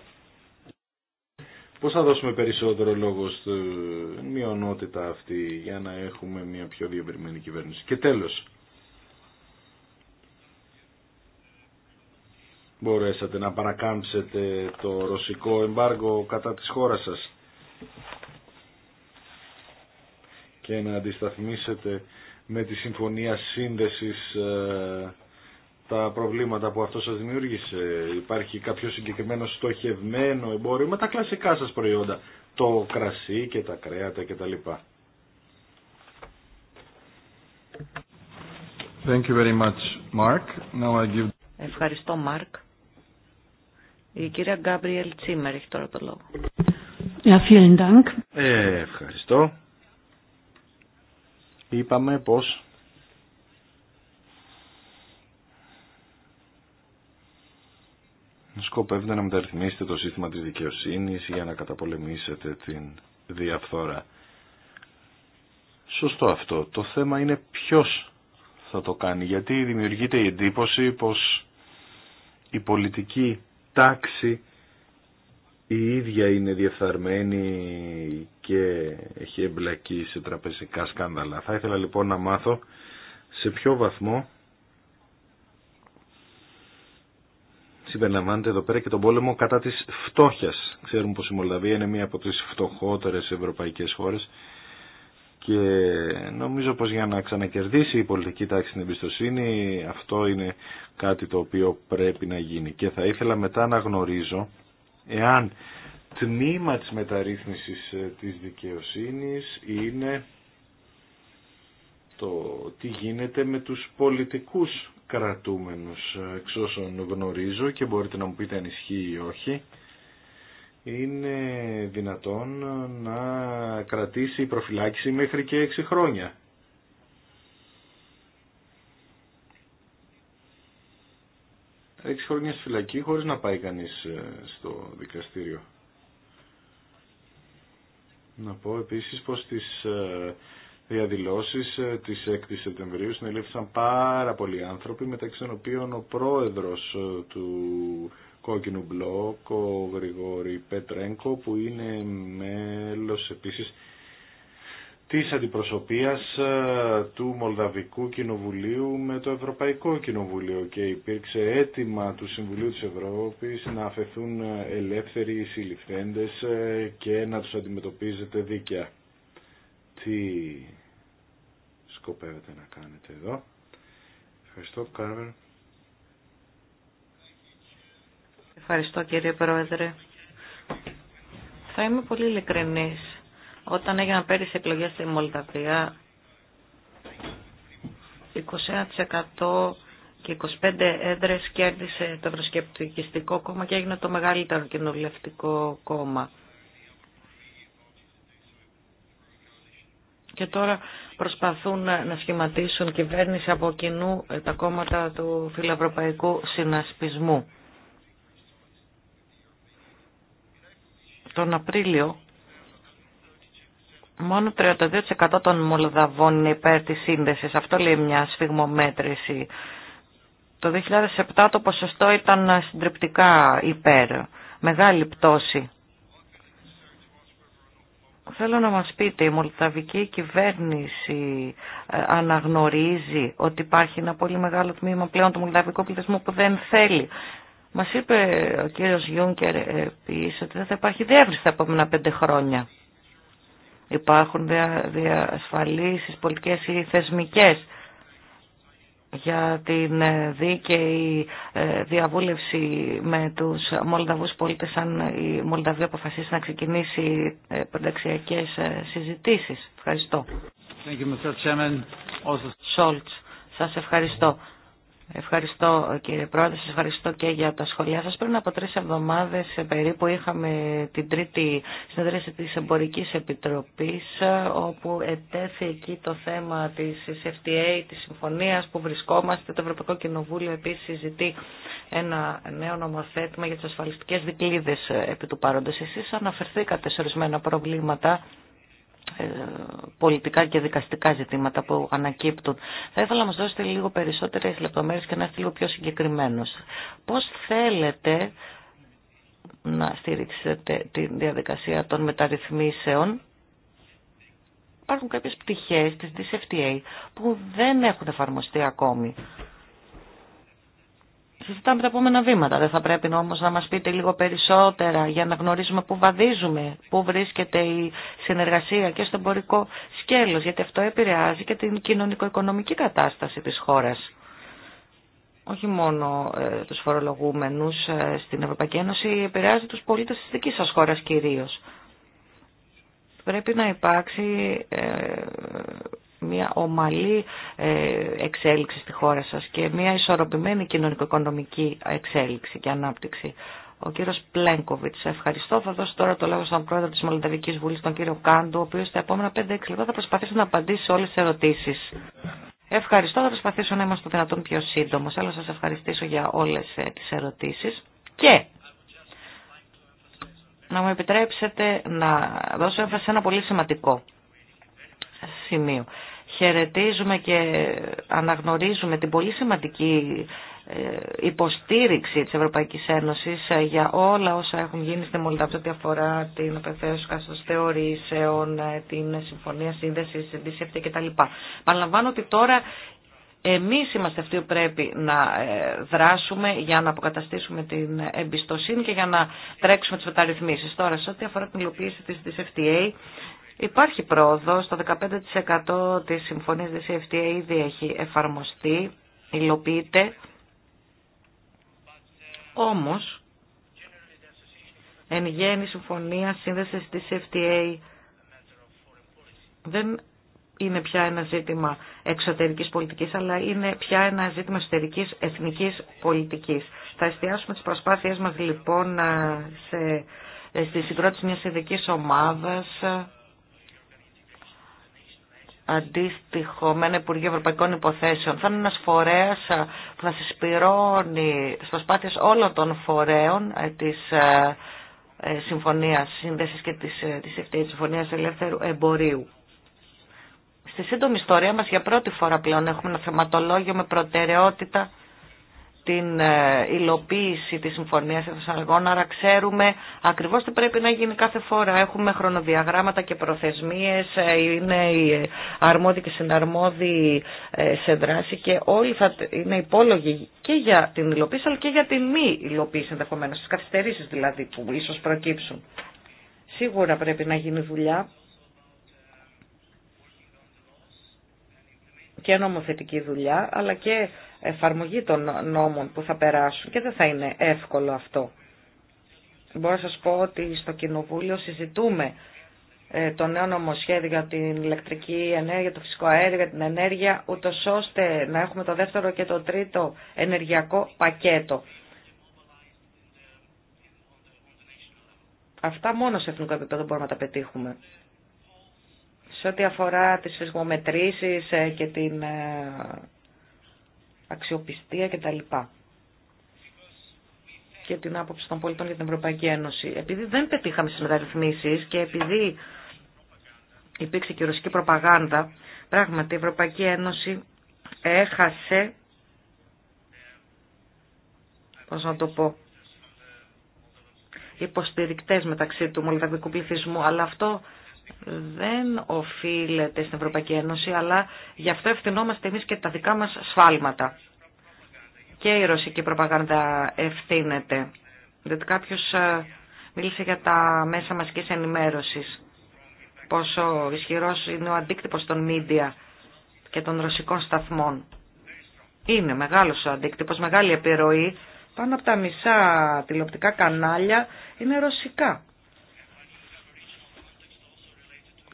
Πώς θα δώσουμε περισσότερο λόγο στη μειονότητα αυτή για να έχουμε μια πιο διευρυμένη κυβέρνηση. Και τέλος, μπορέσατε να παρακάμψετε το ρωσικό εμπάργο κατά της χώρας σας και να αντισταθμίσετε με τη Συμφωνία Σύνδεσης ε, τα προβλήματα που αυτό σας δημιούργησε. Υπάρχει κάποιο συγκεκριμένο στοχευμένο εμπόριο με τα κλασικά σας προϊόντα, το κρασί και τα κρέατα κτλ. Thank you very much, Mark. Now I give... Ευχαριστώ, Μάρκ. Η κυρία Γκάμπριελ Τσίμερ έχει τώρα το λόγο. Ja, vielen Dank. Ε, ευχαριστώ. Είπαμε πως σκοπεύετε να μεταρρυθμίσετε το σύστημα της δικαιοσύνης για να καταπολεμήσετε την διαφθόρα. Σωστό αυτό. Το θέμα είναι ποιος θα το κάνει. Γιατί δημιουργείται η εντύπωση πως η πολιτική τάξη η ίδια είναι διεφθαρμένη και έχει εμπλακεί σε τραπεζικά σκάνδαλα. Θα ήθελα λοιπόν να μάθω σε ποιο βαθμό συμπεριλαμβάνεται εδώ πέρα και τον πόλεμο κατά της φτώχειας. Ξέρουμε πως η Μολδαβία είναι μία από τις φτωχότερες ευρωπαϊκές χώρες και νομίζω πως για να ξανακερδίσει η πολιτική τάξη στην εμπιστοσύνη αυτό είναι κάτι το οποίο πρέπει να γίνει. Και θα ήθελα μετά να γνωρίζω εάν τμήμα της μεταρρύθμισης ε, της δικαιοσύνης είναι το τι γίνεται με τους πολιτικούς κρατούμενους εξ όσων γνωρίζω και μπορείτε να μου πείτε αν ισχύει ή όχι είναι δυνατόν να κρατήσει η προφυλάκηση μέχρι και 6 χρόνια. Έξι χρόνια στη φυλακή χωρίς να πάει κανείς ε, στο δικαστήριο. Να πω επίσης πως τις ε, διαδηλώσεις ε, της 6ης Σεπτεμβρίου συνελήφθησαν πάρα πολλοί άνθρωποι μεταξύ των οποίων ο πρόεδρος ε, του Κόκκινου Μπλοκ, ο Γρηγόρη Πετρένκο που είναι μέλος επίσης της αντιπροσωπείας ε, του Μολδαβικού Κοινοβουλίου με το Ευρωπαϊκό Κοινοβουλίο και υπήρξε αίτημα του Συμβουλίου της Ευρώπης να αφαιθούν ελεύθεροι συλληφθέντες και να τους αντιμετωπίζεται δίκαια τι σκοπεύετε να κάνετε εδώ. Ευχαριστώ, Κάρβερ; Ευχαριστώ, κύριε Πρόεδρε. Θα είμαι πολύ ειλικρινής. Όταν έγιναν πέρυσι εκλογές στη Μολδαβία, 21% και 25 έδρες κέρδισε το Ευρωσκεπτικιστικό κόμμα και έγινε το μεγαλύτερο κοινοβουλευτικό κόμμα. και τώρα προσπαθούν να σχηματίσουν κυβέρνηση από κοινού ε, τα κόμματα του φιλοευρωπαϊκού συνασπισμού. Τον Απρίλιο μόνο 32% των Μολδαβών είναι υπέρ της σύνδεσης. Αυτό λέει μια σφιγμομέτρηση. Το 2007 το ποσοστό ήταν συντριπτικά υπέρ. Μεγάλη πτώση Θέλω να μας πείτε, η Μολδαβική κυβέρνηση ε, αναγνωρίζει ότι υπάρχει ένα πολύ μεγάλο τμήμα πλέον του μολδαβικού πληθυσμού που δεν θέλει. Μας είπε ο κύριος Γιούνκερ επίσης ότι δεν θα υπάρχει διεύρυνση τα επόμενα πέντε χρόνια. Υπάρχουν διασφαλίσεις πολιτικές ή θεσμικές για την ε, δίκαιη ε, διαβούλευση με τους Μολδαβούς πολίτες αν η Μολδαβία αποφασίσει να ξεκινήσει ε, πενταξιακές συζητήσεις. Ευχαριστώ. Σόλτς, σας ευχαριστώ. Ευχαριστώ κύριε Πρόεδρε, σας ευχαριστώ και για τα σχόλιά σας. Πριν από τρεις εβδομάδες ε, περίπου είχαμε την τρίτη συνεδρίαση της Εμπορικής Επιτροπής ε, όπου ετέθη εκεί το θέμα της FTA, της συμφωνίας που βρισκόμαστε. Το Ευρωπαϊκό Κοινοβούλιο επίσης συζητεί ένα νέο νομοθέτημα για τις ασφαλιστικές δικλείδες ε, επί του παρόντος. Εσείς αναφερθήκατε σε ορισμένα προβλήματα ε, πολιτικά και δικαστικά ζητήματα που ανακύπτουν. Θα ήθελα να μας δώσετε λίγο περισσότερες λεπτομέρειες και να είστε λίγο πιο συγκεκριμένος. Πώς θέλετε να στηρίξετε τη διαδικασία των μεταρρυθμίσεων υπάρχουν κάποιες πτυχές της DCFTA που δεν έχουν εφαρμοστεί ακόμη συζητάμε τα επόμενα βήματα. Δεν θα πρέπει όμως να μας πείτε λίγο περισσότερα για να γνωρίζουμε πού βαδίζουμε, πού βρίσκεται η συνεργασία και στο εμπορικό σκέλος, γιατί αυτό επηρεάζει και την κοινωνικο-οικονομική κατάσταση της χώρας. Όχι μόνο ε, τους φορολογούμενους ε, στην Ευρωπαϊκή Ένωση, επηρεάζει τους πολίτες της δικής σας χώρας κυρίως. Πρέπει να υπάρξει ε, μια ομαλή ε, εξέλιξη στη χώρα σας και μια ισορροπημένη κοινωνικο-οικονομική εξέλιξη και ανάπτυξη. Ο κύριος Πλένκοβιτς, ευχαριστώ. Θα δώσω τώρα το λόγο στον πρόεδρο της Μολδαβικής Βουλής, τον κύριο Κάντου, ο οποίος στα επόμενα 5-6 λεπτά θα προσπαθήσει να απαντήσει σε όλες τις ερωτήσεις. Ευχαριστώ, θα προσπαθήσω να είμαστε το δυνατόν πιο σύντομο. Θέλω να σας ευχαριστήσω για όλες ε, τις ερωτήσεις και να μου επιτρέψετε να δώσω έμφαση σε ένα πολύ σημαντικό σημείο χαιρετίζουμε και αναγνωρίζουμε την πολύ σημαντική ε, υποστήριξη της Ευρωπαϊκής Ένωσης ε, για όλα όσα έχουν γίνει στη Μολδαβία ό,τι αφορά την απευθέωση καθώς θεωρήσεων, ε, την συμφωνία σύνδεσης, τα κτλ. Παραλαμβάνω ότι τώρα εμείς είμαστε αυτοί που πρέπει να δράσουμε για να αποκαταστήσουμε την εμπιστοσύνη και για να τρέξουμε τις μεταρρυθμίσεις. Τώρα, σε ό,τι αφορά την υλοποίηση της, της FTA, Υπάρχει πρόοδο, το 15% της συμφωνίας της FTA ήδη έχει εφαρμοστεί, υλοποιείται. Όμως, εν γέννη συμφωνία σύνδεσης της FTA δεν είναι πια ένα ζήτημα εξωτερικής πολιτικής, αλλά είναι πια ένα ζήτημα εσωτερικής εθνικής πολιτικής. Θα εστιάσουμε τις προσπάθειές μας λοιπόν σε, στη συγκρότηση μιας ειδικής ομάδας αντίστοιχο με ένα Υπουργείο Ευρωπαϊκών Υποθέσεων. Θα είναι ένας φορέας ε, που θα συσπηρώνει τι προσπάθειε όλων των φορέων ε, της ε, συμφωνίας σύνδεσης και της, της συμφωνίας ελεύθερου εμπορίου. Στη σύντομη ιστορία μας για πρώτη φορά πλέον έχουμε ένα θεματολόγιο με προτεραιότητα την ε, υλοποίηση της συμφωνίας των άρα ξέρουμε ακριβώς τι πρέπει να γίνει κάθε φορά. Έχουμε χρονοδιαγράμματα και προθεσμίες, ε, είναι οι αρμόδιοι και συναρμόδιοι ε, σε δράση και όλοι θα είναι υπόλογοι και για την υλοποίηση αλλά και για την μη υλοποίηση ενδεχομένως, Στις καθυστερήσεις δηλαδή που ίσως προκύψουν. Σίγουρα πρέπει να γίνει δουλειά και νομοθετική δουλειά αλλά και εφαρμογή των νόμων που θα περάσουν και δεν θα είναι εύκολο αυτό. Μπορώ να σας πω ότι στο Κοινοβούλιο συζητούμε ε, το νέο νομοσχέδιο για την ηλεκτρική ενέργεια, το φυσικό αέριο, για την ενέργεια, ούτω ώστε να έχουμε το δεύτερο και το τρίτο ενεργειακό πακέτο. Αυτά μόνο σε εθνικό επίπεδο μπορούμε να τα πετύχουμε. Σε ό,τι αφορά τις φυσικομετρήσεις ε, και την ε, αξιοπιστία κτλ. Και την άποψη των πολιτών για την Ευρωπαϊκή Ένωση. Επειδή δεν πετύχαμε στις μεταρρυθμίσεις και επειδή υπήρξε και η ρωσική προπαγάνδα, πράγματι η Ευρωπαϊκή Ένωση έχασε, πώς να το πω, υποστηρικτές μεταξύ του μολδαβικού πληθυσμού, αλλά αυτό δεν οφείλεται στην Ευρωπαϊκή Ένωση, αλλά γι' αυτό ευθυνόμαστε εμείς και τα δικά μας σφάλματα. Και η ρωσική προπαγάνδα ευθύνεται. Διότι κάποιος ε, μίλησε για τα μέσα μαζικής ενημέρωσης, πόσο ισχυρός είναι ο αντίκτυπος των μίντια και των ρωσικών σταθμών. Είναι μεγάλος ο αντίκτυπος, μεγάλη επιρροή. Πάνω από τα μισά τηλεοπτικά κανάλια είναι ρωσικά.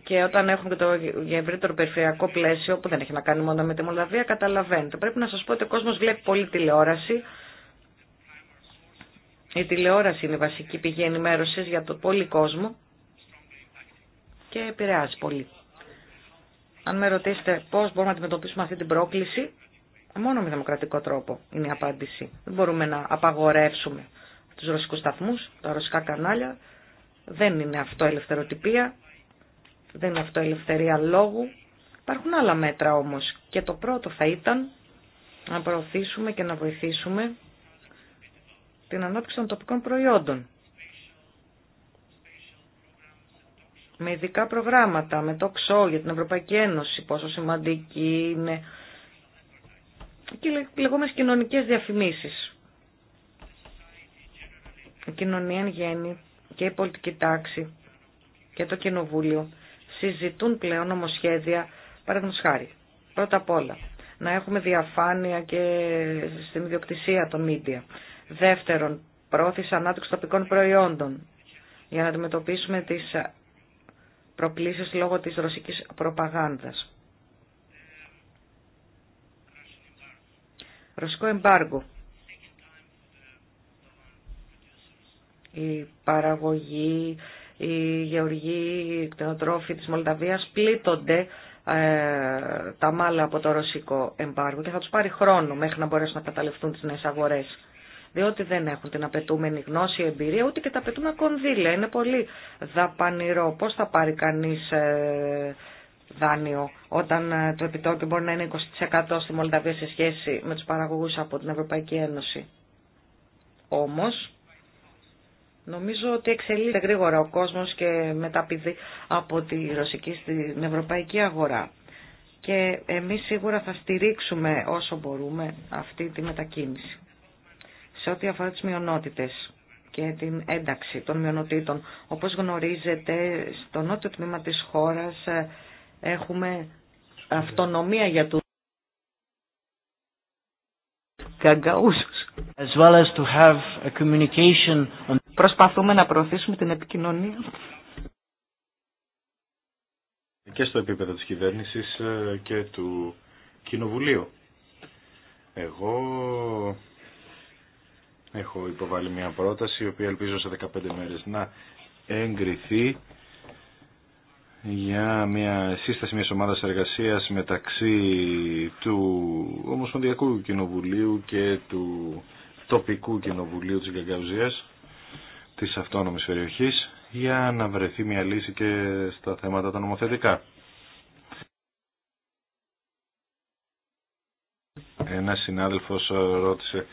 και όταν έχουμε και το ευρύτερο περιφερειακό πλαίσιο που δεν έχει να κάνει μόνο με τη Μολδαβία, καταλαβαίνετε. Πρέπει να σας πω ότι ο κόσμος βλέπει πολύ τηλεόραση. Η τηλεόραση είναι η βασική πηγή ενημέρωσης για το πολύ κόσμο και επηρεάζει πολύ. Αν με ρωτήσετε πώς μπορούμε να αντιμετωπίσουμε αυτή την πρόκληση, μόνο με δημοκρατικό τρόπο είναι η απάντηση. Δεν μπορούμε να απαγορεύσουμε τους ρωσικούς σταθμούς, τα ρωσικά κανάλια. Δεν είναι αυτό ελευθεροτυπία, δεν είναι αυτό ελευθερία λόγου. Υπάρχουν άλλα μέτρα όμως. Και το πρώτο θα ήταν να προωθήσουμε και να βοηθήσουμε την ανάπτυξη των τοπικών προϊόντων. Με ειδικά προγράμματα, με το ΞΟ για την Ευρωπαϊκή Ένωση, πόσο σημαντική είναι και λεγόμενες κοινωνικές διαφημίσεις. Η κοινωνία εν γέννη και η πολιτική τάξη και το κοινοβούλιο συζητούν πλέον νομοσχέδια, παραδείγματος χάρη. Πρώτα απ' όλα, να έχουμε διαφάνεια και στην ιδιοκτησία των μίντια. Δεύτερον, πρόθεση ανάπτυξη τοπικών προϊόντων για να αντιμετωπίσουμε τις προκλήσεις λόγω της ρωσικής προπαγάνδας. Ρωσικό εμπάργκο. Η παραγωγή οι γεωργοί, οι κτηνοτρόφοι της Μολδαβίας πλήττονται ε, τα μάλα από το ρωσικό εμπάργο και θα τους πάρει χρόνο μέχρι να μπορέσουν να καταληφθούν τις νέες αγορές. Διότι δεν έχουν την απαιτούμενη γνώση, εμπειρία, ούτε και τα απαιτούμενα κονδύλια. Είναι πολύ δαπανηρό. Πώς θα πάρει κανείς ε, δάνειο όταν ε, το επιτόκιο μπορεί να είναι 20% στη Μολδαβία σε σχέση με τους παραγωγούς από την Ευρωπαϊκή Ένωση. Όμως, Νομίζω ότι εξελίσσεται γρήγορα ο κόσμος και μεταπηδεί από τη ρωσική στην ευρωπαϊκή αγορά. Και εμείς σίγουρα θα στηρίξουμε όσο μπορούμε αυτή τη μετακίνηση. Σε ό,τι αφορά τις μειονότητες και την ένταξη των μειονοτήτων. Όπως γνωρίζετε, στο νότιο τμήμα της χώρας ε, έχουμε αυτονομία για τους καγκαούσους. As well as to have a communication on... Προσπαθούμε να προωθήσουμε την επικοινωνία. Και στο επίπεδο της κυβέρνησης ε, και του Κοινοβουλίου. Εγώ έχω υποβάλει μια πρόταση, η οποία ελπίζω σε 15 μέρες να εγκριθεί για μια σύσταση μιας ομάδας εργασίας μεταξύ του Ομοσπονδιακού Κοινοβουλίου και του τοπικού κοινοβουλίου της Γκαγκαουζίας της αυτόνομης περιοχής για να βρεθεί μια λύση και στα θέματα τα νομοθετικά. Ένα συνάδελφος ρώτησε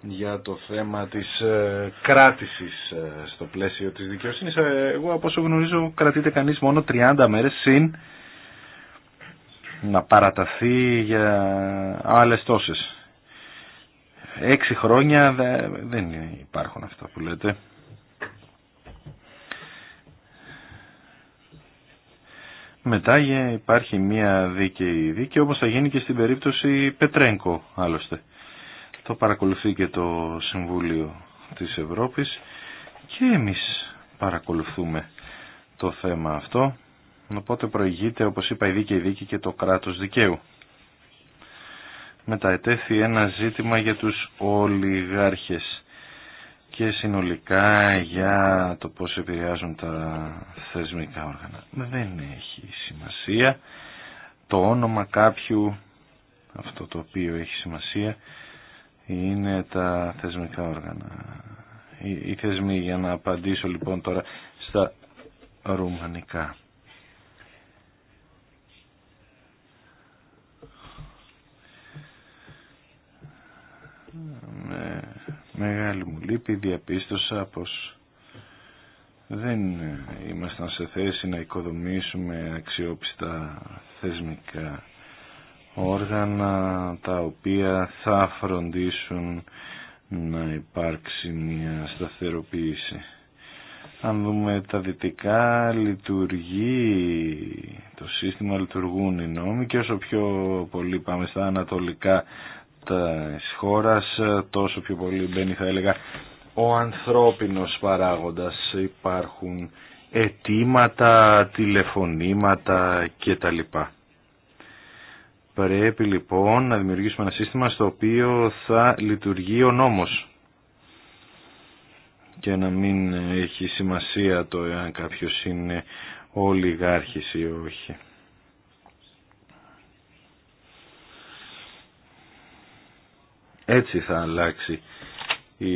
για το θέμα της ε, κράτησης ε, στο πλαίσιο της δικαιοσύνης. Ε, εγώ από όσο γνωρίζω κρατείται κανείς μόνο 30 μέρες συν να παραταθεί για άλλες τόσες. Έξι χρόνια δεν υπάρχουν αυτά που λέτε. Μετά υπάρχει μια δίκαιη δίκαιη όπως θα γίνει και στην περίπτωση Πετρένκο άλλωστε. Το παρακολουθεί και το Συμβούλιο της Ευρώπης και εμείς παρακολουθούμε το θέμα αυτό. Οπότε προηγείται όπως είπα η δίκαιη δίκη και το κράτος δικαίου. Μετά ετέθη ένα ζήτημα για τους ολιγάρχες και συνολικά για το πώς επηρεάζουν τα θεσμικά όργανα. Δεν έχει σημασία το όνομα κάποιου, αυτό το οποίο έχει σημασία, είναι τα θεσμικά όργανα. Οι, θεσμοί, για να απαντήσω λοιπόν τώρα στα ρουμανικά. Μεγάλη μου λύπη διαπίστωσα πως δεν ήμασταν σε θέση να οικοδομήσουμε αξιόπιστα θεσμικά όργανα τα οποία θα φροντίσουν να υπάρξει μια σταθεροποίηση. Αν δούμε τα δυτικά, λειτουργεί το σύστημα, λειτουργούν οι νόμοι και όσο πιο πολύ πάμε στα ανατολικά της χώρας, ε, τόσο πιο πολύ μπαίνει θα έλεγα ο ανθρώπινος παράγοντας. Υπάρχουν αιτήματα, τηλεφωνήματα κτλ. Πρέπει λοιπόν να δημιουργήσουμε ένα σύστημα στο οποίο θα λειτουργεί ο νόμος και να μην έχει σημασία το εάν κάποιος είναι ολιγάρχης ή όχι. Έτσι θα αλλάξει η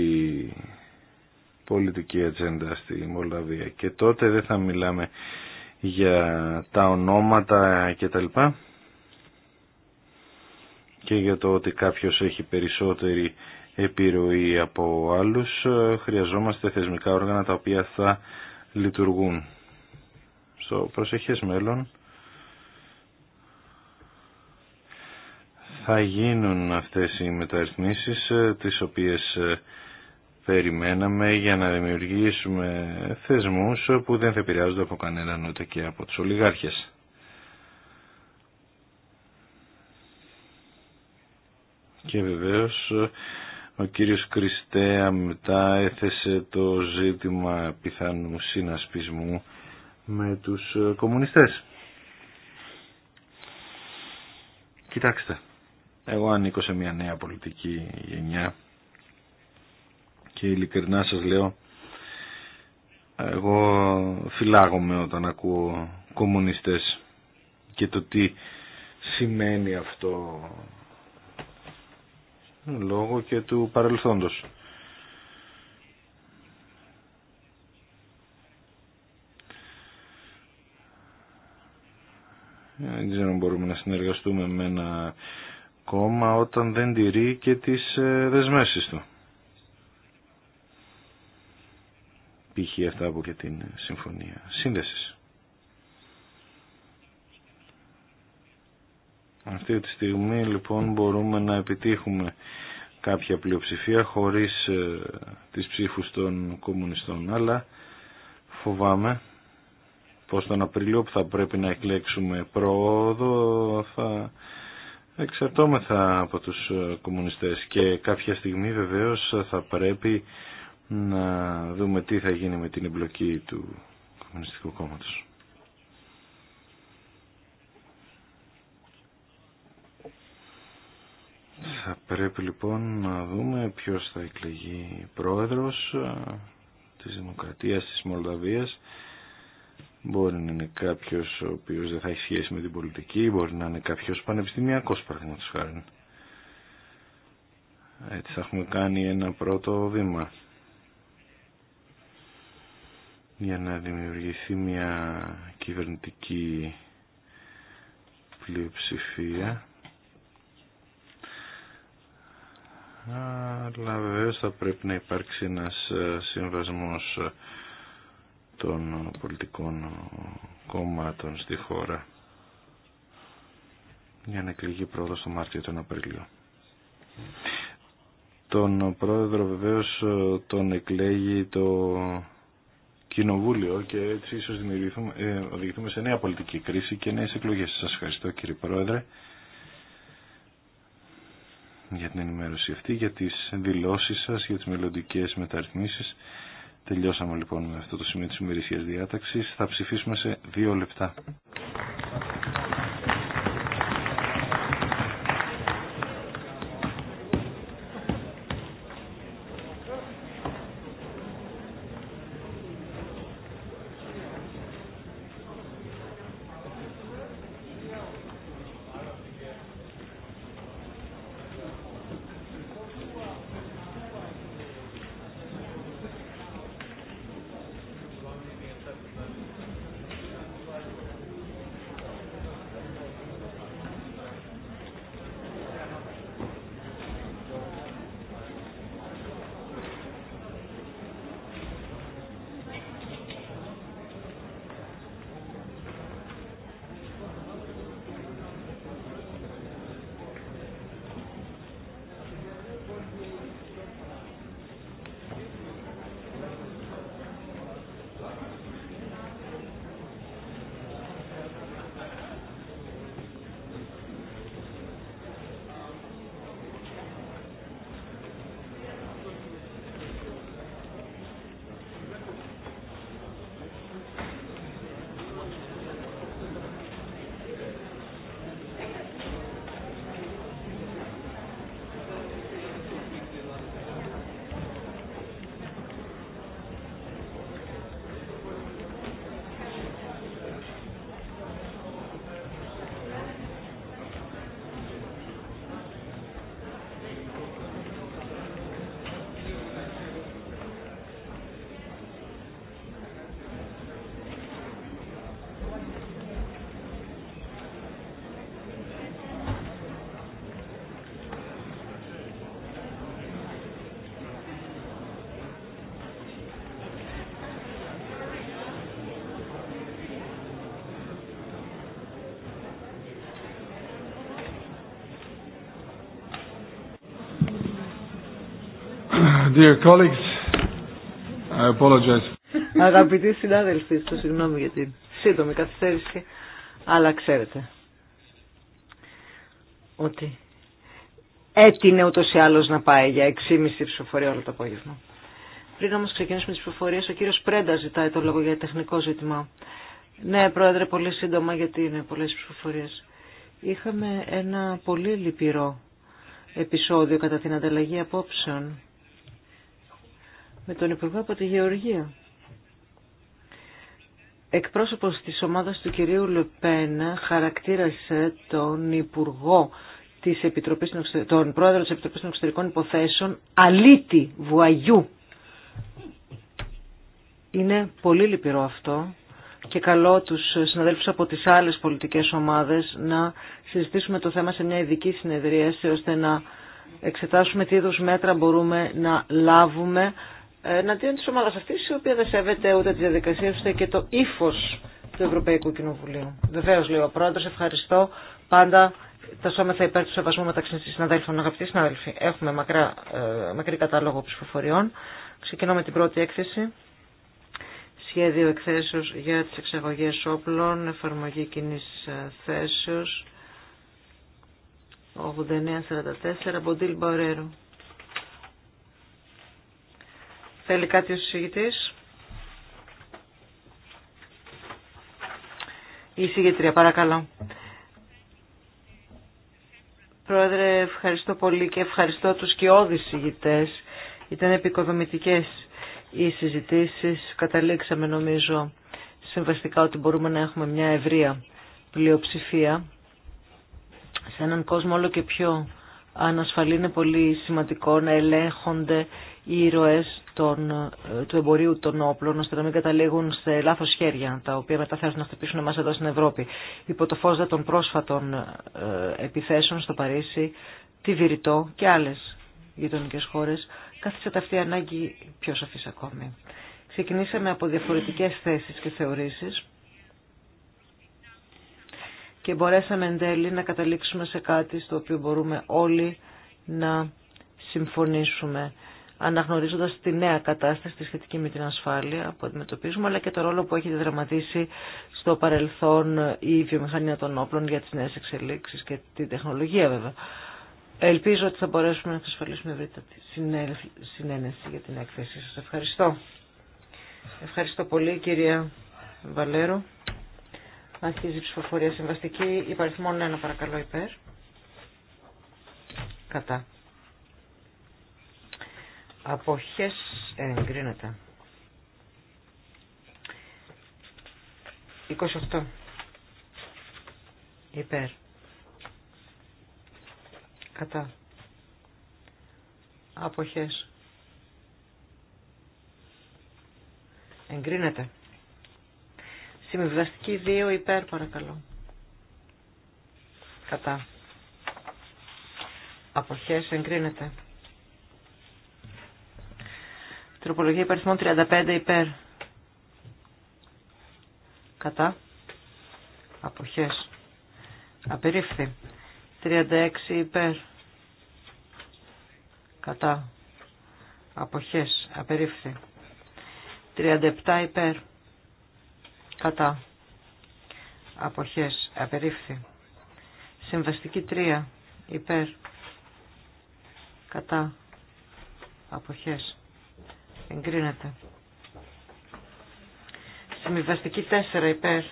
πολιτική ατζέντα στη Μολδαβία και τότε δεν θα μιλάμε για τα ονόματα και τα και για το ότι κάποιος έχει περισσότερη επιρροή από άλλους χρειαζόμαστε θεσμικά όργανα τα οποία θα λειτουργούν στο προσεχές μέλλον θα γίνουν αυτές οι μεταρρυθμίσεις ε, τις οποίες ε, περιμέναμε για να δημιουργήσουμε θεσμούς που δεν θα επηρεάζονται από κανέναν ούτε και από τους ολιγάρχες. Και βεβαίως ο κύριος Κριστέα μετά έθεσε το ζήτημα πιθανού συνασπισμού με τους ε, κομμουνιστές. Κοιτάξτε. Εγώ ανήκω σε μια νέα πολιτική γενιά και ειλικρινά σας λέω εγώ φυλάγομαι όταν ακούω κομμουνιστές και το τι σημαίνει αυτό λόγω και του παρελθόντος. Δεν ξέρω αν μπορούμε να συνεργαστούμε με ένα ακόμα όταν δεν τηρεί και τις ε, δεσμέσεις του. Π.χ. αυτά από και την συμφωνία σύνδεσης. Αυτή τη στιγμή λοιπόν μπορούμε να επιτύχουμε κάποια πλειοψηφία χωρίς ε, τις ψήφους των κομμουνιστών, αλλά φοβάμαι πως τον Απριλίο που θα πρέπει να εκλέξουμε πρόοδο θα Εξαρτώμεθα από τους ε, κομμουνιστές και κάποια στιγμή βεβαίως θα πρέπει να δούμε τι θα γίνει με την εμπλοκή του Κομμουνιστικού Κόμματος. Θα πρέπει λοιπόν να δούμε ποιος θα εκλεγεί πρόεδρος ε, της Δημοκρατίας της Μολδαβίας Μπορεί να είναι κάποιο ο οποίο δεν θα έχει σχέση με την πολιτική, μπορεί να είναι κάποιος πανεπιστημιακό παραδείγματο χάρη. Έτσι θα έχουμε κάνει ένα πρώτο βήμα για να δημιουργηθεί μια κυβερνητική πλειοψηφία. Αλλά βεβαίως θα πρέπει να υπάρξει ένας ε, συμβασμός των πολιτικών κομμάτων στη χώρα για να εκλεγεί πρόοδος στο Μάρτιο τον Απρίλιο. Τον πρόεδρο βεβαίως τον εκλέγει το κοινοβούλιο και έτσι ίσως ε, οδηγηθούμε σε νέα πολιτική κρίση και νέες εκλογές. Σας ευχαριστώ κύριε Πρόεδρε για την ενημέρωση αυτή, για τις δηλώσεις σας, για τις μελλοντικέ μεταρρυθμίσεις Τελειώσαμε λοιπόν με αυτό το σημείο της ημερησίας διάταξης. Θα ψηφίσουμε σε δύο λεπτά. Dear colleagues, I apologize. Αγαπητοί συνάδελφοι, το συγγνώμη για την σύντομη καθυστέρηση, αλλά ξέρετε ότι έτεινε ούτω ή άλλω να πάει για 6,5 ψηφοφορία όλο το απόγευμα. Πριν όμω ξεκινήσουμε τι ψηφοφορίε, ο κύριο Πρέντα ζητάει το λόγο για τεχνικό ζήτημα. Ναι, Πρόεδρε, πολύ σύντομα γιατί είναι πολλέ ψηφοφορίε. Είχαμε ένα πολύ λυπηρό επεισόδιο κατά την ανταλλαγή απόψεων με τον Υπουργό από τη Γεωργία. Εκπρόσωπος της ομάδας του κυρίου Λεπένα χαρακτήρασε τον Υπουργό της Επιτροπής, τον Πρόεδρο της Επιτροπής των Εξωτερικών Υποθέσεων αλήτη βουαγιού. Είναι πολύ λυπηρό αυτό και καλό τους συναδέλφους από τις άλλες πολιτικές ομάδες να συζητήσουμε το θέμα σε μια ειδική συνεδρίαση ώστε να εξετάσουμε τι είδους μέτρα μπορούμε να λάβουμε εναντίον τη ομάδα αυτή, η οποία δεν σέβεται ούτε τη διαδικασία ούτε και το ύφο του Ευρωπαϊκού Κοινοβουλίου. Βεβαίω λέει ο πρόεδρο, ευχαριστώ πάντα τα σώμεθα υπέρ του σεβασμού μεταξύ συναδέλφων. Αγαπητοί συνάδελφοι, έχουμε μακρά, ε, μακρύ κατάλογο ψηφοφοριών. Ξεκινώ με την πρώτη έκθεση. Σχέδιο εκθέσεως για τις εξαγωγές όπλων, εφαρμογή κοινή ε, θέσεως. 89-44, Μποντήλ Μπορέρου. Θέλει κάτι ο συζητητής. Η συγγετρία, παρακαλώ. Πρόεδρε, ευχαριστώ πολύ και ευχαριστώ τους κοιόδης συζητητές. Ήταν επικοδομητικές οι συζητήσεις. Καταλήξαμε νομίζω συμβαστικά ότι μπορούμε να έχουμε μια ευρεία πλειοψηφία σε έναν κόσμο όλο και πιο ανασφαλή είναι πολύ σημαντικό να ελέγχονται οι ήρωε ε, του εμπορίου των όπλων, ώστε να μην καταλήγουν σε λάθο χέρια, τα οποία μετά θα να χτυπήσουν εμάς εδώ στην Ευρώπη. Υπό το φως των πρόσφατων ε, επιθέσεων στο Παρίσι, τη Βηρητό και άλλες γειτονικέ χώρες, κάθισε αυτή η ανάγκη πιο σαφής ακόμη. Ξεκινήσαμε από διαφορετικές θέσεις και θεωρήσει, και μπορέσαμε εν τέλει να καταλήξουμε σε κάτι στο οποίο μπορούμε όλοι να συμφωνήσουμε. Αναγνωρίζοντα τη νέα κατάσταση τη σχετική με την ασφάλεια που αντιμετωπίζουμε, αλλά και το ρόλο που έχει δραματίσει στο παρελθόν η βιομηχανία των όπλων για τι νέε εξελίξει και την τεχνολογία βέβαια. Ελπίζω ότι θα μπορέσουμε να εξασφαλίσουμε ευρύτατη συνένεση για την έκθεση. σα. ευχαριστώ. Ευχαριστώ πολύ κυρία Βαλέρο. Αρχίζει η ψηφοφορία συμβαστική. μόνο ένα παρακαλώ υπέρ. Κατά. Αποχές εγκρίνεται. 28. Υπέρ. Κατά. Αποχές. Εγκρίνεται. Συμβιβαστική 2 υπέρ παρακαλώ. Κατά. Αποχές εγκρίνεται. Τροπολογία υπαριθμών 35 υπέρ. Κατά. Αποχές. Απερίφθη. 36 υπέρ. Κατά. Αποχές. Απερίφθη. 37 υπέρ. Κατά. Αποχές. Απερίφθη. Συμβαστική 3 υπέρ. Κατά. Αποχές εγκρίνεται. Συμβιβαστική 4 υπέρ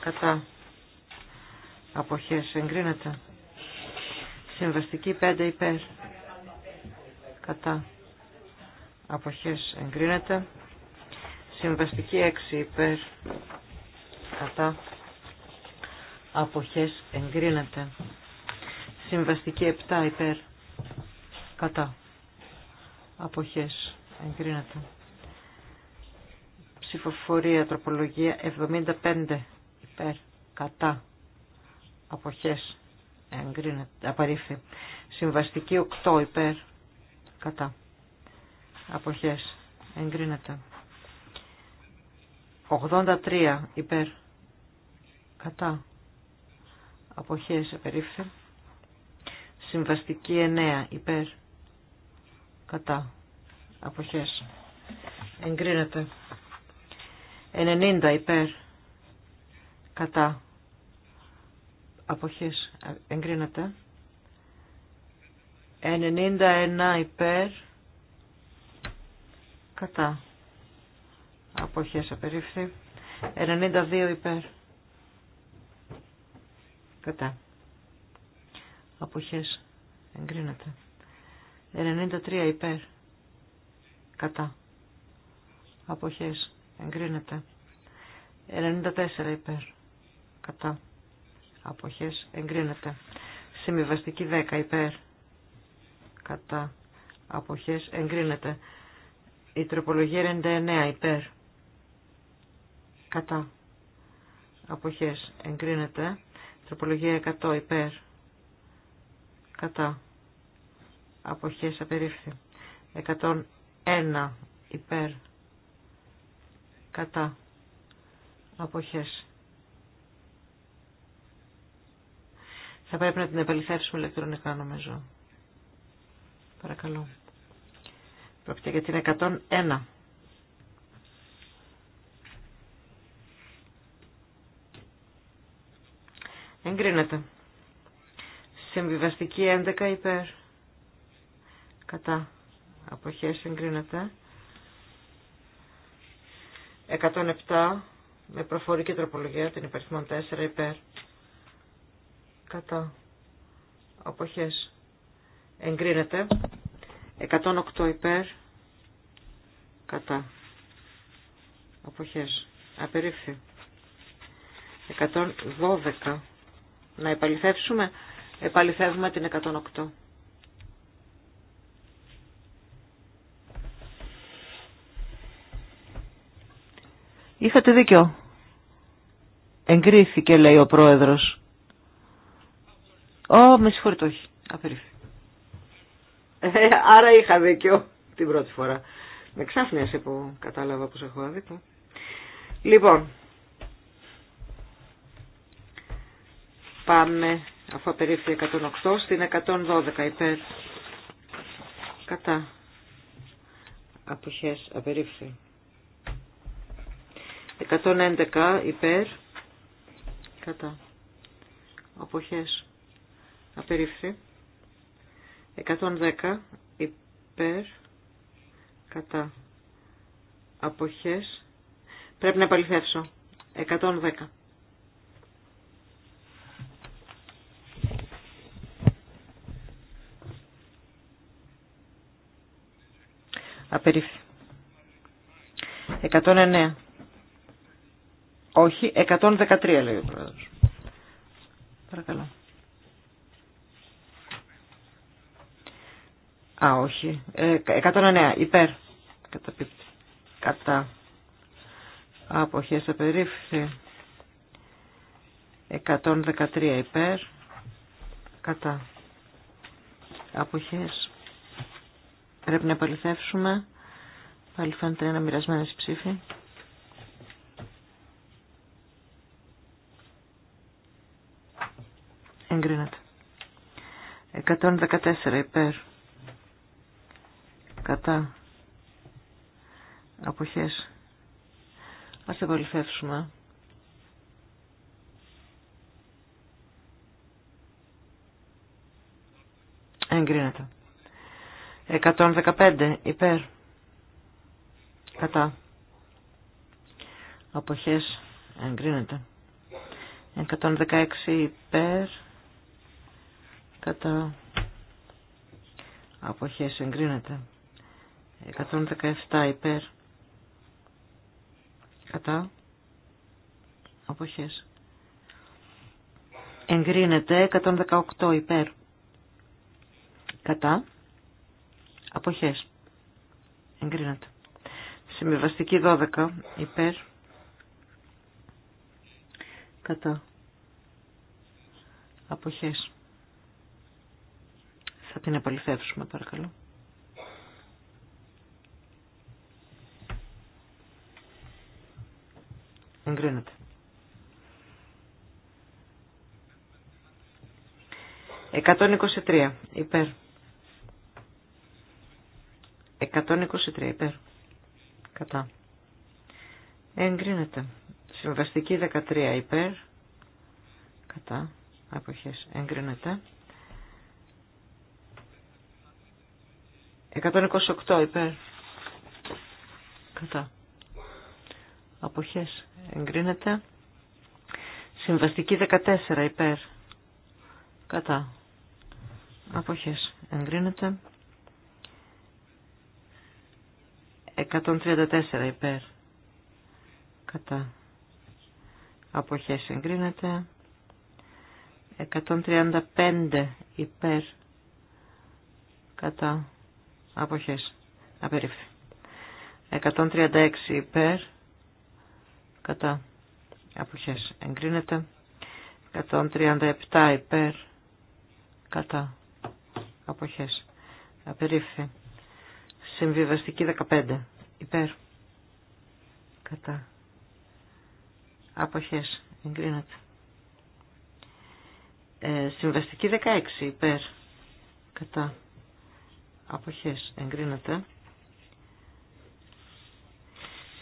κατά αποχές εγκρίνεται. Συμβαστική 5 υπέρ κατά αποχές εγκρίνεται. Συμβαστική 6 υπέρ κατά αποχές εγκρίνεται. Συμβαστική 7 υπέρ κατά αποχές εγκρίνεται. Ψηφοφορία τροπολογία 75 υπέρ κατά αποχές εγκρίνεται, απαρίφθη. Συμβαστική 8 υπέρ κατά αποχές εγκρίνεται. 83 υπέρ κατά αποχές απερίφθη. Συμβαστική 9 υπέρ κατά αποχές εγκρίνεται 90 υπέρ κατά αποχές εγκρίνεται 91 υπέρ κατά αποχές απερίφθη 92 υπέρ κατά αποχές εγκρίνεται 93 υπέρ. Κατά. Αποχές. Εγκρίνεται. 94 υπέρ. Κατά. Αποχές. Εγκρίνεται. Συμβιβαστική 10 υπέρ. Κατά. Αποχές. Εγκρίνεται. Η τροπολογία 99 υπέρ. Κατά. Αποχές. Εγκρίνεται. Τροπολογία 100 υπέρ. Κατά αποχές απερίφθη 101 υπέρ κατά αποχές θα πρέπει να την επαληθεύσουμε ηλεκτρονικά νομίζω παρακαλώ πρόκειται για την 101 Εγκρίνεται. Συμβιβαστική 11 υπέρ κατά αποχές εγκρίνεται 107 με προφορική τροπολογία την υπαριθμό 4 υπέρ κατά αποχές εγκρίνεται 108 υπέρ κατά αποχές απερίφθη 112 να επαληθεύσουμε επαληθεύουμε την 108 Είχατε δίκιο. Εγκρίθηκε, λέει ο πρόεδρος. Ω, με συγχωρείτε, όχι. Απερίφη. Ε, άρα είχα δίκιο την πρώτη φορά. Με ξάφνιασε που κατάλαβα πως έχω άδικο. Λοιπόν, πάμε, αφού απερίφθη 108, στην 112 υπέρ. Κατά. Αποχές, απερίφθη. 111 υπέρ κατά αποχές απερίφθη 110 υπέρ κατά αποχές πρέπει να επαληθεύσω 110 Απερίφθη. 109. Όχι, 113 λέει ο πρόεδρος. Παρακαλώ. Α, όχι. 109, ε, υπέρ. Κατά. Κατά. Αποχές απερίφθη. 113 υπέρ. Κατά. Αποχές. Πρέπει να επαληθεύσουμε. Πάλι φαίνεται ένα μοιρασμένο ψήφι. Εγκρίνεται. 114 υπέρ. Κατά. Αποχές. Ας επαληθεύσουμε. Εγκρίνεται. 115 υπέρ. Κατά. Αποχές εγκρίνεται. 116 υπέρ κατά αποχές εγκρίνεται 117 υπέρ κατά αποχές εγκρίνεται 118 υπέρ κατά αποχές εγκρίνεται συμβιβαστική 12 υπέρ κατά αποχές θα την επαληθεύσουμε παρακαλώ. Εγκρίνεται. 123 υπέρ. 123 υπέρ. Κατά. Εγκρίνεται. Συμβαστική 13 υπέρ. Κατά. Αποχές. Εγκρίνεται. 128 υπέρ. Κατά. Αποχές. Εγκρίνεται. Συμβαστική 14 υπέρ. Κατά. Αποχές. Εγκρίνεται. 134 υπέρ. Κατά. Αποχές. Εγκρίνεται. 135 υπέρ. Κατά Αποχές. Απερίφθη. 136 υπέρ. Κατά. Αποχές. Εγκρίνεται. 137 υπέρ. Κατά. Αποχές. Απερίφθη. Συμβιβαστική 15 υπέρ. Κατά. Αποχές. Εγκρίνεται. Ε, συμβαστική 16 υπέρ. Κατά αποχές εγκρίνεται.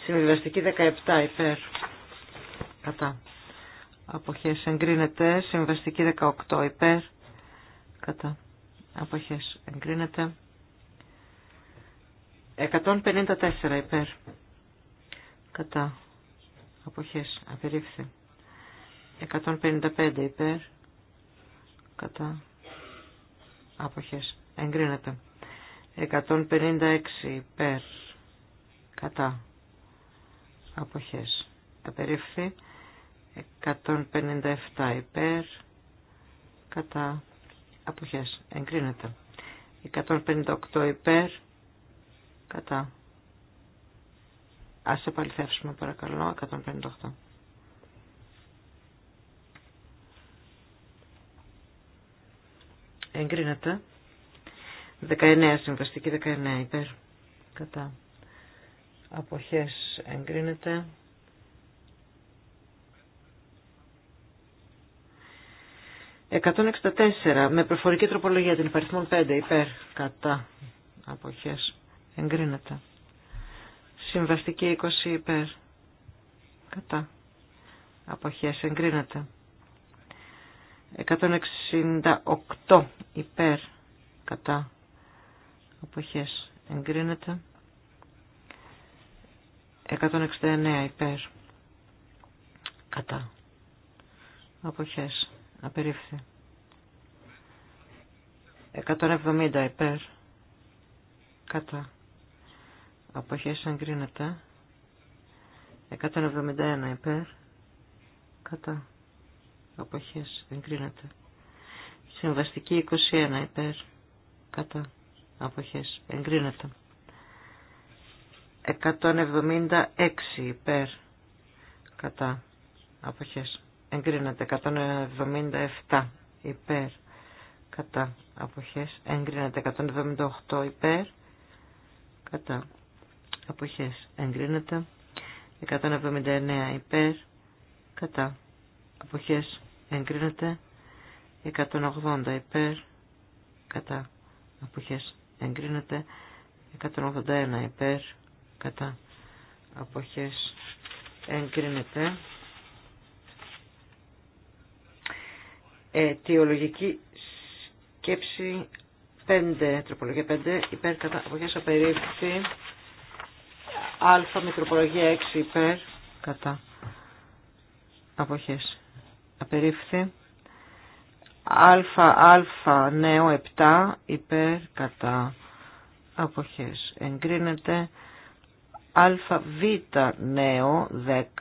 Συμβιβαστική 17 υπέρ κατά αποχές εγκρίνεται. Συμβιβαστική 18 υπέρ κατά αποχές εγκρίνεται. 154 υπέρ κατά αποχές απερίφθη. 155 υπέρ κατά αποχές εγκρίνεται. 156 υπέρ κατά αποχές απερίφθη 157 υπέρ κατά αποχές εγκρίνεται 158 υπέρ κατά ας επαληθεύσουμε παρακαλώ 158 εγκρίνεται 19, συμβαστική 19, υπέρ. Κατά. Αποχές εγκρίνεται. «164 με προφορική τροπολογία την υπαριθμόν 5 υπέρ κατά αποχές εγκρίνεται». «Συμβαστική 20 υπέρ κατά αποχές εγκρίνεται». «168 υπέρ κατά αποχές εγκρίνεται 169 υπέρ κατά αποχές απερίφθη 170 υπέρ κατά αποχές εγκρίνεται 171 υπέρ κατά αποχές εγκρίνεται συμβαστική 21 υπέρ κατά αποχές εγκρίνεται 176 υπέρ κατά αποχές εγκρίνεται 177 υπέρ κατά αποχές εγκρίνεται 178 υπέρ κατά αποχές εγκρίνεται 179 υπέρ κατά αποχές εγκρίνεται 180 υπέρ κατά αποχές εγκρίνεται 181 υπέρ κατά αποχές εγκρίνεται αιτιολογική σκέψη 5, τροπολογία 5 υπέρ κατά αποχές απερίφθη α με 6 υπέρ κατά αποχές απερίφθη Α, νέο 7 υπέρ κατά αποχές. Εγκρίνεται ΑΒ νέο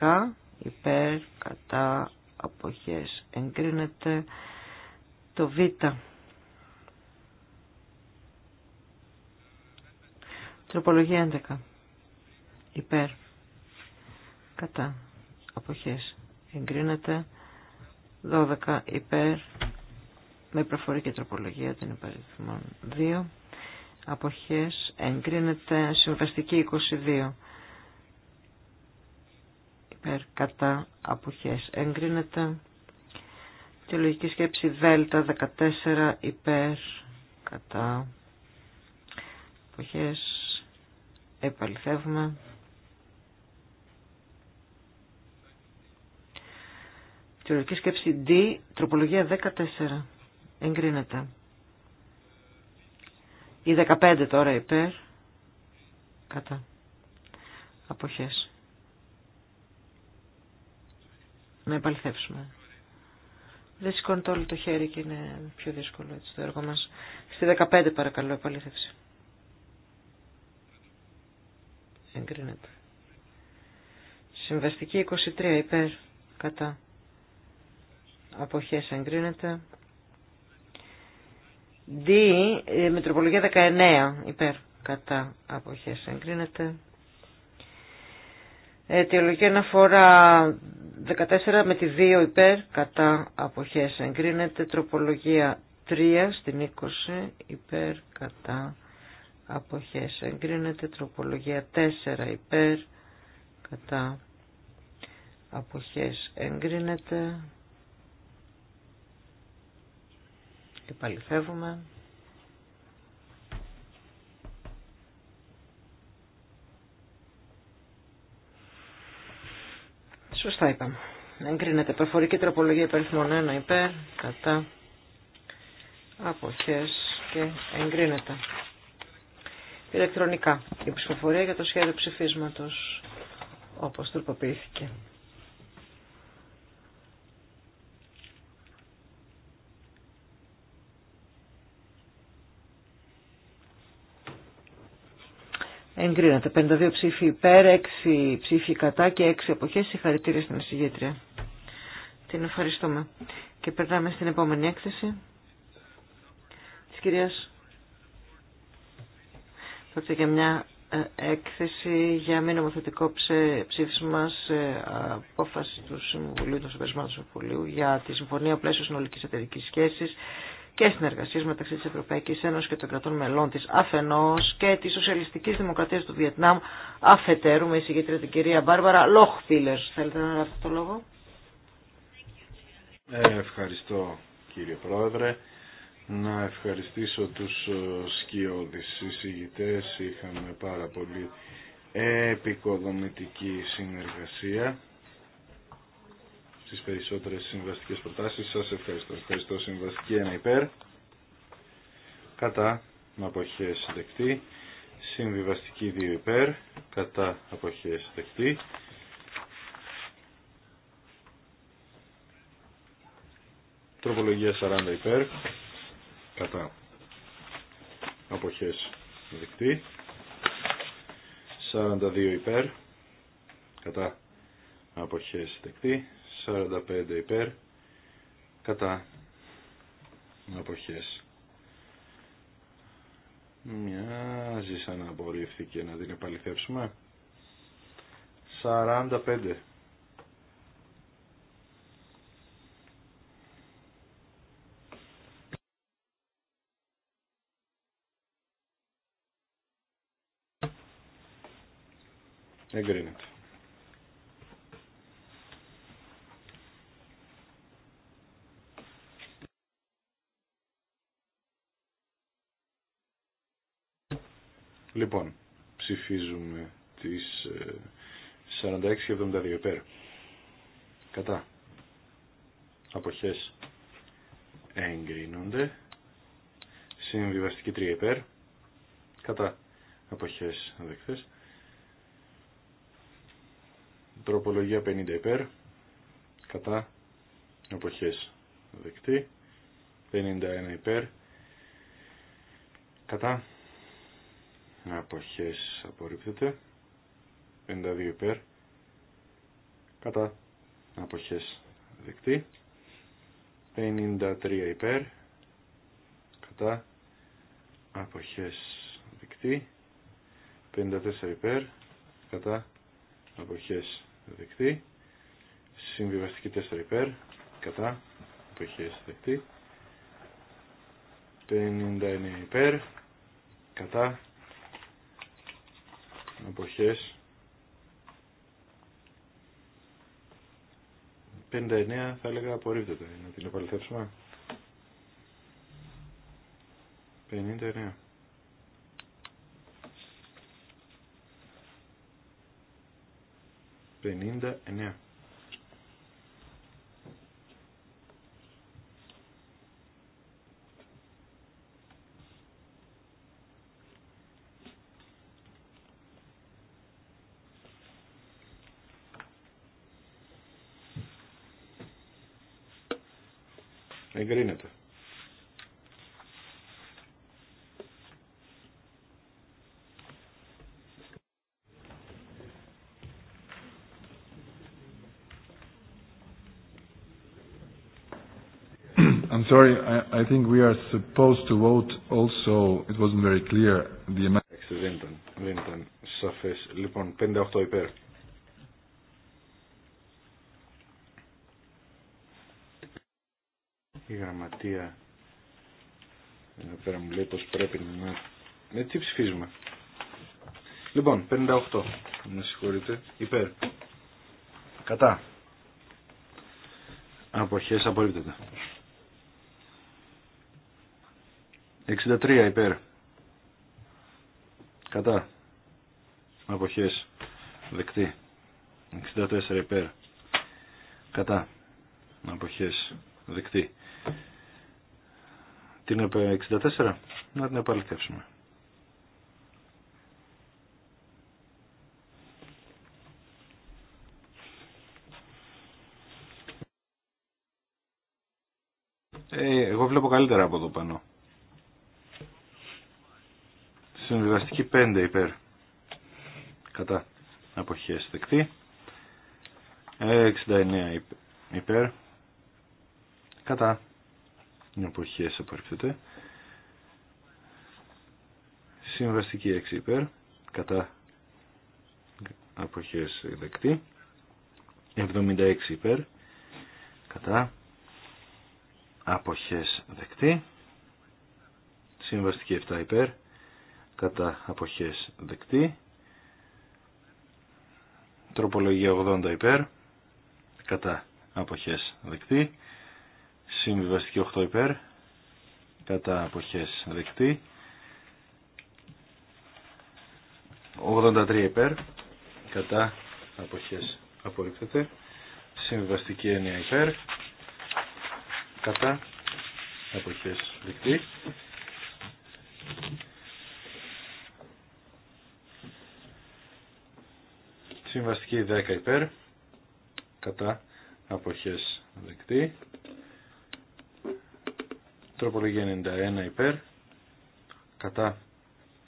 10 υπέρ κατά αποχές. Εγκρίνεται το Β. Τροπολογία 11 υπέρ κατά αποχές. Εγκρίνεται 12 υπέρ με και τροπολογία την υπαριθμών 2 αποχές εγκρίνεται συμβαστική 22 υπέρ κατά αποχές εγκρίνεται και λογική σκέψη δέλτα 14 υπέρ κατά αποχές επαληθεύουμε Θεωρητική σκέψη D, τροπολογία 14 εγκρίνεται. Η 15 τώρα υπέρ, κατά, αποχές. Να επαληθεύσουμε. Δεν σηκώνεται όλο το χέρι και είναι πιο δύσκολο έτσι το έργο μας. Στη 15 παρακαλώ επαλήθευση. Εγκρίνεται. Συμβαστική 23 υπέρ, κατά. Αποχές εγκρίνεται. D, ε, Μητροπολογία 19, υπέρ, κατά, αποχές, εγκρίνεται. Ε, αιτιολογική αναφορά 14 με τη 2 υπέρ, κατά, αποχές, εγκρίνεται. Τροπολογία 3 στην 20, υπέρ, κατά, αποχές, εγκρίνεται. Τροπολογία 4 υπέρ, κατά, αποχές, εγκρίνεται. Επαληθεύουμε. Σωστά είπαμε. Εγκρίνεται προφορική τροπολογία υπερθμών 1 υπέρ, κατά, αποχές και εγκρίνεται. Ηλεκτρονικά η ψηφοφορία για το σχέδιο ψηφίσματος όπως τροποποιήθηκε. εγκρίνεται. 52 ψήφοι υπέρ, 6 ψήφοι κατά και 6 εποχές. Συγχαρητήρια στην εισηγήτρια. Την ευχαριστούμε. Και περνάμε στην επόμενη έκθεση Τη κυρία. Πρόκειται για μια ε, έκθεση για μη νομοθετικό ψήφισμα σε απόφαση του Συμβουλίου, των Συμπερισμάτων του Συμβουλίου για τη Συμφωνία Πλαίσιο Συνολικής εταιρική Σχέσης και συνεργασίες μεταξύ της Ευρωπαϊκής Ένωσης και των κρατών μελών της αφενός και της Σοσιαλιστικής Δημοκρατίας του Βιετνάμ αφετέρου με εισηγήτρια την κυρία Μπάρμπαρα Λόχφιλερ. Θέλετε να γράψετε το λόγο. Ε, ευχαριστώ κύριε Πρόεδρε. Να ευχαριστήσω τους ε, σκιώδεις εισηγητές. Είχαμε πάρα πολύ επικοδομητική συνεργασία στι περισσότερες συμβαστικές προτάσει, Σας ευχαριστώ. Ευχαριστώ συμβαστική 1 υπέρ. Κατά αποχές δεκτή. Συμβιβαστική 2 υπέρ. Κατά αποχές δεκτή. Τροπολογία 40 υπέρ. Κατά αποχές δεκτή. 42 υπέρ. Κατά αποχές δεκτή. 45 υπέρ κατά αποχές. Μοιάζει σαν να απορρίφθηκε να την επαληθεύσουμε. 45. Εγκρίνεται. Λοιπόν, ψηφίζουμε τις 46 ε, και 72 υπέρ. Κατά. Αποχές εγκρίνονται. Συμβιβαστική 3 υπέρ. Κατά. Αποχές δεκτές Τροπολογία 50 υπέρ. Κατά. Αποχές δεκτή. 51 υπέρ. Κατά αποχές απορρίπτεται 52 υπέρ κατά αποχές δεκτή 53 υπέρ κατά αποχές δεκτή 54 υπέρ κατά αποχές δεκτή συμβιβαστική 4 υπέρ κατά αποχές δεκτή 59 υπέρ κατά εποχές 59 θα έλεγα απορρίπτεται να την επαληθεύσουμε 59 59 Εγκρίνεται. I'm sorry, I, I think we are supposed to vote also, it wasn't very clear, the amount. Δεν ήταν, δεν ήταν σαφές. Λοιπόν, 5-8 υπέρ. γραμματεία εδώ πέρα μου λέει πως πρέπει να... με τι ψηφίζουμε. Λοιπόν, 58. Με συγχωρείτε. Υπέρ. Κατά. Αποχές απορρίπτεται. 63 υπέρ. Κατά. Αποχές. Δεκτή. 64 υπέρ. Κατά. Αποχές δεκτή. Την 64 να την επαληθεύσουμε. Ε, εγώ βλέπω καλύτερα από εδώ πάνω. Συνδυαστική 5 υπέρ. Κατά. Αποχές δεκτή. 69 ε, υπέρ κατά εποχές απορριφθείτε συμβαστική 6 υπέρ κατά εποχές δεκτή 76 υπέρ κατά αποχές δεκτή συμβαστική 7 υπέρ κατά αποχές δεκτή τροπολογία 80 υπέρ κατά αποχές δεκτή Συμβιβαστική 8 υπέρ. Κατά αποχές δεκτή. 83 υπέρ. Κατά αποχές απορρίπτεται. Συμβιβαστική 9 υπέρ. Κατά αποχές δεκτή. 10 υπέρ κατά αποχές δεκτή Τροπολογία 91 υπέρ. Κατά.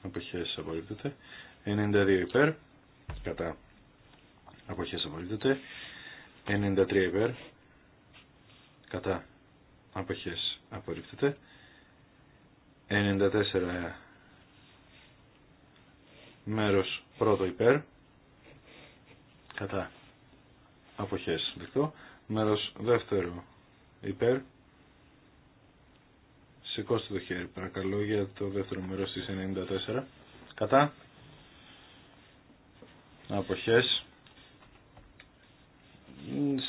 Αποχές απορρίπτεται. 92 υπέρ. Κατά. Αποχές απορρίπτεται. 93 υπέρ. Κατά. Αποχές απορρίπτεται. 94 μέρος πρώτο υπέρ. Κατά. Αποχές δεκτό. Μέρος δεύτερο υπέρ. Σηκώστε το χέρι παρακαλώ για το δεύτερο μέρος της 94. Κατά. Αποχές.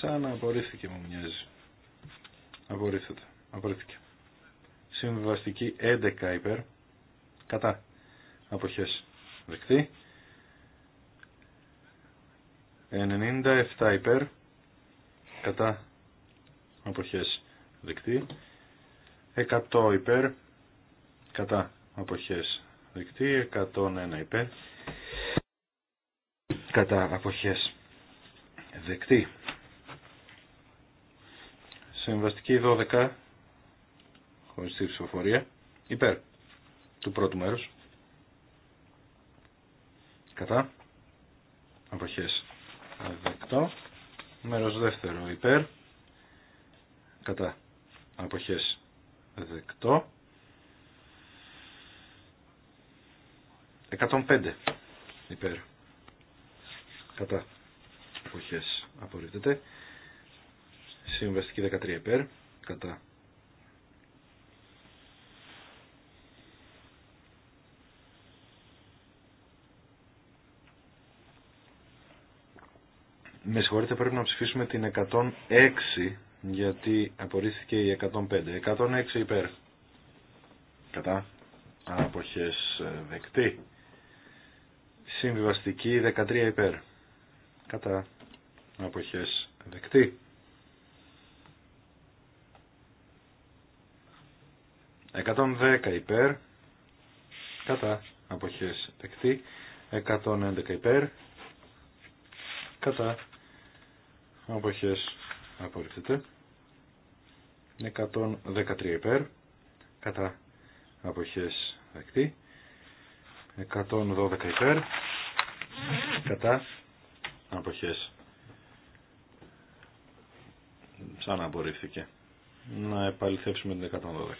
Σαν να απορρίφθηκε μου μοιάζει. Απορρίφθηκε. Απορρίφθηκε. Συμβιβαστική 11 υπέρ. Κατά. Αποχές. Δεκτή. 97 υπέρ. Κατά. Αποχές. Δεκτή. 100 υπέρ κατά αποχές δεκτή 101 υπέρ κατά αποχές δεκτή συμβαστική 12 χωριστή ψηφοφορία υπέρ του πρώτου μέρους κατά αποχές δεκτό μέρος δεύτερο υπέρ κατά αποχές Δεκτό. 105 υπέρ. Κατά. Εποχές απορρίπτεται. Συμβαστική 13 υπέρ. Κατά. Με συγχωρείτε πρέπει να ψηφίσουμε την 106 γιατί απορρίφθηκε η 105. 106 ε, υπέρ. Κατά. Αποχές δεκτή. Συμβιβαστική 13 υπέρ. Κατά. Αποχές δεκτή. 110 υπέρ. Κατά. Αποχές δεκτή. 111 υπέρ. Κατά. Αποχές απορριφθείται. 113 υπέρ κατά αποχές δεκτή 112 υπέρ κατά αποχές σαν να απορρίφθηκε να επαληθεύσουμε την 112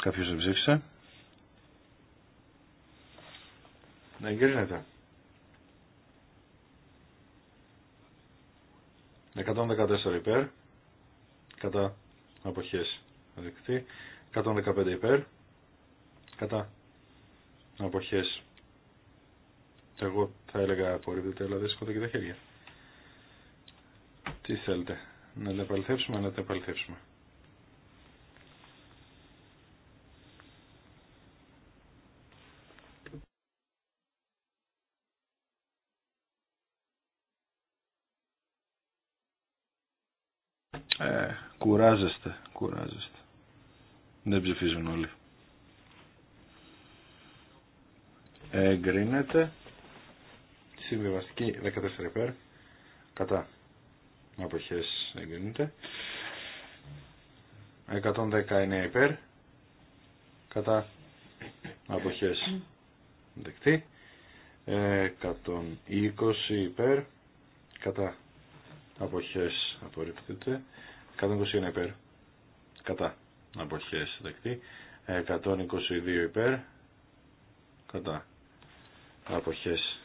Κάποιος δεν ψήφισε. Να εγκρίνεται. 114 υπέρ, κατά αποχές δεκτή, 115 υπέρ, κατά αποχές εγώ θα έλεγα απορρίπτεται, αλλά δεν σηκώτα και τα χέρια. Τι θέλετε, να τα επαληθεύσουμε, να τα επαληθεύσουμε. Κουράζεστε, κουράζεστε. Δεν ψηφίζουν όλοι. Εγκρίνεται. Συμβιβαστική 14 υπέρ. Κατά. Αποχές εγκρίνεται. 119 υπέρ. Κατά. Αποχές δεκτή. 120 υπέρ. Κατά. Αποχές απορρίπτεται. 121 υπέρ. Κατά. Αποχές δεκτή. 122 υπέρ. Κατά. Αποχές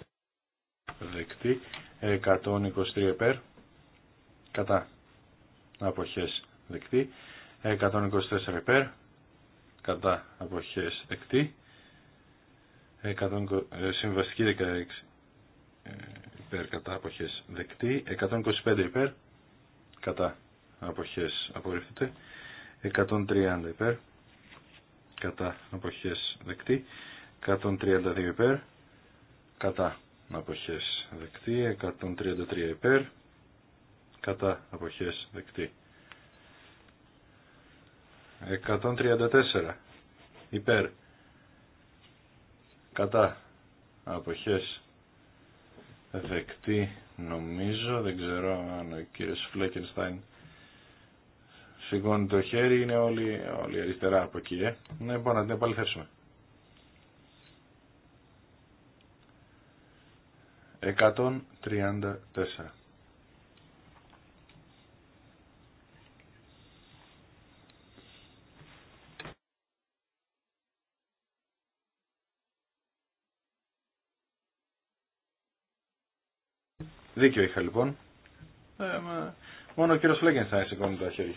δεκτή. 123 υπέρ. Κατά. Αποχές δεκτή. 124 υπέρ. Κατά. Αποχές δεκτή. 100, ε, συμβαστική 16 ε, υπέρ κατά αποχές δεκτή, 125 υπέρ κατά αποχές απορρίφθηκε 130 υπέρ κατά αποχές δεκτή 132 υπέρ κατά αποχές δεκτή 133 υπέρ κατά αποχές δεκτή 134 υπέρ κατά αποχές δεκτή νομίζω δεν ξέρω αν ο κύριος Φλέκενστάιν σηκώνει το χέρι, είναι όλοι, αριστερά από εκεί. Ε. Ναι, μπορούμε να την επαληθεύσουμε. 134. Δίκιο είχα λοιπόν. Ε, μα... Μόνο ο κύριος θα σηκώνει τα χέρια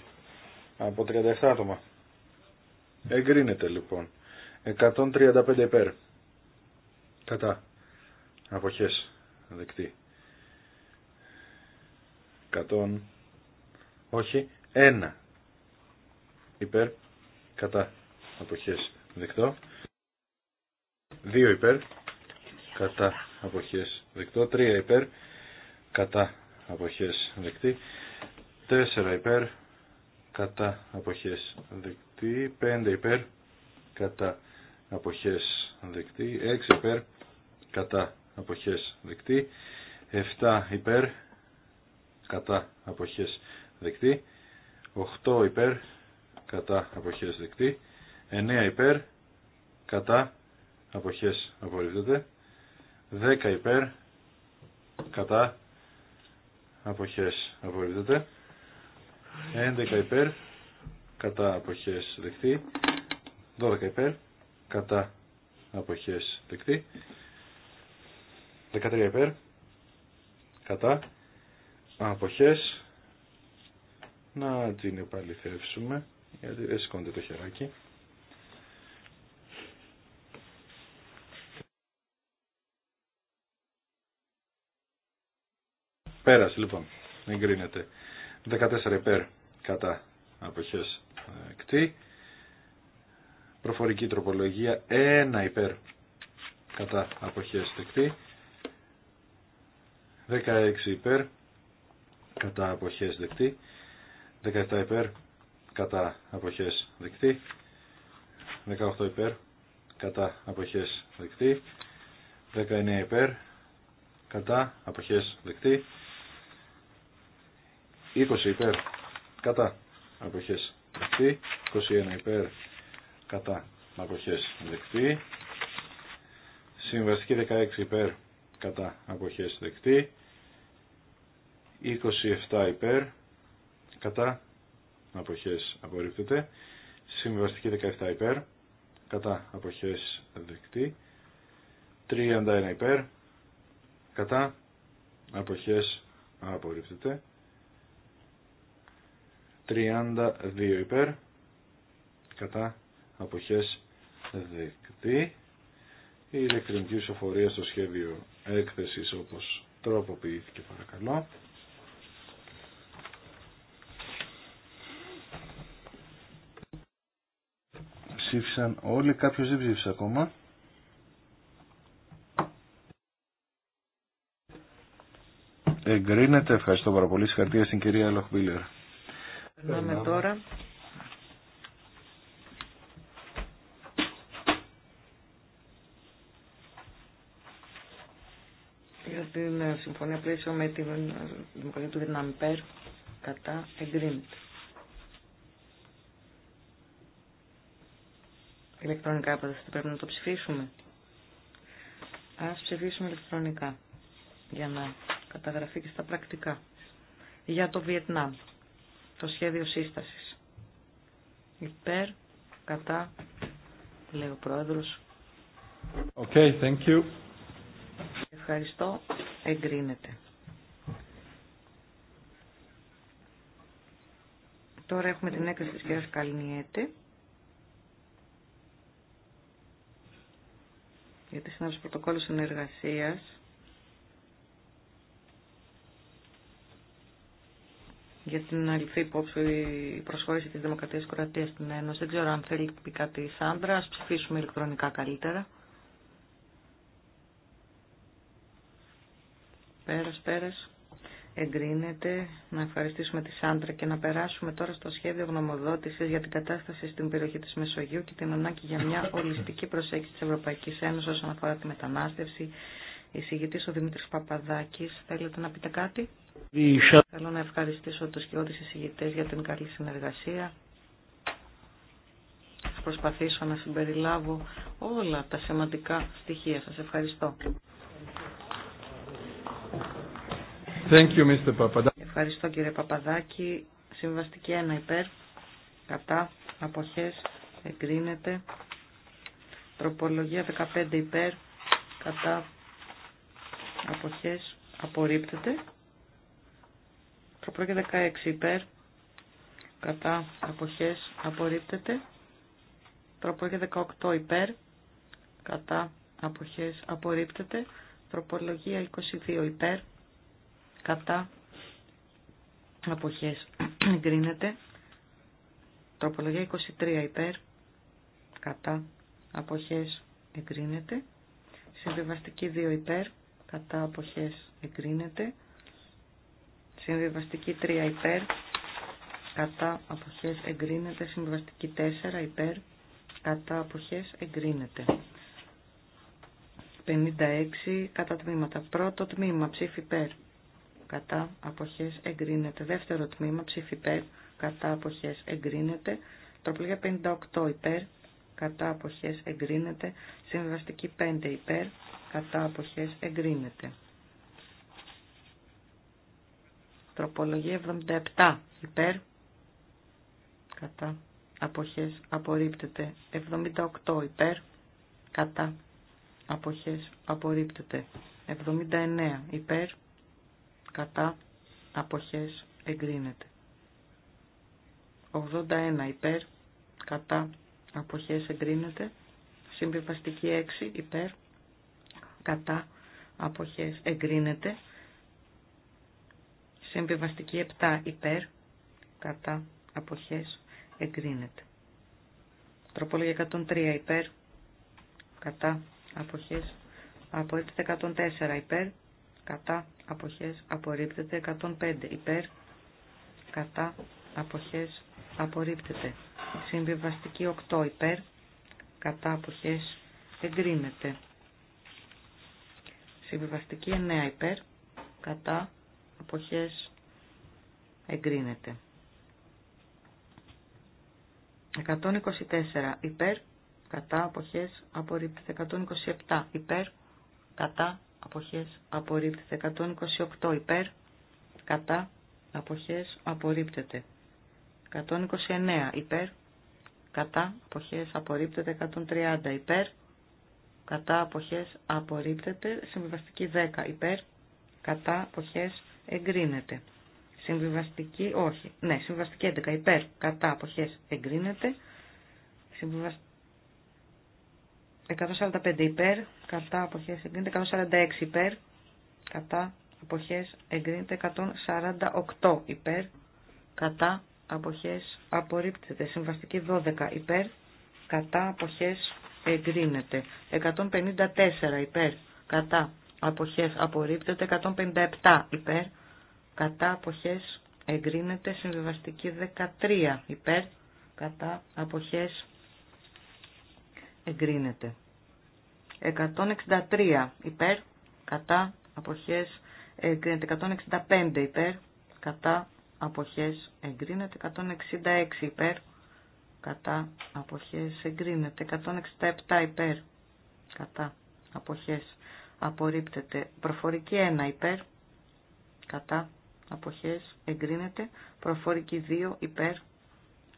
από 37 άτομα. Εγκρίνεται λοιπόν. 135 υπέρ. Κατά. Αποχές. Δεκτή. 100. Όχι. 1. Υπέρ. Κατά. Αποχές. Δεκτό. 2 υπέρ. Κατά. Αποχές. Δεκτό. 3 υπέρ. Κατά. Αποχές. Δεκτή. 4 υπέρ κατά αποχές δεκτή, 5 υπέρ κατά αποχές δεκτή, 6 υπέρ κατά αποχές δεκτή, 7 υπέρ κατά αποχές δεκτή, 8 υπέρ κατά αποχές δεκτή, 9 υπέρ κατά αποχές απορρίπτεται, 10 υπέρ κατά αποχές απορρίπτεται, 11 υπέρ, κατά αποχές δεκτή. 12 υπέρ, κατά αποχές δεκτή. 13 υπέρ, κατά αποχές να την επαληθεύσουμε γιατί δεν σηκώνεται το χεράκι. Πέρασε λοιπόν, εγκρίνεται. 14 υπέρ κατά αποχές δεκτή. Προφορική τροπολογία 1 υπέρ κατά αποχές δεκτή. 16 υπέρ κατά αποχές δεκτή. 17 υπέρ κατά αποχές δεκτή. 18 υπέρ κατά αποχές δεκτή. 19 υπέρ κατά αποχές δεκτή. 20 υπέρ κατά αποχές δεκτή 21 υπέρ κατά αποχές δεκτή συμβαστική 16 υπέρ κατά αποχές δεκτή 27 υπέρ κατά αποχές απορρίπτεται συμβαστική 17 υπέρ κατά αποχές δεκτή 31 υπέρ κατά αποχές απορρίπτεται 32 υπέρ κατά αποχές δεκτή η ηλεκτρονική ψηφοφορία στο σχέδιο έκθεσης όπως τροποποιήθηκε παρακαλώ ψήφισαν όλοι κάποιος δεν ψήφισε ακόμα εγκρίνεται ευχαριστώ πάρα πολύ συγχαρητήρια στην κυρία Λοχμπίλερ Περνάμε τώρα. Για την ε, συμφωνία πλαίσιο με τη ε, Δημοκρατία του Βιετνάμ κατά εγκρίνεται. Ηλεκτρονικά είπατε πρέπει να το ψηφίσουμε. Ας ψηφίσουμε ηλεκτρονικά για να καταγραφεί και στα πρακτικά. Για το Βιετνάμ το σχέδιο σύστασης. Υπέρ, κατά, λέει ο πρόεδρος. Okay, thank you. Ευχαριστώ, εγκρίνεται. Τώρα έχουμε την έκθεση της κυρίας Καλνιέτη. Για τη πρωτοκόλλου συνεργασίας για την αληθή υπόψη προσχώρηση της Δημοκρατίας Κροατίας στην Ένωση. Δεν ξέρω αν θέλει πει κάτι η Σάντρα, ας ψηφίσουμε ηλεκτρονικά καλύτερα. Πέρας, πέρας. Εγκρίνεται. Να ευχαριστήσουμε τη Σάντρα και να περάσουμε τώρα στο σχέδιο γνωμοδότησης για την κατάσταση στην περιοχή της Μεσογείου και την ανάγκη για μια ολιστική προσέγγιση της Ευρωπαϊκής Ένωσης όσον αφορά τη μετανάστευση. Εισηγητής ο Δημήτρη Παπαδάκης. Θέλετε να πείτε κάτι. Θέλω να ευχαριστήσω τους και όλους εισηγητές για την καλή συνεργασία. Θα προσπαθήσω να συμπεριλάβω όλα τα σημαντικά στοιχεία. Σας ευχαριστώ. Thank you, Mr. Ευχαριστώ κύριε Παπαδάκη. Συμβαστική 1 υπέρ, κατά, αποχές, εγκρίνεται. Τροπολογία 15 υπέρ, κατά, αποχές, απορρίπτεται. Τροπολογία 16 υπέρ. Κατά αποχές απορρίπτεται. Τροπολογία 18 υπέρ. Κατά αποχές απορρίπτεται. Τροπολογία 22 υπέρ. Κατά αποχές εγκρίνεται. Τροπολογία 23 υπέρ. Κατά αποχές εγκρίνεται. Συμβιβαστική 2 υπέρ. Κατά αποχές εγκρίνεται. Συμβιβαστική 3 υπέρ. Κατά αποχές εγκρίνεται. Συμβιβαστική 4 υπέρ. Κατά αποχές εγκρίνεται. 56 κατά τμήματα. Πρώτο τμήμα ψήφι υπέρ. Κατά αποχές εγκρίνεται. Δεύτερο τμήμα ψήφι υπέρ. Κατά αποχές εγκρίνεται. Τροπλία 58 υπέρ. Κατά αποχές εγκρίνεται. Συμβιβαστική 5 υπέρ. Κατά αποχές εγκρίνεται. Τροπολογία 77 υπέρ. Κατά. Αποχές απορρίπτεται. 78 υπέρ. Κατά. Αποχές απορρίπτεται. 79 υπέρ. Κατά. Αποχές εγκρίνεται. 81 υπέρ. Κατά. Αποχές εγκρίνεται. Συμβιβαστική 6 υπέρ. Κατά. Αποχές εγκρίνεται. Συμβιβαστική 7 υπέρ, κατά, αποχές, εγκρίνεται. Τροπολογία 103 υπέρ, κατά, αποχές, απορρίπτεται 104 υπέρ, κατά, αποχές, απορρίπτεται 105 υπέρ, κατά, αποχές, απορρίπτεται. Συμβιβαστική 8 υπέρ, κατά, αποχές, εγκρίνεται. Συμβιβαστική 9 υπέρ, κατά, αποχές εγκρίνεται. 124 υπέρ, κατά αποχές απορρίπτεται. 127 υπέρ, κατά αποχές απορρίπτεται. 128 υπέρ, κατά αποχές απορρίπτεται. 129 υπέρ, κατά αποχές απορρίπτεται. 130 υπέρ, κατά αποχές απορρίπτεται. Συμβιβαστική 10 υπέρ, κατά αποχές εγκρίνεται. Συμβιβαστική, όχι, ναι, συμβιβαστική 11, υπέρ, κατά, αποχές, εγκρίνεται. Συμβιβαστική 145 υπέρ, κατά, αποχές, εγκρίνεται. 146 υπέρ, κατά, αποχές, εγκρίνεται. 148 υπέρ, κατά, αποχές, απορρίπτεται. Συμβαστική 12 υπέρ, κατά, αποχές, εγκρίνεται. 154 υπέρ, κατά, αποχές απορρίπτεται 157 υπέρ, κατά αποχές εγκρίνεται συμβιβαστική 13 υπέρ κατά αποχές εγκρίνεται 163 υπέρ κατά αποχές εγκρίνεται 165 υπέρ κατά αποχές εγκρίνεται 166 υπέρ κατά αποχές εγκρίνεται 167 υπέρ κατά αποχές απορρίπτεται προφορική 1 υπέρ κατά αποχές εγκρίνεται προφορική 2 υπέρ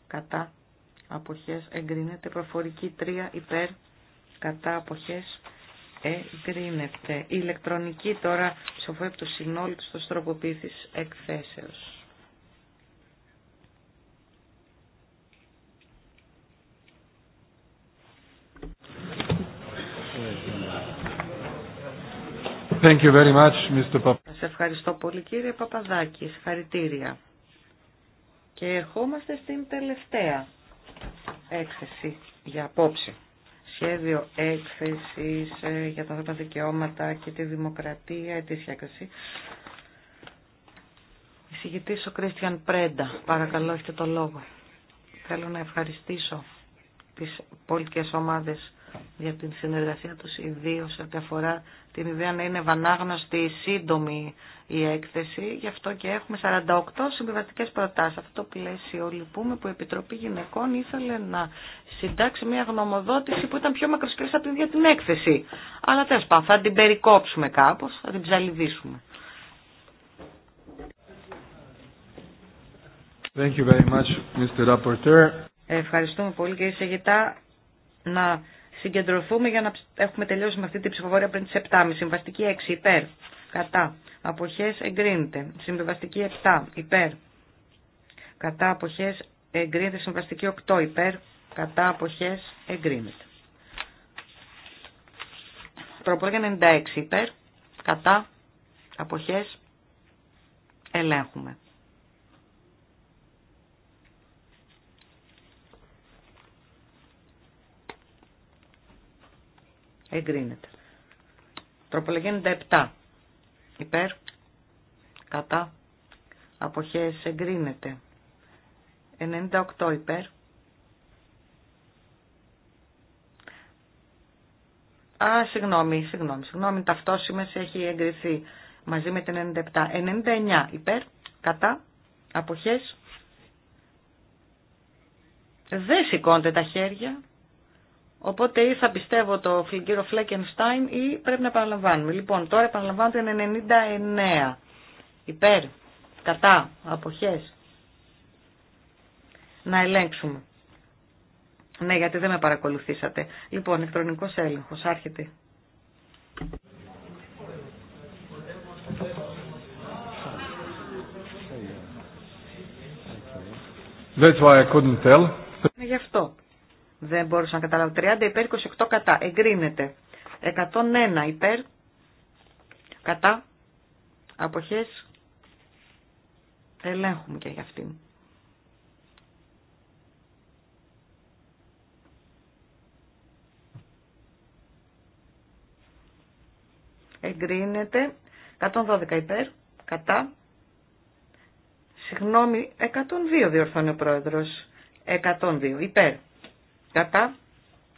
κατά αποχές εγκρίνεται προφορική 3 υπέρ κατά αποχές εγκρίνεται ηλεκτρονική τώρα ψηφοφορία του συνόλου της τροποποίησης εκθέσεως Thank you very much, Mr. ευχαριστώ πολύ κύριε Παπαδάκη. Συγχαρητήρια. Και ερχόμαστε στην τελευταία έκθεση για απόψη. Σχέδιο έκθεσης ε, για τα ανθρώπινα δικαιώματα και τη δημοκρατία, ετήσια έκθεση. ο Κρίστιαν Πρέντα. Παρακαλώ, έχετε το λόγο. Θέλω να ευχαριστήσω τις πολιτικές ομάδες για την συνεργασία τους ιδίως ό,τι αφορά την ιδέα να είναι βανάγνωστη σύντομη η έκθεση. Γι' αυτό και έχουμε 48 συμβιβατικέ προτάσεις. Αυτό το πλαίσιο λυπούμε λοιπόν, που η Επιτροπή Γυναικών ήθελε να συντάξει μια γνωμοδότηση που ήταν πιο μακροσκελή από την ίδια την έκθεση. Αλλά τέλος πάντων θα την περικόψουμε κάπως, θα την ψαλιδίσουμε. Ευχαριστούμε πολύ κύριε Σεγητά. Να συγκεντρωθούμε για να έχουμε τελειώσει με αυτή την ψηφοφορία πριν τι 7.30. Συμβαστική 6 υπέρ. Κατά. Αποχέ, εγκρίνεται. Συμβαστική 7 υπέρ. Κατά αποχές εγκρίνεται. Συμβαστική 8 υπέρ. Κατά απόχέ εγκρίνεται. Τροπολογία 96 υπέρ. Κατά αποχές ελέγχουμε. Εγκρίνεται. Τροπολογία 97. Υπέρ. Κατά. Αποχές εγκρίνεται. 98 υπέρ. Α, συγγνώμη, συγγνώμη, συγγνώμη, ταυτόσημες έχει εγκριθεί μαζί με την 97. 99 υπέρ, κατά, αποχές. Δεν σηκώνετε τα χέρια. Οπότε ή θα πιστεύω το κύριο Φλέκενστάιν ή πρέπει να επαναλαμβάνουμε. Λοιπόν, τώρα επαναλαμβάνω το 99. Υπέρ, κατά, αποχές. Να ελέγξουμε. Ναι, γιατί δεν με παρακολουθήσατε. Λοιπόν, ηλεκτρονικός έλεγχος, άρχεται. That's why I couldn't tell. Γι' αυτό. Δεν μπορούσα να καταλάβω. 30 υπέρ, 28 κατά. Εγκρίνεται. 101 υπέρ, κατά. Αποχές. Ελέγχουμε και για αυτήν. Εγκρίνεται. 112 υπέρ, κατά. Συγγνώμη, 102 διορθώνει ο πρόεδρος. 102 υπέρ Κατά.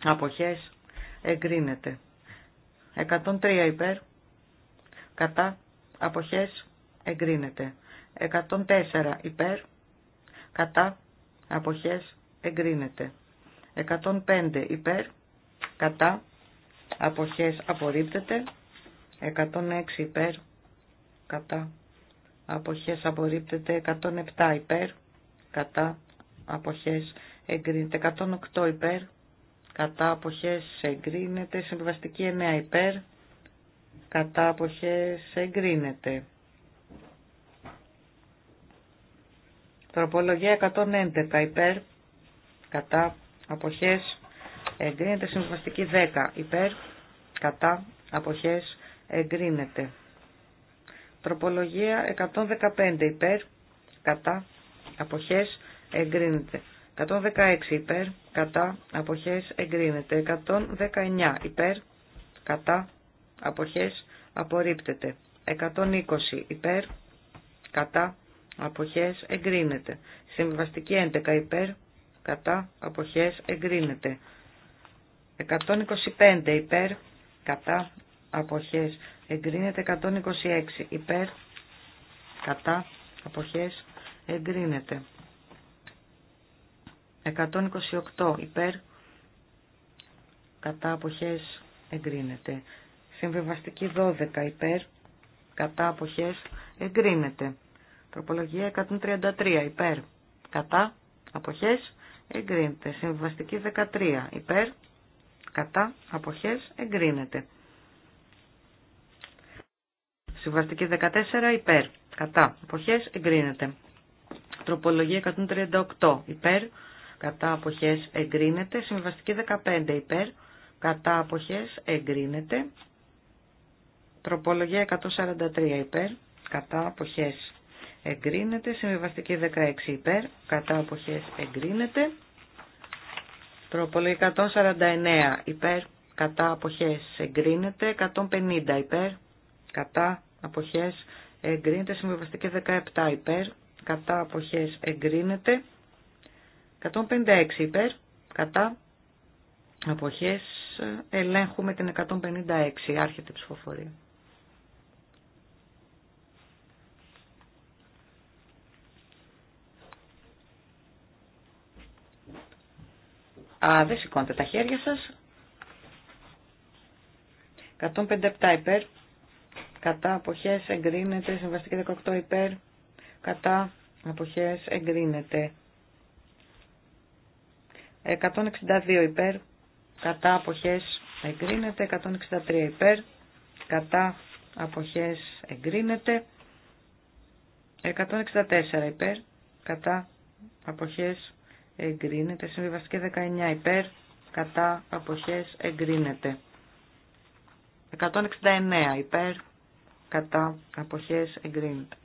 Αποχές. Εγκρίνεται. 103 υπέρ. Κατά. Αποχές. Εγκρίνεται. 104 υπέρ. Κατά. Αποχές. Εγκρίνεται. 105 υπέρ. Κατά. Αποχές. Απορρίπτεται. 106 υπέρ. Κατά. Αποχές απορρίπτεται 107 υπέρ. Κατά. Αποχές εγκρίνεται 108 υπέρ, κατά αποχές εγκρίνεται, συμβαστική 9 υπέρ, κατά αποχές εγκρίνεται. Τροπολογία 111 υπέρ, κατά αποχές εγκρίνεται, συμβαστική 10 υπέρ, κατά αποχές εγκρίνεται. Τροπολογία 115 υπέρ, κατά αποχές εγκρίνεται. 116 υπέρ, κατά, αποχές, εγκρίνεται. 119 υπέρ, κατά, αποχές, απορρίπτεται. 120 υπέρ, κατά, αποχές, εγκρίνεται. Συμβαστική 11 υπέρ, κατά, αποχές, εγκρίνεται. 125 υπέρ, κατά, αποχές, εγκρίνεται. 126 υπέρ, κατά, αποχές, εγκρίνεται. 128 υπέρ κατά αποχές εγκρίνεται. Συμβιβαστική 12 υπέρ κατά αποχές εγκρίνεται. Τροπολογία 133 υπέρ κατά αποχές εγκρίνεται. Συμβιβαστική 13 υπέρ κατά αποχές εγκρίνεται. Συμβαστική 14 υπέρ κατά αποχές εγκρίνεται. Τροπολογία 138 υπέρ κατά αποχές εγκρίνεται. Συμβαστική 15 υπέρ, κατά αποχές εγκρίνεται. Τροπολογία 143 υπέρ, κατά αποχές εγκρίνεται. συμβιβαστική 16 υπέρ, κατά αποχές εγκρίνεται. Τροπολογία 149 υπέρ, κατά αποχές εγκρίνεται. 150 υπέρ, κατά αποχές εγκρίνεται. Συμβαστική 17 υπέρ, κατά αποχές εγκρίνεται. 156 υπέρ, κατά, αποχές, ελέγχουμε την 156, άρχεται η ψηφοφορία. Α, δεν σηκώνετε τα χέρια σας. 157 υπέρ, κατά αποχές εγκρίνεται, συμβαστική 18 υπέρ, κατά αποχές εγκρίνεται. 162 υπέρ, κατά αποχές εγκρίνεται, 163 υπέρ, κατά αποχές εγκρίνεται, 164 υπέρ, κατά αποχές εγκρίνεται, συμβιβαστική 19 υπέρ, κατά αποχές εγκρίνεται. 169 υπέρ, κατά αποχές εγκρίνεται.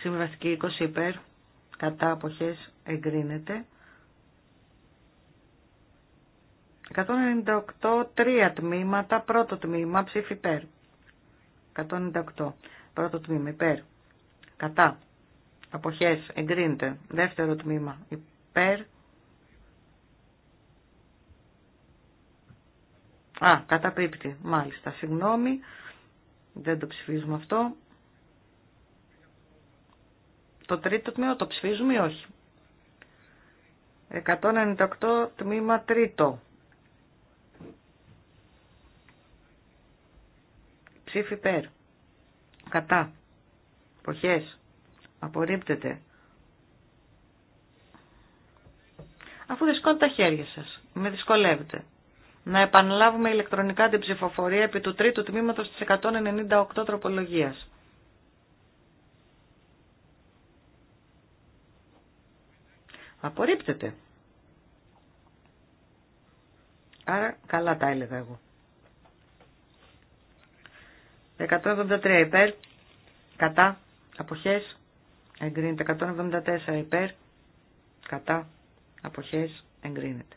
Συμβιβαστική 20 υπέρ, κατά αποχές εγκρίνεται. 198, τρία τμήματα, πρώτο τμήμα, ψήφι υπέρ. 198, πρώτο τμήμα, υπέρ. Κατά. Αποχές, εγκρίνεται. Δεύτερο τμήμα, υπέρ. Α, καταπίπτει, μάλιστα, συγγνώμη. Δεν το ψηφίζουμε αυτό. Το τρίτο τμήμα το ψηφίζουμε ή όχι. 198 τμήμα τρίτο. ψήφι υπέρ. Κατά. ΠΟΧΕΣ, Απορρίπτεται. Αφού δυσκώνετε τα χέρια σας. Με δυσκολεύετε. Να επαναλάβουμε ηλεκτρονικά την ψηφοφορία επί του τρίτου τμήματος της 198 τροπολογίας. Απορρίπτεται. Άρα καλά τα έλεγα εγώ. 173 υπέρ, κατά, αποχές, εγκρίνεται. 174 υπέρ, κατά, αποχές, εγκρίνεται.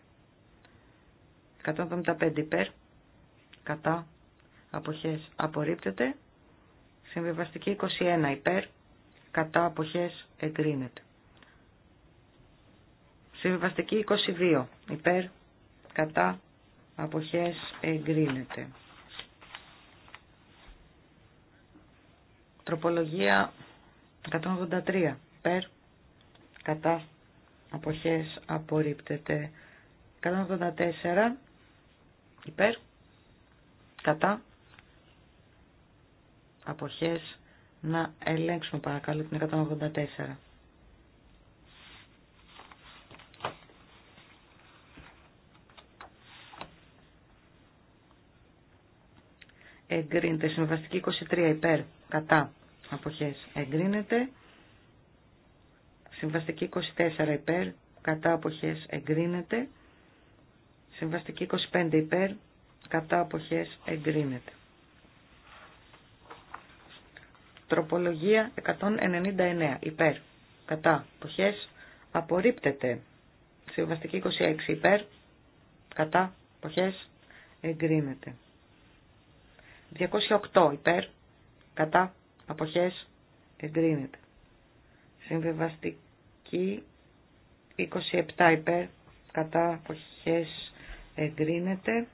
175 υπέρ, κατά, αποχές, απορρίπτεται. Συμβιβαστική 21 υπέρ, κατά, αποχές, εγκρίνεται. Συμβιβαστική 22 υπέρ, κατά, αποχές, εγκρίνεται. Τροπολογία 183. Περ. Κατά. Αποχές απορρίπτεται. 184. Υπέρ. Κατά. Αποχές. Να ελέγξουμε παρακαλώ την 184. Εγκρίνεται. Συμβαστική 23 υπέρ κατά αποχές εγκρίνεται. Συμβαστική 24 υπέρ, κατά αποχές εγκρίνεται. Συμβαστική 25 υπέρ, κατά αποχές εγκρίνεται. Τροπολογία 199 υπέρ, κατά αποχές απορρίπτεται. Συμβαστική 26 υπέρ, κατά αποχές εγκρίνεται. 208 υπέρ, κατά αποχές εγκρίνεται. Συμβεβαστική 27 υπέρ κατά αποχές εγκρίνεται.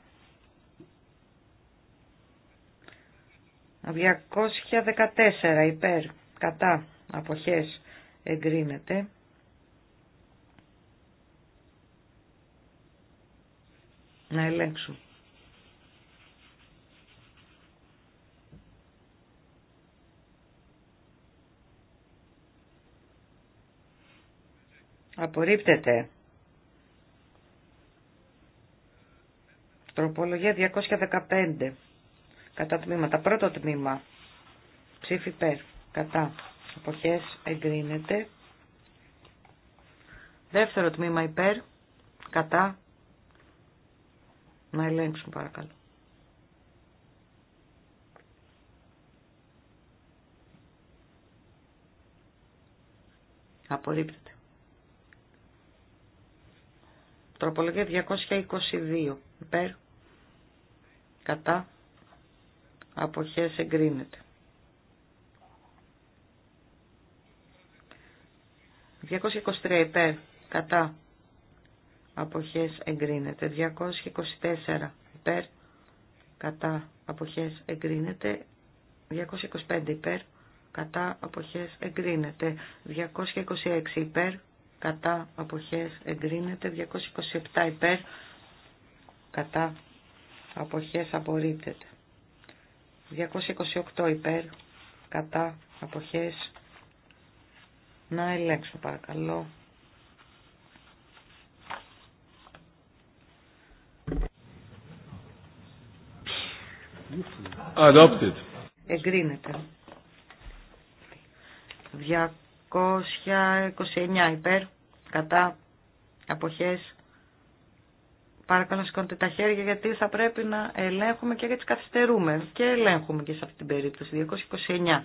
214 υπέρ κατά αποχές εγκρίνεται. Να ελέγξουμε. Απορρίπτεται. Τροπολογία 215. Κατά τμήματα. Πρώτο τμήμα. Ψήφι περ. Κατά. Αποχές εγκρίνεται. Δεύτερο τμήμα υπέρ. Κατά. Να ελέγξουν παρακαλώ. Απορρίπτεται. Τροπολογία 222. Υπέρ. Κατά. απόχέ εγκρίνεται. 223 υπέρ. Κατά. απόχέ εγκρίνεται. 224 υπέρ. Κατά. απόχέ εγκρίνεται. 225 υπέρ. Κατά. Αποχές εγκρίνεται. 226 υπέρ κατά αποχές εγκρίνεται, 227 υπέρ κατά αποχές απορρίπτεται. 228 υπέρ κατά αποχές να ελέγξω παρακαλώ. Adopted. Εγκρίνεται. 229 υπέρ κατά αποχές παρακαλώ σηκώνετε τα χέρια γιατί θα πρέπει να ελέγχουμε και γιατί καθυστερούμε και ελέγχουμε και σε αυτή την περίπτωση 229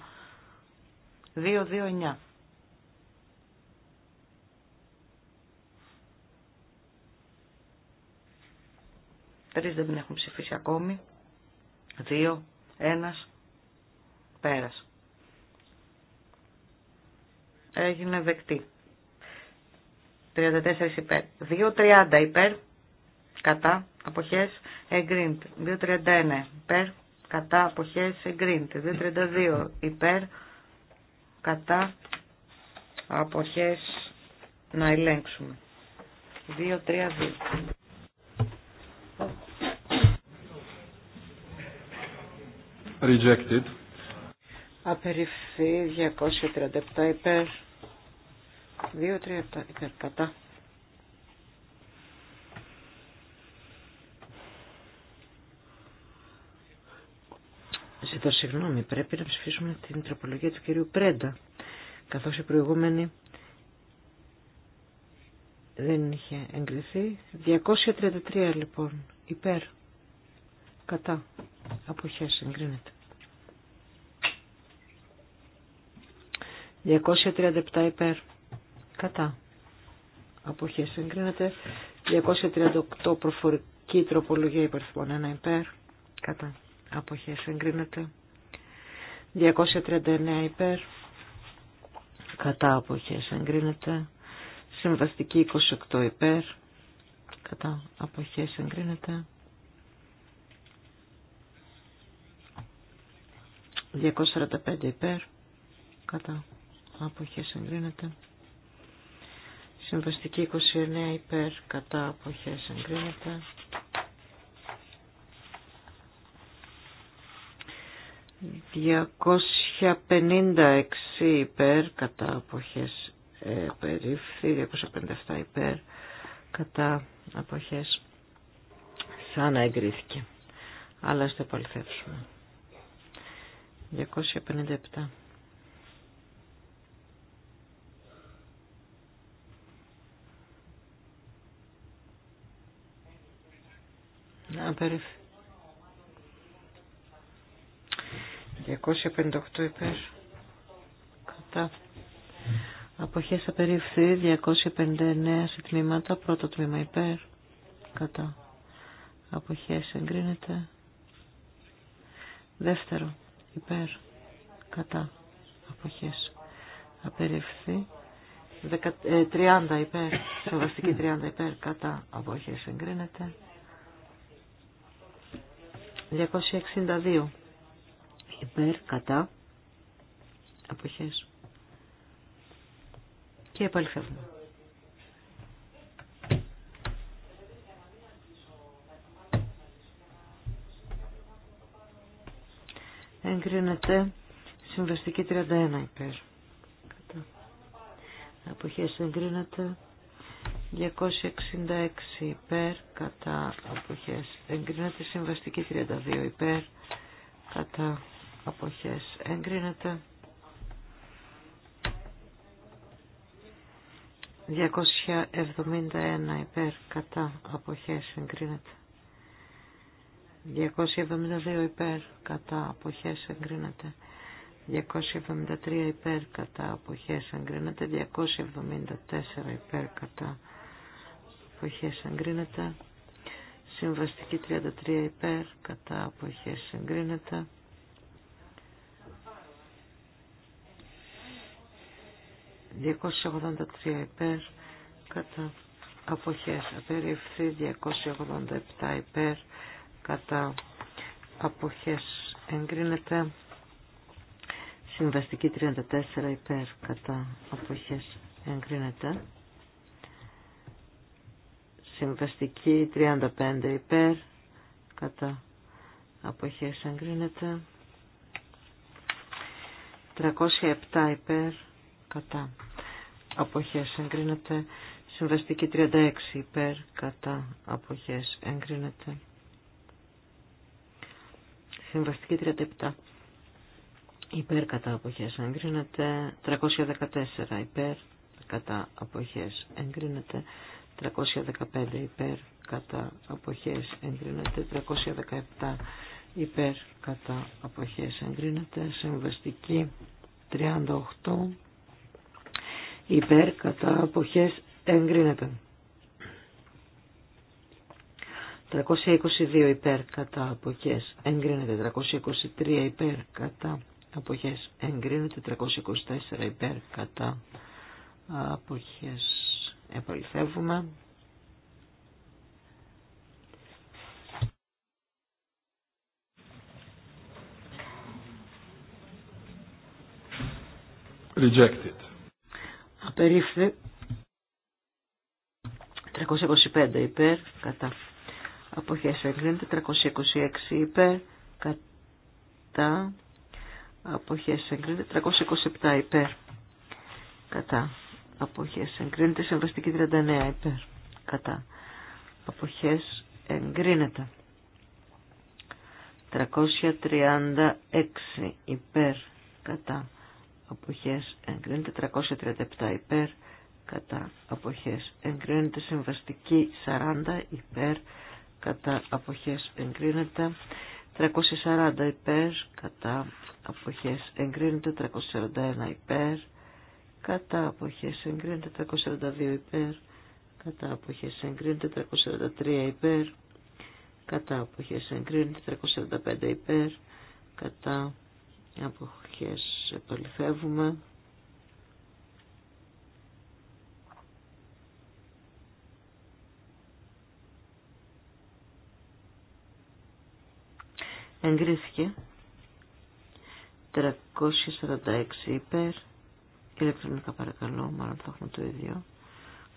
229 Τρεις δεν την έχουν ψηφίσει ακόμη. Δύο, ένας, πέρας. Έγινε δεκτή. 34 υπέρ. 2.30 υπέρ. Κατά. Αποχές εγκρίνεται. 2.31 υπέρ. Κατά. Αποχές εγκρίνεται. 2.32 υπέρ. Κατά. Αποχές να ελέγξουμε. 2.32. Rejected. Απεριφθεί 237 υπέρ 2, 3, 7 υπέρ Ζητώ συγγνώμη, πρέπει να ψηφίσουμε την τροπολογία του κυρίου Πρέντα, καθώς η προηγούμενη δεν είχε εγκριθεί. 233 λοιπόν, υπέρ, κατά, αποχές εγκρίνεται. 237 υπέρ, κατά αποχές εγκρίνεται 238 προφορική τροπολογία υπερθυμών 1 υπέρ κατά αποχές εγκρίνεται 239 υπέρ κατά αποχές εγκρίνεται συμβαστική 28 υπέρ κατά αποχές εγκρίνεται 245 υπέρ κατά αποχές εγκρίνεται Συμβαστική 29 υπέρ κατά αποχές εγκρίνεται. 256 υπέρ κατά αποχές ε, περίφθη, 257 υπέρ κατά αποχές σαν να εγκρίθηκε. Αλλά ας το επαληθεύσουμε. 257. απερίφθη. 258 υπέρ. Κατά. Αποχές απερίφθη 259 σε τμήματα. Πρώτο τμήμα υπέρ. Κατά. Αποχές εγκρίνεται. Δεύτερο υπέρ. Κατά. Αποχές απερίφθη. 30 ε, υπέρ. Σεβαστική 30 υπέρ. Κατά. Αποχές εγκρίνεται. 262 υπέρ κατά αποχές και επαληθεύουμε. Εγκρίνεται συμβαστική 31 υπέρ. Κατά. Αποχές εγκρίνεται 266 υπέρ κατά αποχές εγκρίνεται συμβαστική 32 υπέρ κατά αποχές εγκρίνεται 271 υπέρ κατά αποχές εγκρίνεται 272 υπέρ κατά αποχές εγκρίνεται 273 υπέρ κατά αποχές εγκρίνεται 274 υπέρ κατά αποχές εγκρίνεται. Συμβαστική 33 υπέρ, κατά αποχές εγκρίνεται. ...283 υπέρ, κατά αποχές απεριευθεί, 287 υπέρ, κατά αποχές εγκρίνεται, συμβαστική 34 υπέρ, κατά αποχές εγκρίνεται. Συμβαστική 35 υπέρ. Κατά αποχές εγκρίνεται. 307 υπέρ. Κατά αποχές εγκρίνεται. Συμβαστική 36 υπέρ. Κατά αποχές εγκρίνεται. Συμβαστική 37 υπέρ κατά αποχές εγκρίνεται 314 υπέρ κατά αποχές εγκρίνεται 315 υπέρ κατά αποχές εγκρίνεται 317 υπέρ κατά αποχές εγκρίνεται συμβαστική 38 υπέρ κατά αποχές εγκρίνεται 322 υπέρ κατά αποχές εγκρίνεται 323 υπέρ κατά αποχές εγκρίνεται 324 υπέρ κατά αποχές Επολυθεύουμε. Rejected. Απερίφθη 325 υπέρ κατά. Αποχές εγκρίνεται 326 υπέρ κατά. Αποχές εγκρίνεται 327 υπέρ κατά αποχές εγκρίνεται. Συμβαστική 39 υπέρ κατά αποχές εγκρίνεται. 336 υπέρ κατά αποχές εγκρίνεται. 337 υπέρ κατά αποχές εγκρίνεται. Συμβαστική 40 υπέρ κατά αποχές εγκρίνεται. 340 υπέρ κατά αποχές εγκρίνεται. 341 υπέρ κατά αποχές εγκρίνεται 342 υπέρ, κατά αποχές εγκρίνεται 443 υπέρ, κατά αποχές εγκρίνεται 445 υπέρ, κατά αποχές επαληθεύουμε. Εγκρίθηκε 346 υπέρ, ηλεκτρονικά παρακαλώ, μάλλον θα έχουμε το ίδιο.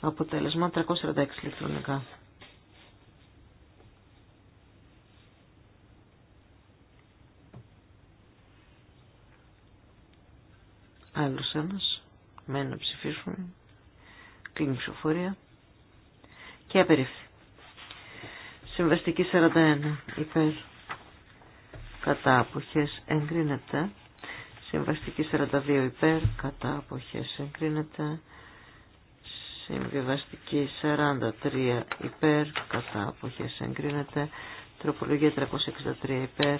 Αποτέλεσμα 346 ηλεκτρονικά. Άλλος ένας, μένει να ψηφίσουν, κλείνει ψηφοφορία και απερίφθη. Συμβαστική 41 υπέρ κατά αποχές εγκρίνεται Συμβαστική 42 υπέρ, κατά αποχές εγκρίνεται. Συμβιβαστική 43 υπέρ, κατά αποχές εγκρίνεται. Τροπολογία 363 υπέρ,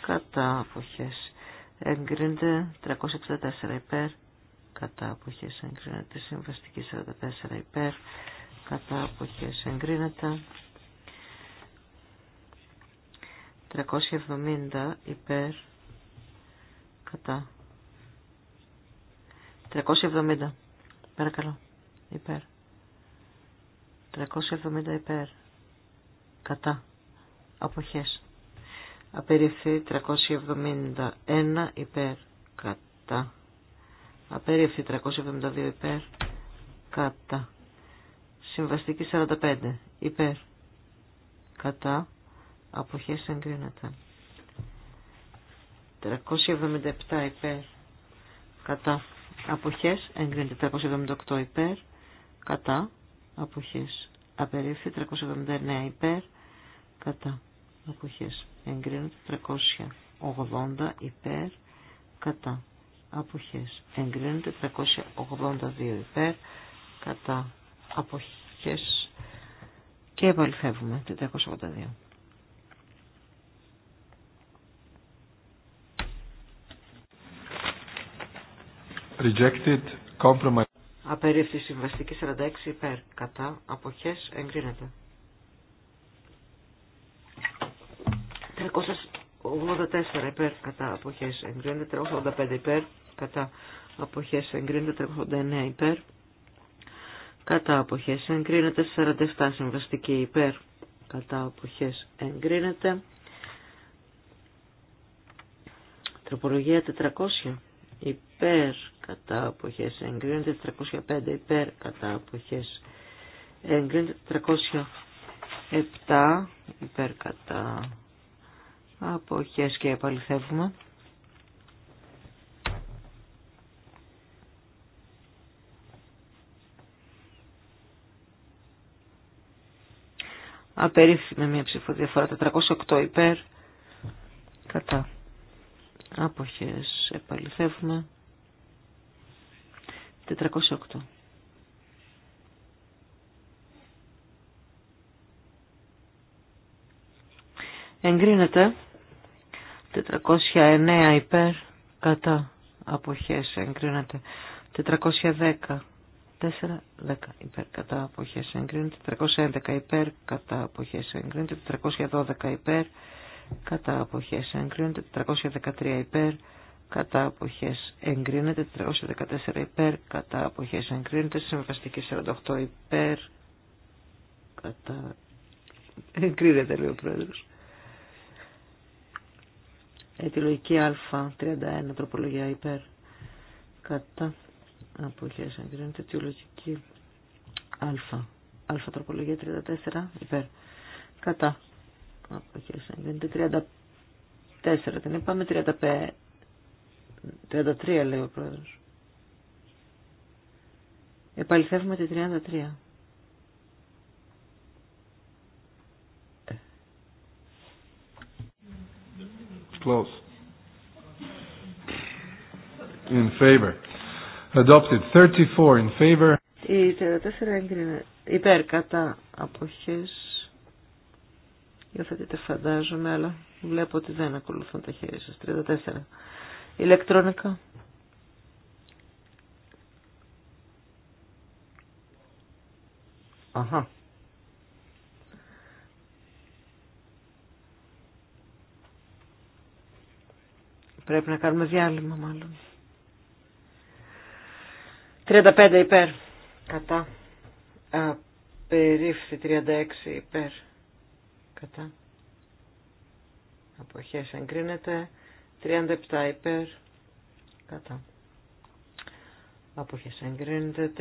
κατά αποχές εγκρίνεται. 364 υπέρ, κατά αποχές εγκρίνεται. Συμβαστική 44 υπέρ, κατά αποχές εγκρίνεται. 370 υπέρ, κατά. 370 παρακαλώ υπέρ. 370 υπέρ κατά αποχές. απέριφθη 371 υπέρ κατά. απέριφθη 372 υπέρ κατά. Συμβαστική 45 υπέρ κατά. Αποχές εγκρίνεται. 377. υπέρ κατά αποχές εγκρίνεται 378 υπέρ κατά αποχές απερίφθη 379 υπέρ κατά αποχές εγκρίνεται 380 υπέρ κατά αποχές εγκρίνεται 382 υπέρ κατά αποχές και επαληθεύουμε 382. Rejected. Compromise. Απερίφθη συμβαστική 46 υπέρ. Κατά. Αποχές. Εγκρίνεται. 384 υπέρ. Κατά. Αποχές. Εγκρίνεται. 385 υπέρ. Κατά. Αποχές. Εγκρίνεται. 389 υπέρ. Κατά. Αποχές. Εγκρίνεται. 47 συμβαστική υπέρ. Κατά. Αποχές. Εγκρίνεται. Τροπολογία 400 υπέρ κατά αποχές εγκρίνεται 305 υπέρ κατά αποχές εγκρίνεται 307 υπέρ κατά αποχές και επαληθεύουμε Απερίφθη με μια ψηφοδιαφορά 408 υπέρ κατά αποχές επαληθεύουμε 408 εγκρίνεται 409 υπέρ κατά αποχές εγκρίνεται 410 4, 10 υπέρ κατά αποχές εγκρίνεται, 411 υπέρ κατά αποχές εγκρίνεται, 412 υπέρ κατά αποχές εγκρίνεται, 413 υπέρ κατά αποχές εγκρίνεται, 314 υπέρ κατά αποχές εγκρίνεται, συμβαστική 48 υπέρ κατά εγκρίνεται λέει ο πρόεδρος. Αιτιολογική α31 τροπολογία υπέρ κατά αποχές εγκρίνεται, αιτιολογική α, α τροπολογία 34 υπέρ κατά αποχές εγκρίνεται, 34 την είπαμε, 35 33 λέει ο πρόεδρος. Επαληθεύουμε τη 33. Close. In favor. Adopted 34 in favor. Η 34 έγκρινε υπέρ κατά αποχές. Υιοθετείτε φαντάζομαι, αλλά βλέπω ότι δεν ακολουθούν τα χέρια σας. 34 ηλεκτρονικά. Αχα. Πρέπει να κάνουμε διάλειμμα μάλλον. 35 υπέρ. Κατά. Απερίφθη 36 υπέρ. Κατά. Αποχές εγκρίνεται. 37 υπέρ κατά αποχές εγκρίνεται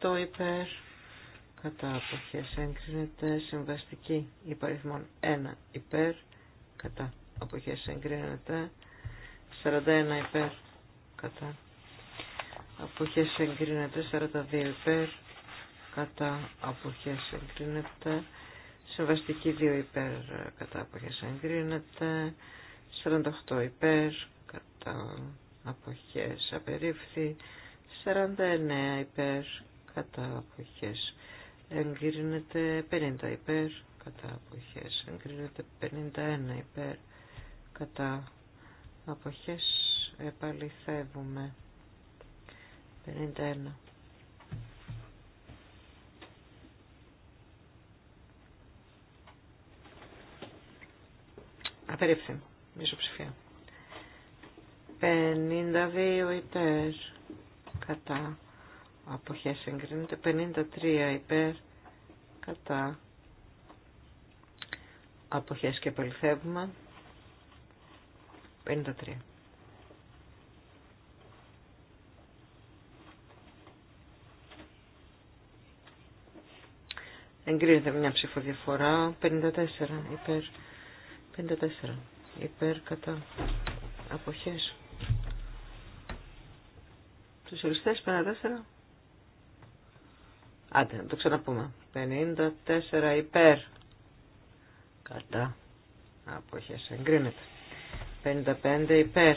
38 υπέρ κατά αποχές εγκρίνεται συμβαστική υπαριθμών 1 υπέρ κατά αποχές εγκρίνεται 41 υπέρ κατά αποχές εγκρίνεται 42 υπέρ κατά αποχές εγκρίνεται συμβαστική 2 υπέρ κατά αποχές εγκρίνεται 48 υπέρ, κατά αποχές απερίφθη, 49 υπέρ, κατά αποχές εγκρίνεται, 50 υπέρ, κατά αποχές εγκρίνεται, 51 υπέρ, κατά αποχές επαληθεύουμε, 51. Απερίφθη. Μισοψηφία. 52 υπέρ. Κατά. Αποχές εγκρίνεται. 53 υπέρ. Κατά. Αποχές και επαληθεύουμε. 53. Εγκρίνεται μια ψηφοδιαφορά. 54 υπέρ. 54 υπέρ κατά αποχές. Τους οριστές 54. Άντε, να το ξαναπούμε. 54 υπέρ κατά αποχές εγκρίνεται. 55 υπέρ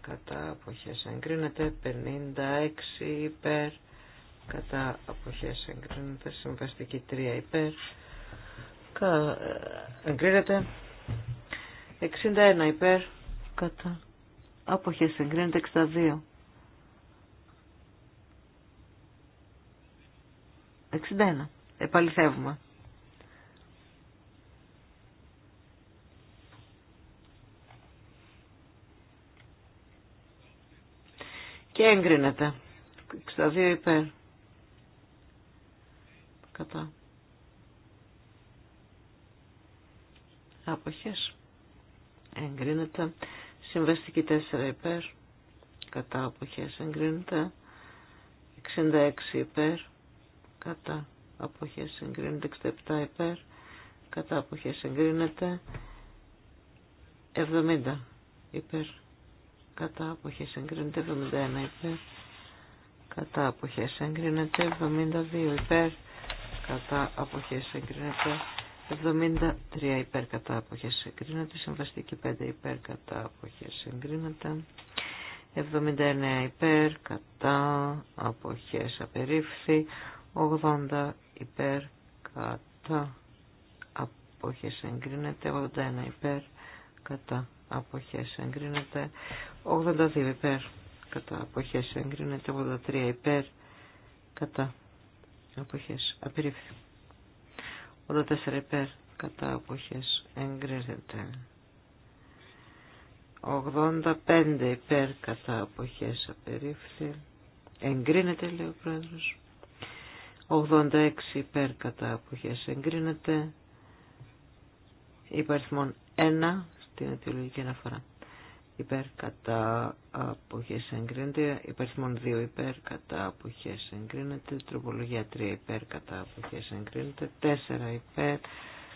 κατά αποχές εγκρίνεται. 56 υπέρ κατά αποχές εγκρίνεται. Συμβαστική 3 υπέρ ε, εγκρίνεται. 61 υπέρ κατά αποχές συγκρίνεται 62 61 επαληθεύουμε και έγκρινεται 62 υπέρ κατά αποχές εγκρίνεται. Συμβαστική 4 υπέρ, κατά αποχές εγκρίνεται. 66 υπέρ, κατά αποχές εγκρίνεται. 67 υπέρ, κατά αποχές εγκρίνεται. 70 υπέρ, κατά αποχές εγκρίνεται. 71 υπέρ, κατά αποχές εγκρίνεται. 72 υπέρ, κατά αποχές εγκρίνεται. 73 υπέρ κατά αποχές εγκρίνεται, συμβαστική 5 υπέρ κατά αποχές εγκρίνεται, 79 υπέρ κατά αποχές απερίφθη, 80 υπέρ κατά αποχές εγκρίνεται, 81 υπέρ κατά αποχές εγκρίνεται, 82 υπέρ κατά αποχές εγκρίνεται, 83 υπέρ κατά αποχές απερίφθη. 84 υπέρ κατά αποχές εγκρίνεται. 85 υπέρ κατά αποχές απερίφθη. Εγκρίνεται λέει ο πρόεδρος. 86 υπέρ κατά αποχές εγκρίνεται. Υπαριθμόν 1 στην αιτιολογική αναφορά υπέρ κατά αποχές εγκρίνεται, υπαριθμόν 2 υπέρ κατά αποχές εγκρίνεται, τροπολογία 3 υπέρ κατά αποχές εγκρίνεται, 4 υπέρ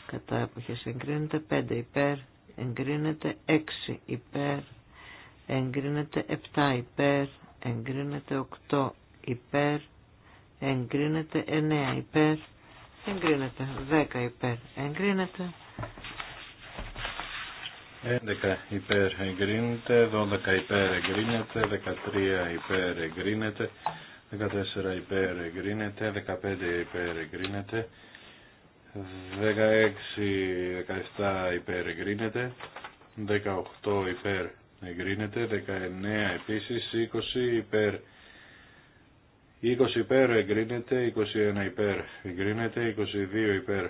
κατά αποχές εγκρίνεται, 5 υπέρ εγκρίνεται, 6 υπέρ εγκρίνεται, 7 υπέρ εγκρίνεται, 8 υπέρ εγκρίνεται, 9 υπέρ εγκρίνεται, 10 υπέρ εγκρίνεται, 11 υπέρ εγκρίνεται, 12 υπέρ εγκρίνεται, 13 υπέρ εγκρίνεται, 14 υπέρ εγκρίνεται, 15 υπέρ εγκρίνεται, 16-17 υπέρ εγκρίνεται, 18 υπέρ εγκρίνεται, 19 επίσης, 20 υπέρ 20 υπέρ εγκρίνεται, 21 υπέρ εγκρίνεται, 22 υπέρ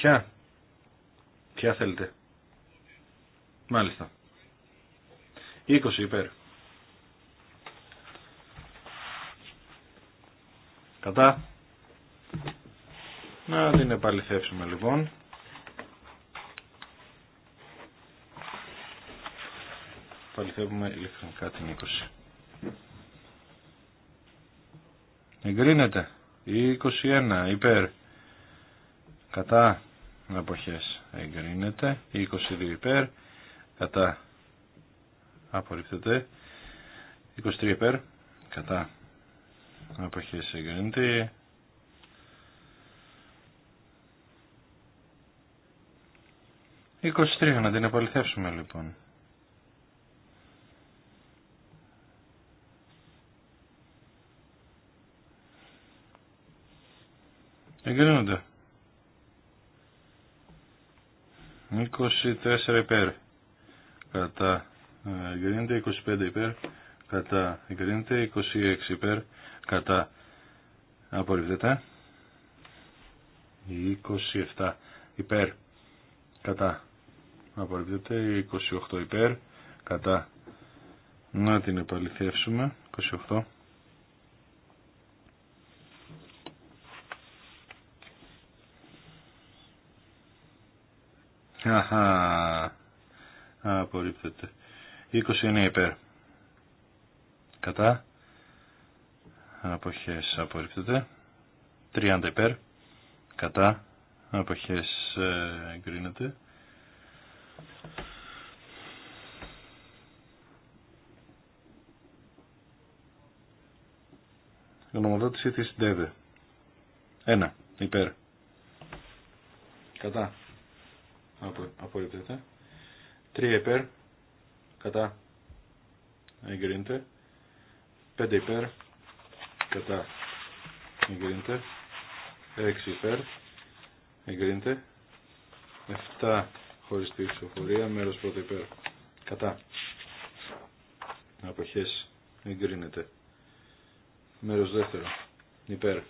Ποια. Ποια θέλετε. Μάλιστα. 20 υπέρ. Κατά. Να την επαληθεύσουμε λοιπόν. Επαληθεύουμε ηλεκτρονικά την 20. Εγκρίνεται. 21 υπέρ. Κατά αποχές εγκρίνεται 22 υπέρ κατά απορρίπτεται 23 υπέρ κατά αποχές εγκρίνεται 23 να την επαληθεύσουμε λοιπόν. Εγκρίνονται. 24 ε, υπέρ κατά εγκρίνεται 25 υπέρ κατά εγκρίνεται 26 υπέρ κατά απορριφθετά 27 υπέρ κατά απορριφθετε 28 υπέρ κατά να την επαληθεύσουμε 28 Αχα. Απορρίπτεται. 29 υπέρ. Κατά. Αποχές απορρίπτεται. 30 υπέρ. Κατά. Αποχές ε, εγκρίνεται. Γνωμοδότηση της ΔΕΒΕ. 1. Υπέρ. Κατά απορρίπτεται. 3 υπέρ, κατά, εγκρίνεται. 5 υπέρ, κατά, εγκρίνεται. 6 υπέρ, εγκρίνεται. 7 χωριστή ψηφοφορία, μέρος πρώτο υπέρ, κατά. Αποχές εγκρίνεται. Μέρος δεύτερο, υπέρ,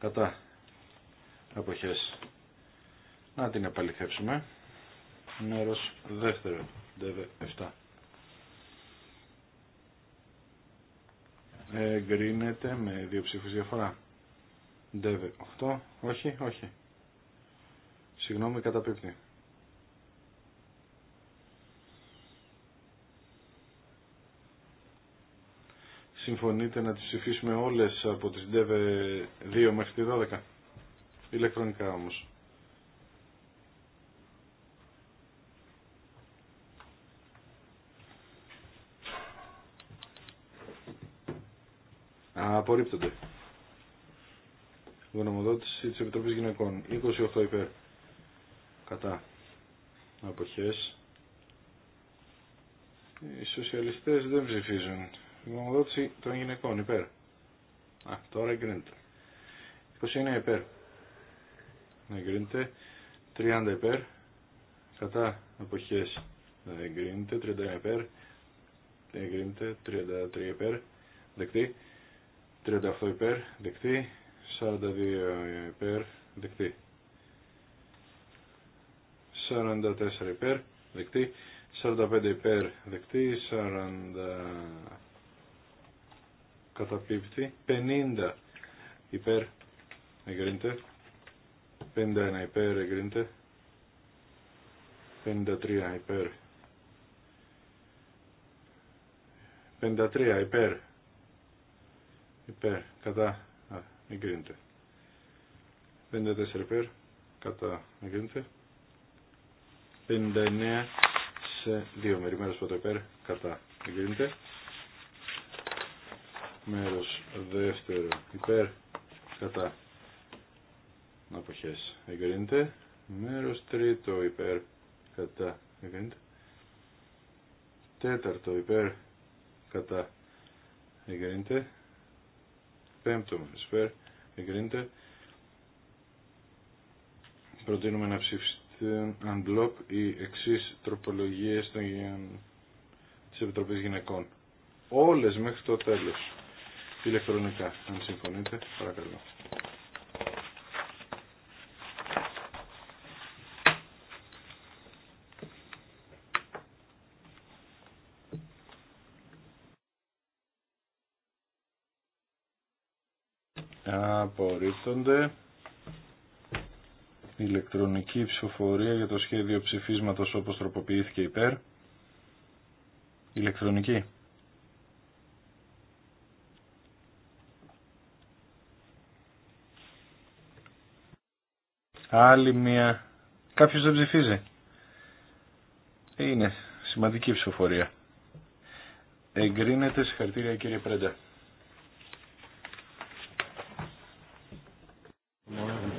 κατά. Αποχές να την επαληθεύσουμε. Μέρος δεύτερο. ΔΕΒΕ 7. Εγκρίνεται με δύο ψήφους διαφορά. ΔΕΒΕ 8. Όχι, όχι. Συγγνώμη, καταπίπτει. συμφωνείτε να τις ψηφίσουμε όλες από τις ΔΕΒΕ 2 μέχρι τη 12. Ηλεκτρονικά όμως. Απορρίπτονται. Γνωμοδότηση της Επιτροπής Γυναικών. 28 υπέρ. Κατά. Αποχές. Οι σοσιαλιστές δεν ψηφίζουν. Γνωμοδότηση των γυναικών υπέρ. Α, τώρα εγκρίνεται. 29 υπέρ. Εγκρίνεται. 30 υπέρ. Κατά. Αποχές. Εγκρίνεται. 31 υπέρ. Εγκρίνεται. 33 υπέρ. Δεκτή. 38 υπέρ, δεκτή. 42 υπέρ, δεκτή. 44 υπέρ, δεκτή. 45 υπέρ, δεκτή. 40 καταπίπτει. 50 υπέρ, εγκρίνεται. 51 υπέρ, εγκρίνεται. 53 υπέρ. 53 υπέρ, υπέρ, κατά, α, εγκρίνεται. 54 υπέρ, κατά, εγκρίνεται. 59 σε δύο μέρη, μέρος πρώτο υπέρ, κατά, εγκρίνεται. Μέρος δεύτερο υπέρ, κατά, αποχές, εγκρίνεται. Μέρος τρίτο υπέρ, κατά, εγκρίνεται. Τέταρτο υπέρ, κατά, εγκρίνεται πέμπτο μεσφαίρ εγκρίνεται. Προτείνουμε να ψηφιστεί unblock οι εξή τροπολογίε τη Επιτροπή Γυναικών. Όλες μέχρι το τέλο, ηλεκτρονικά, αν συμφωνείτε, παρακαλώ. Η Ηλεκτρονική ψηφοφορία για το σχέδιο ψηφίσματος όπως τροποποιήθηκε υπέρ. Ηλεκτρονική. Άλλη μία. Κάποιος δεν ψηφίζει. Είναι σημαντική ψηφοφορία. Εγκρίνεται συγχαρητήρια κύριε Πρέντα.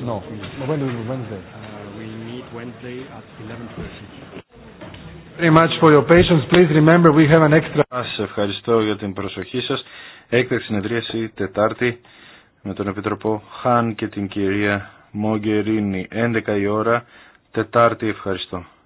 No. When do we Wednesday? we meet Wednesday at 11.30. Very much for your patience. Please remember we have an extra... Σας ευχαριστώ για την προσοχή σας. Έκτακτη συνεδρίαση Τετάρτη με τον Επιτροπό Χάν και την κυρία Μογκερίνη. 11 η ώρα. Τετάρτη ευχαριστώ.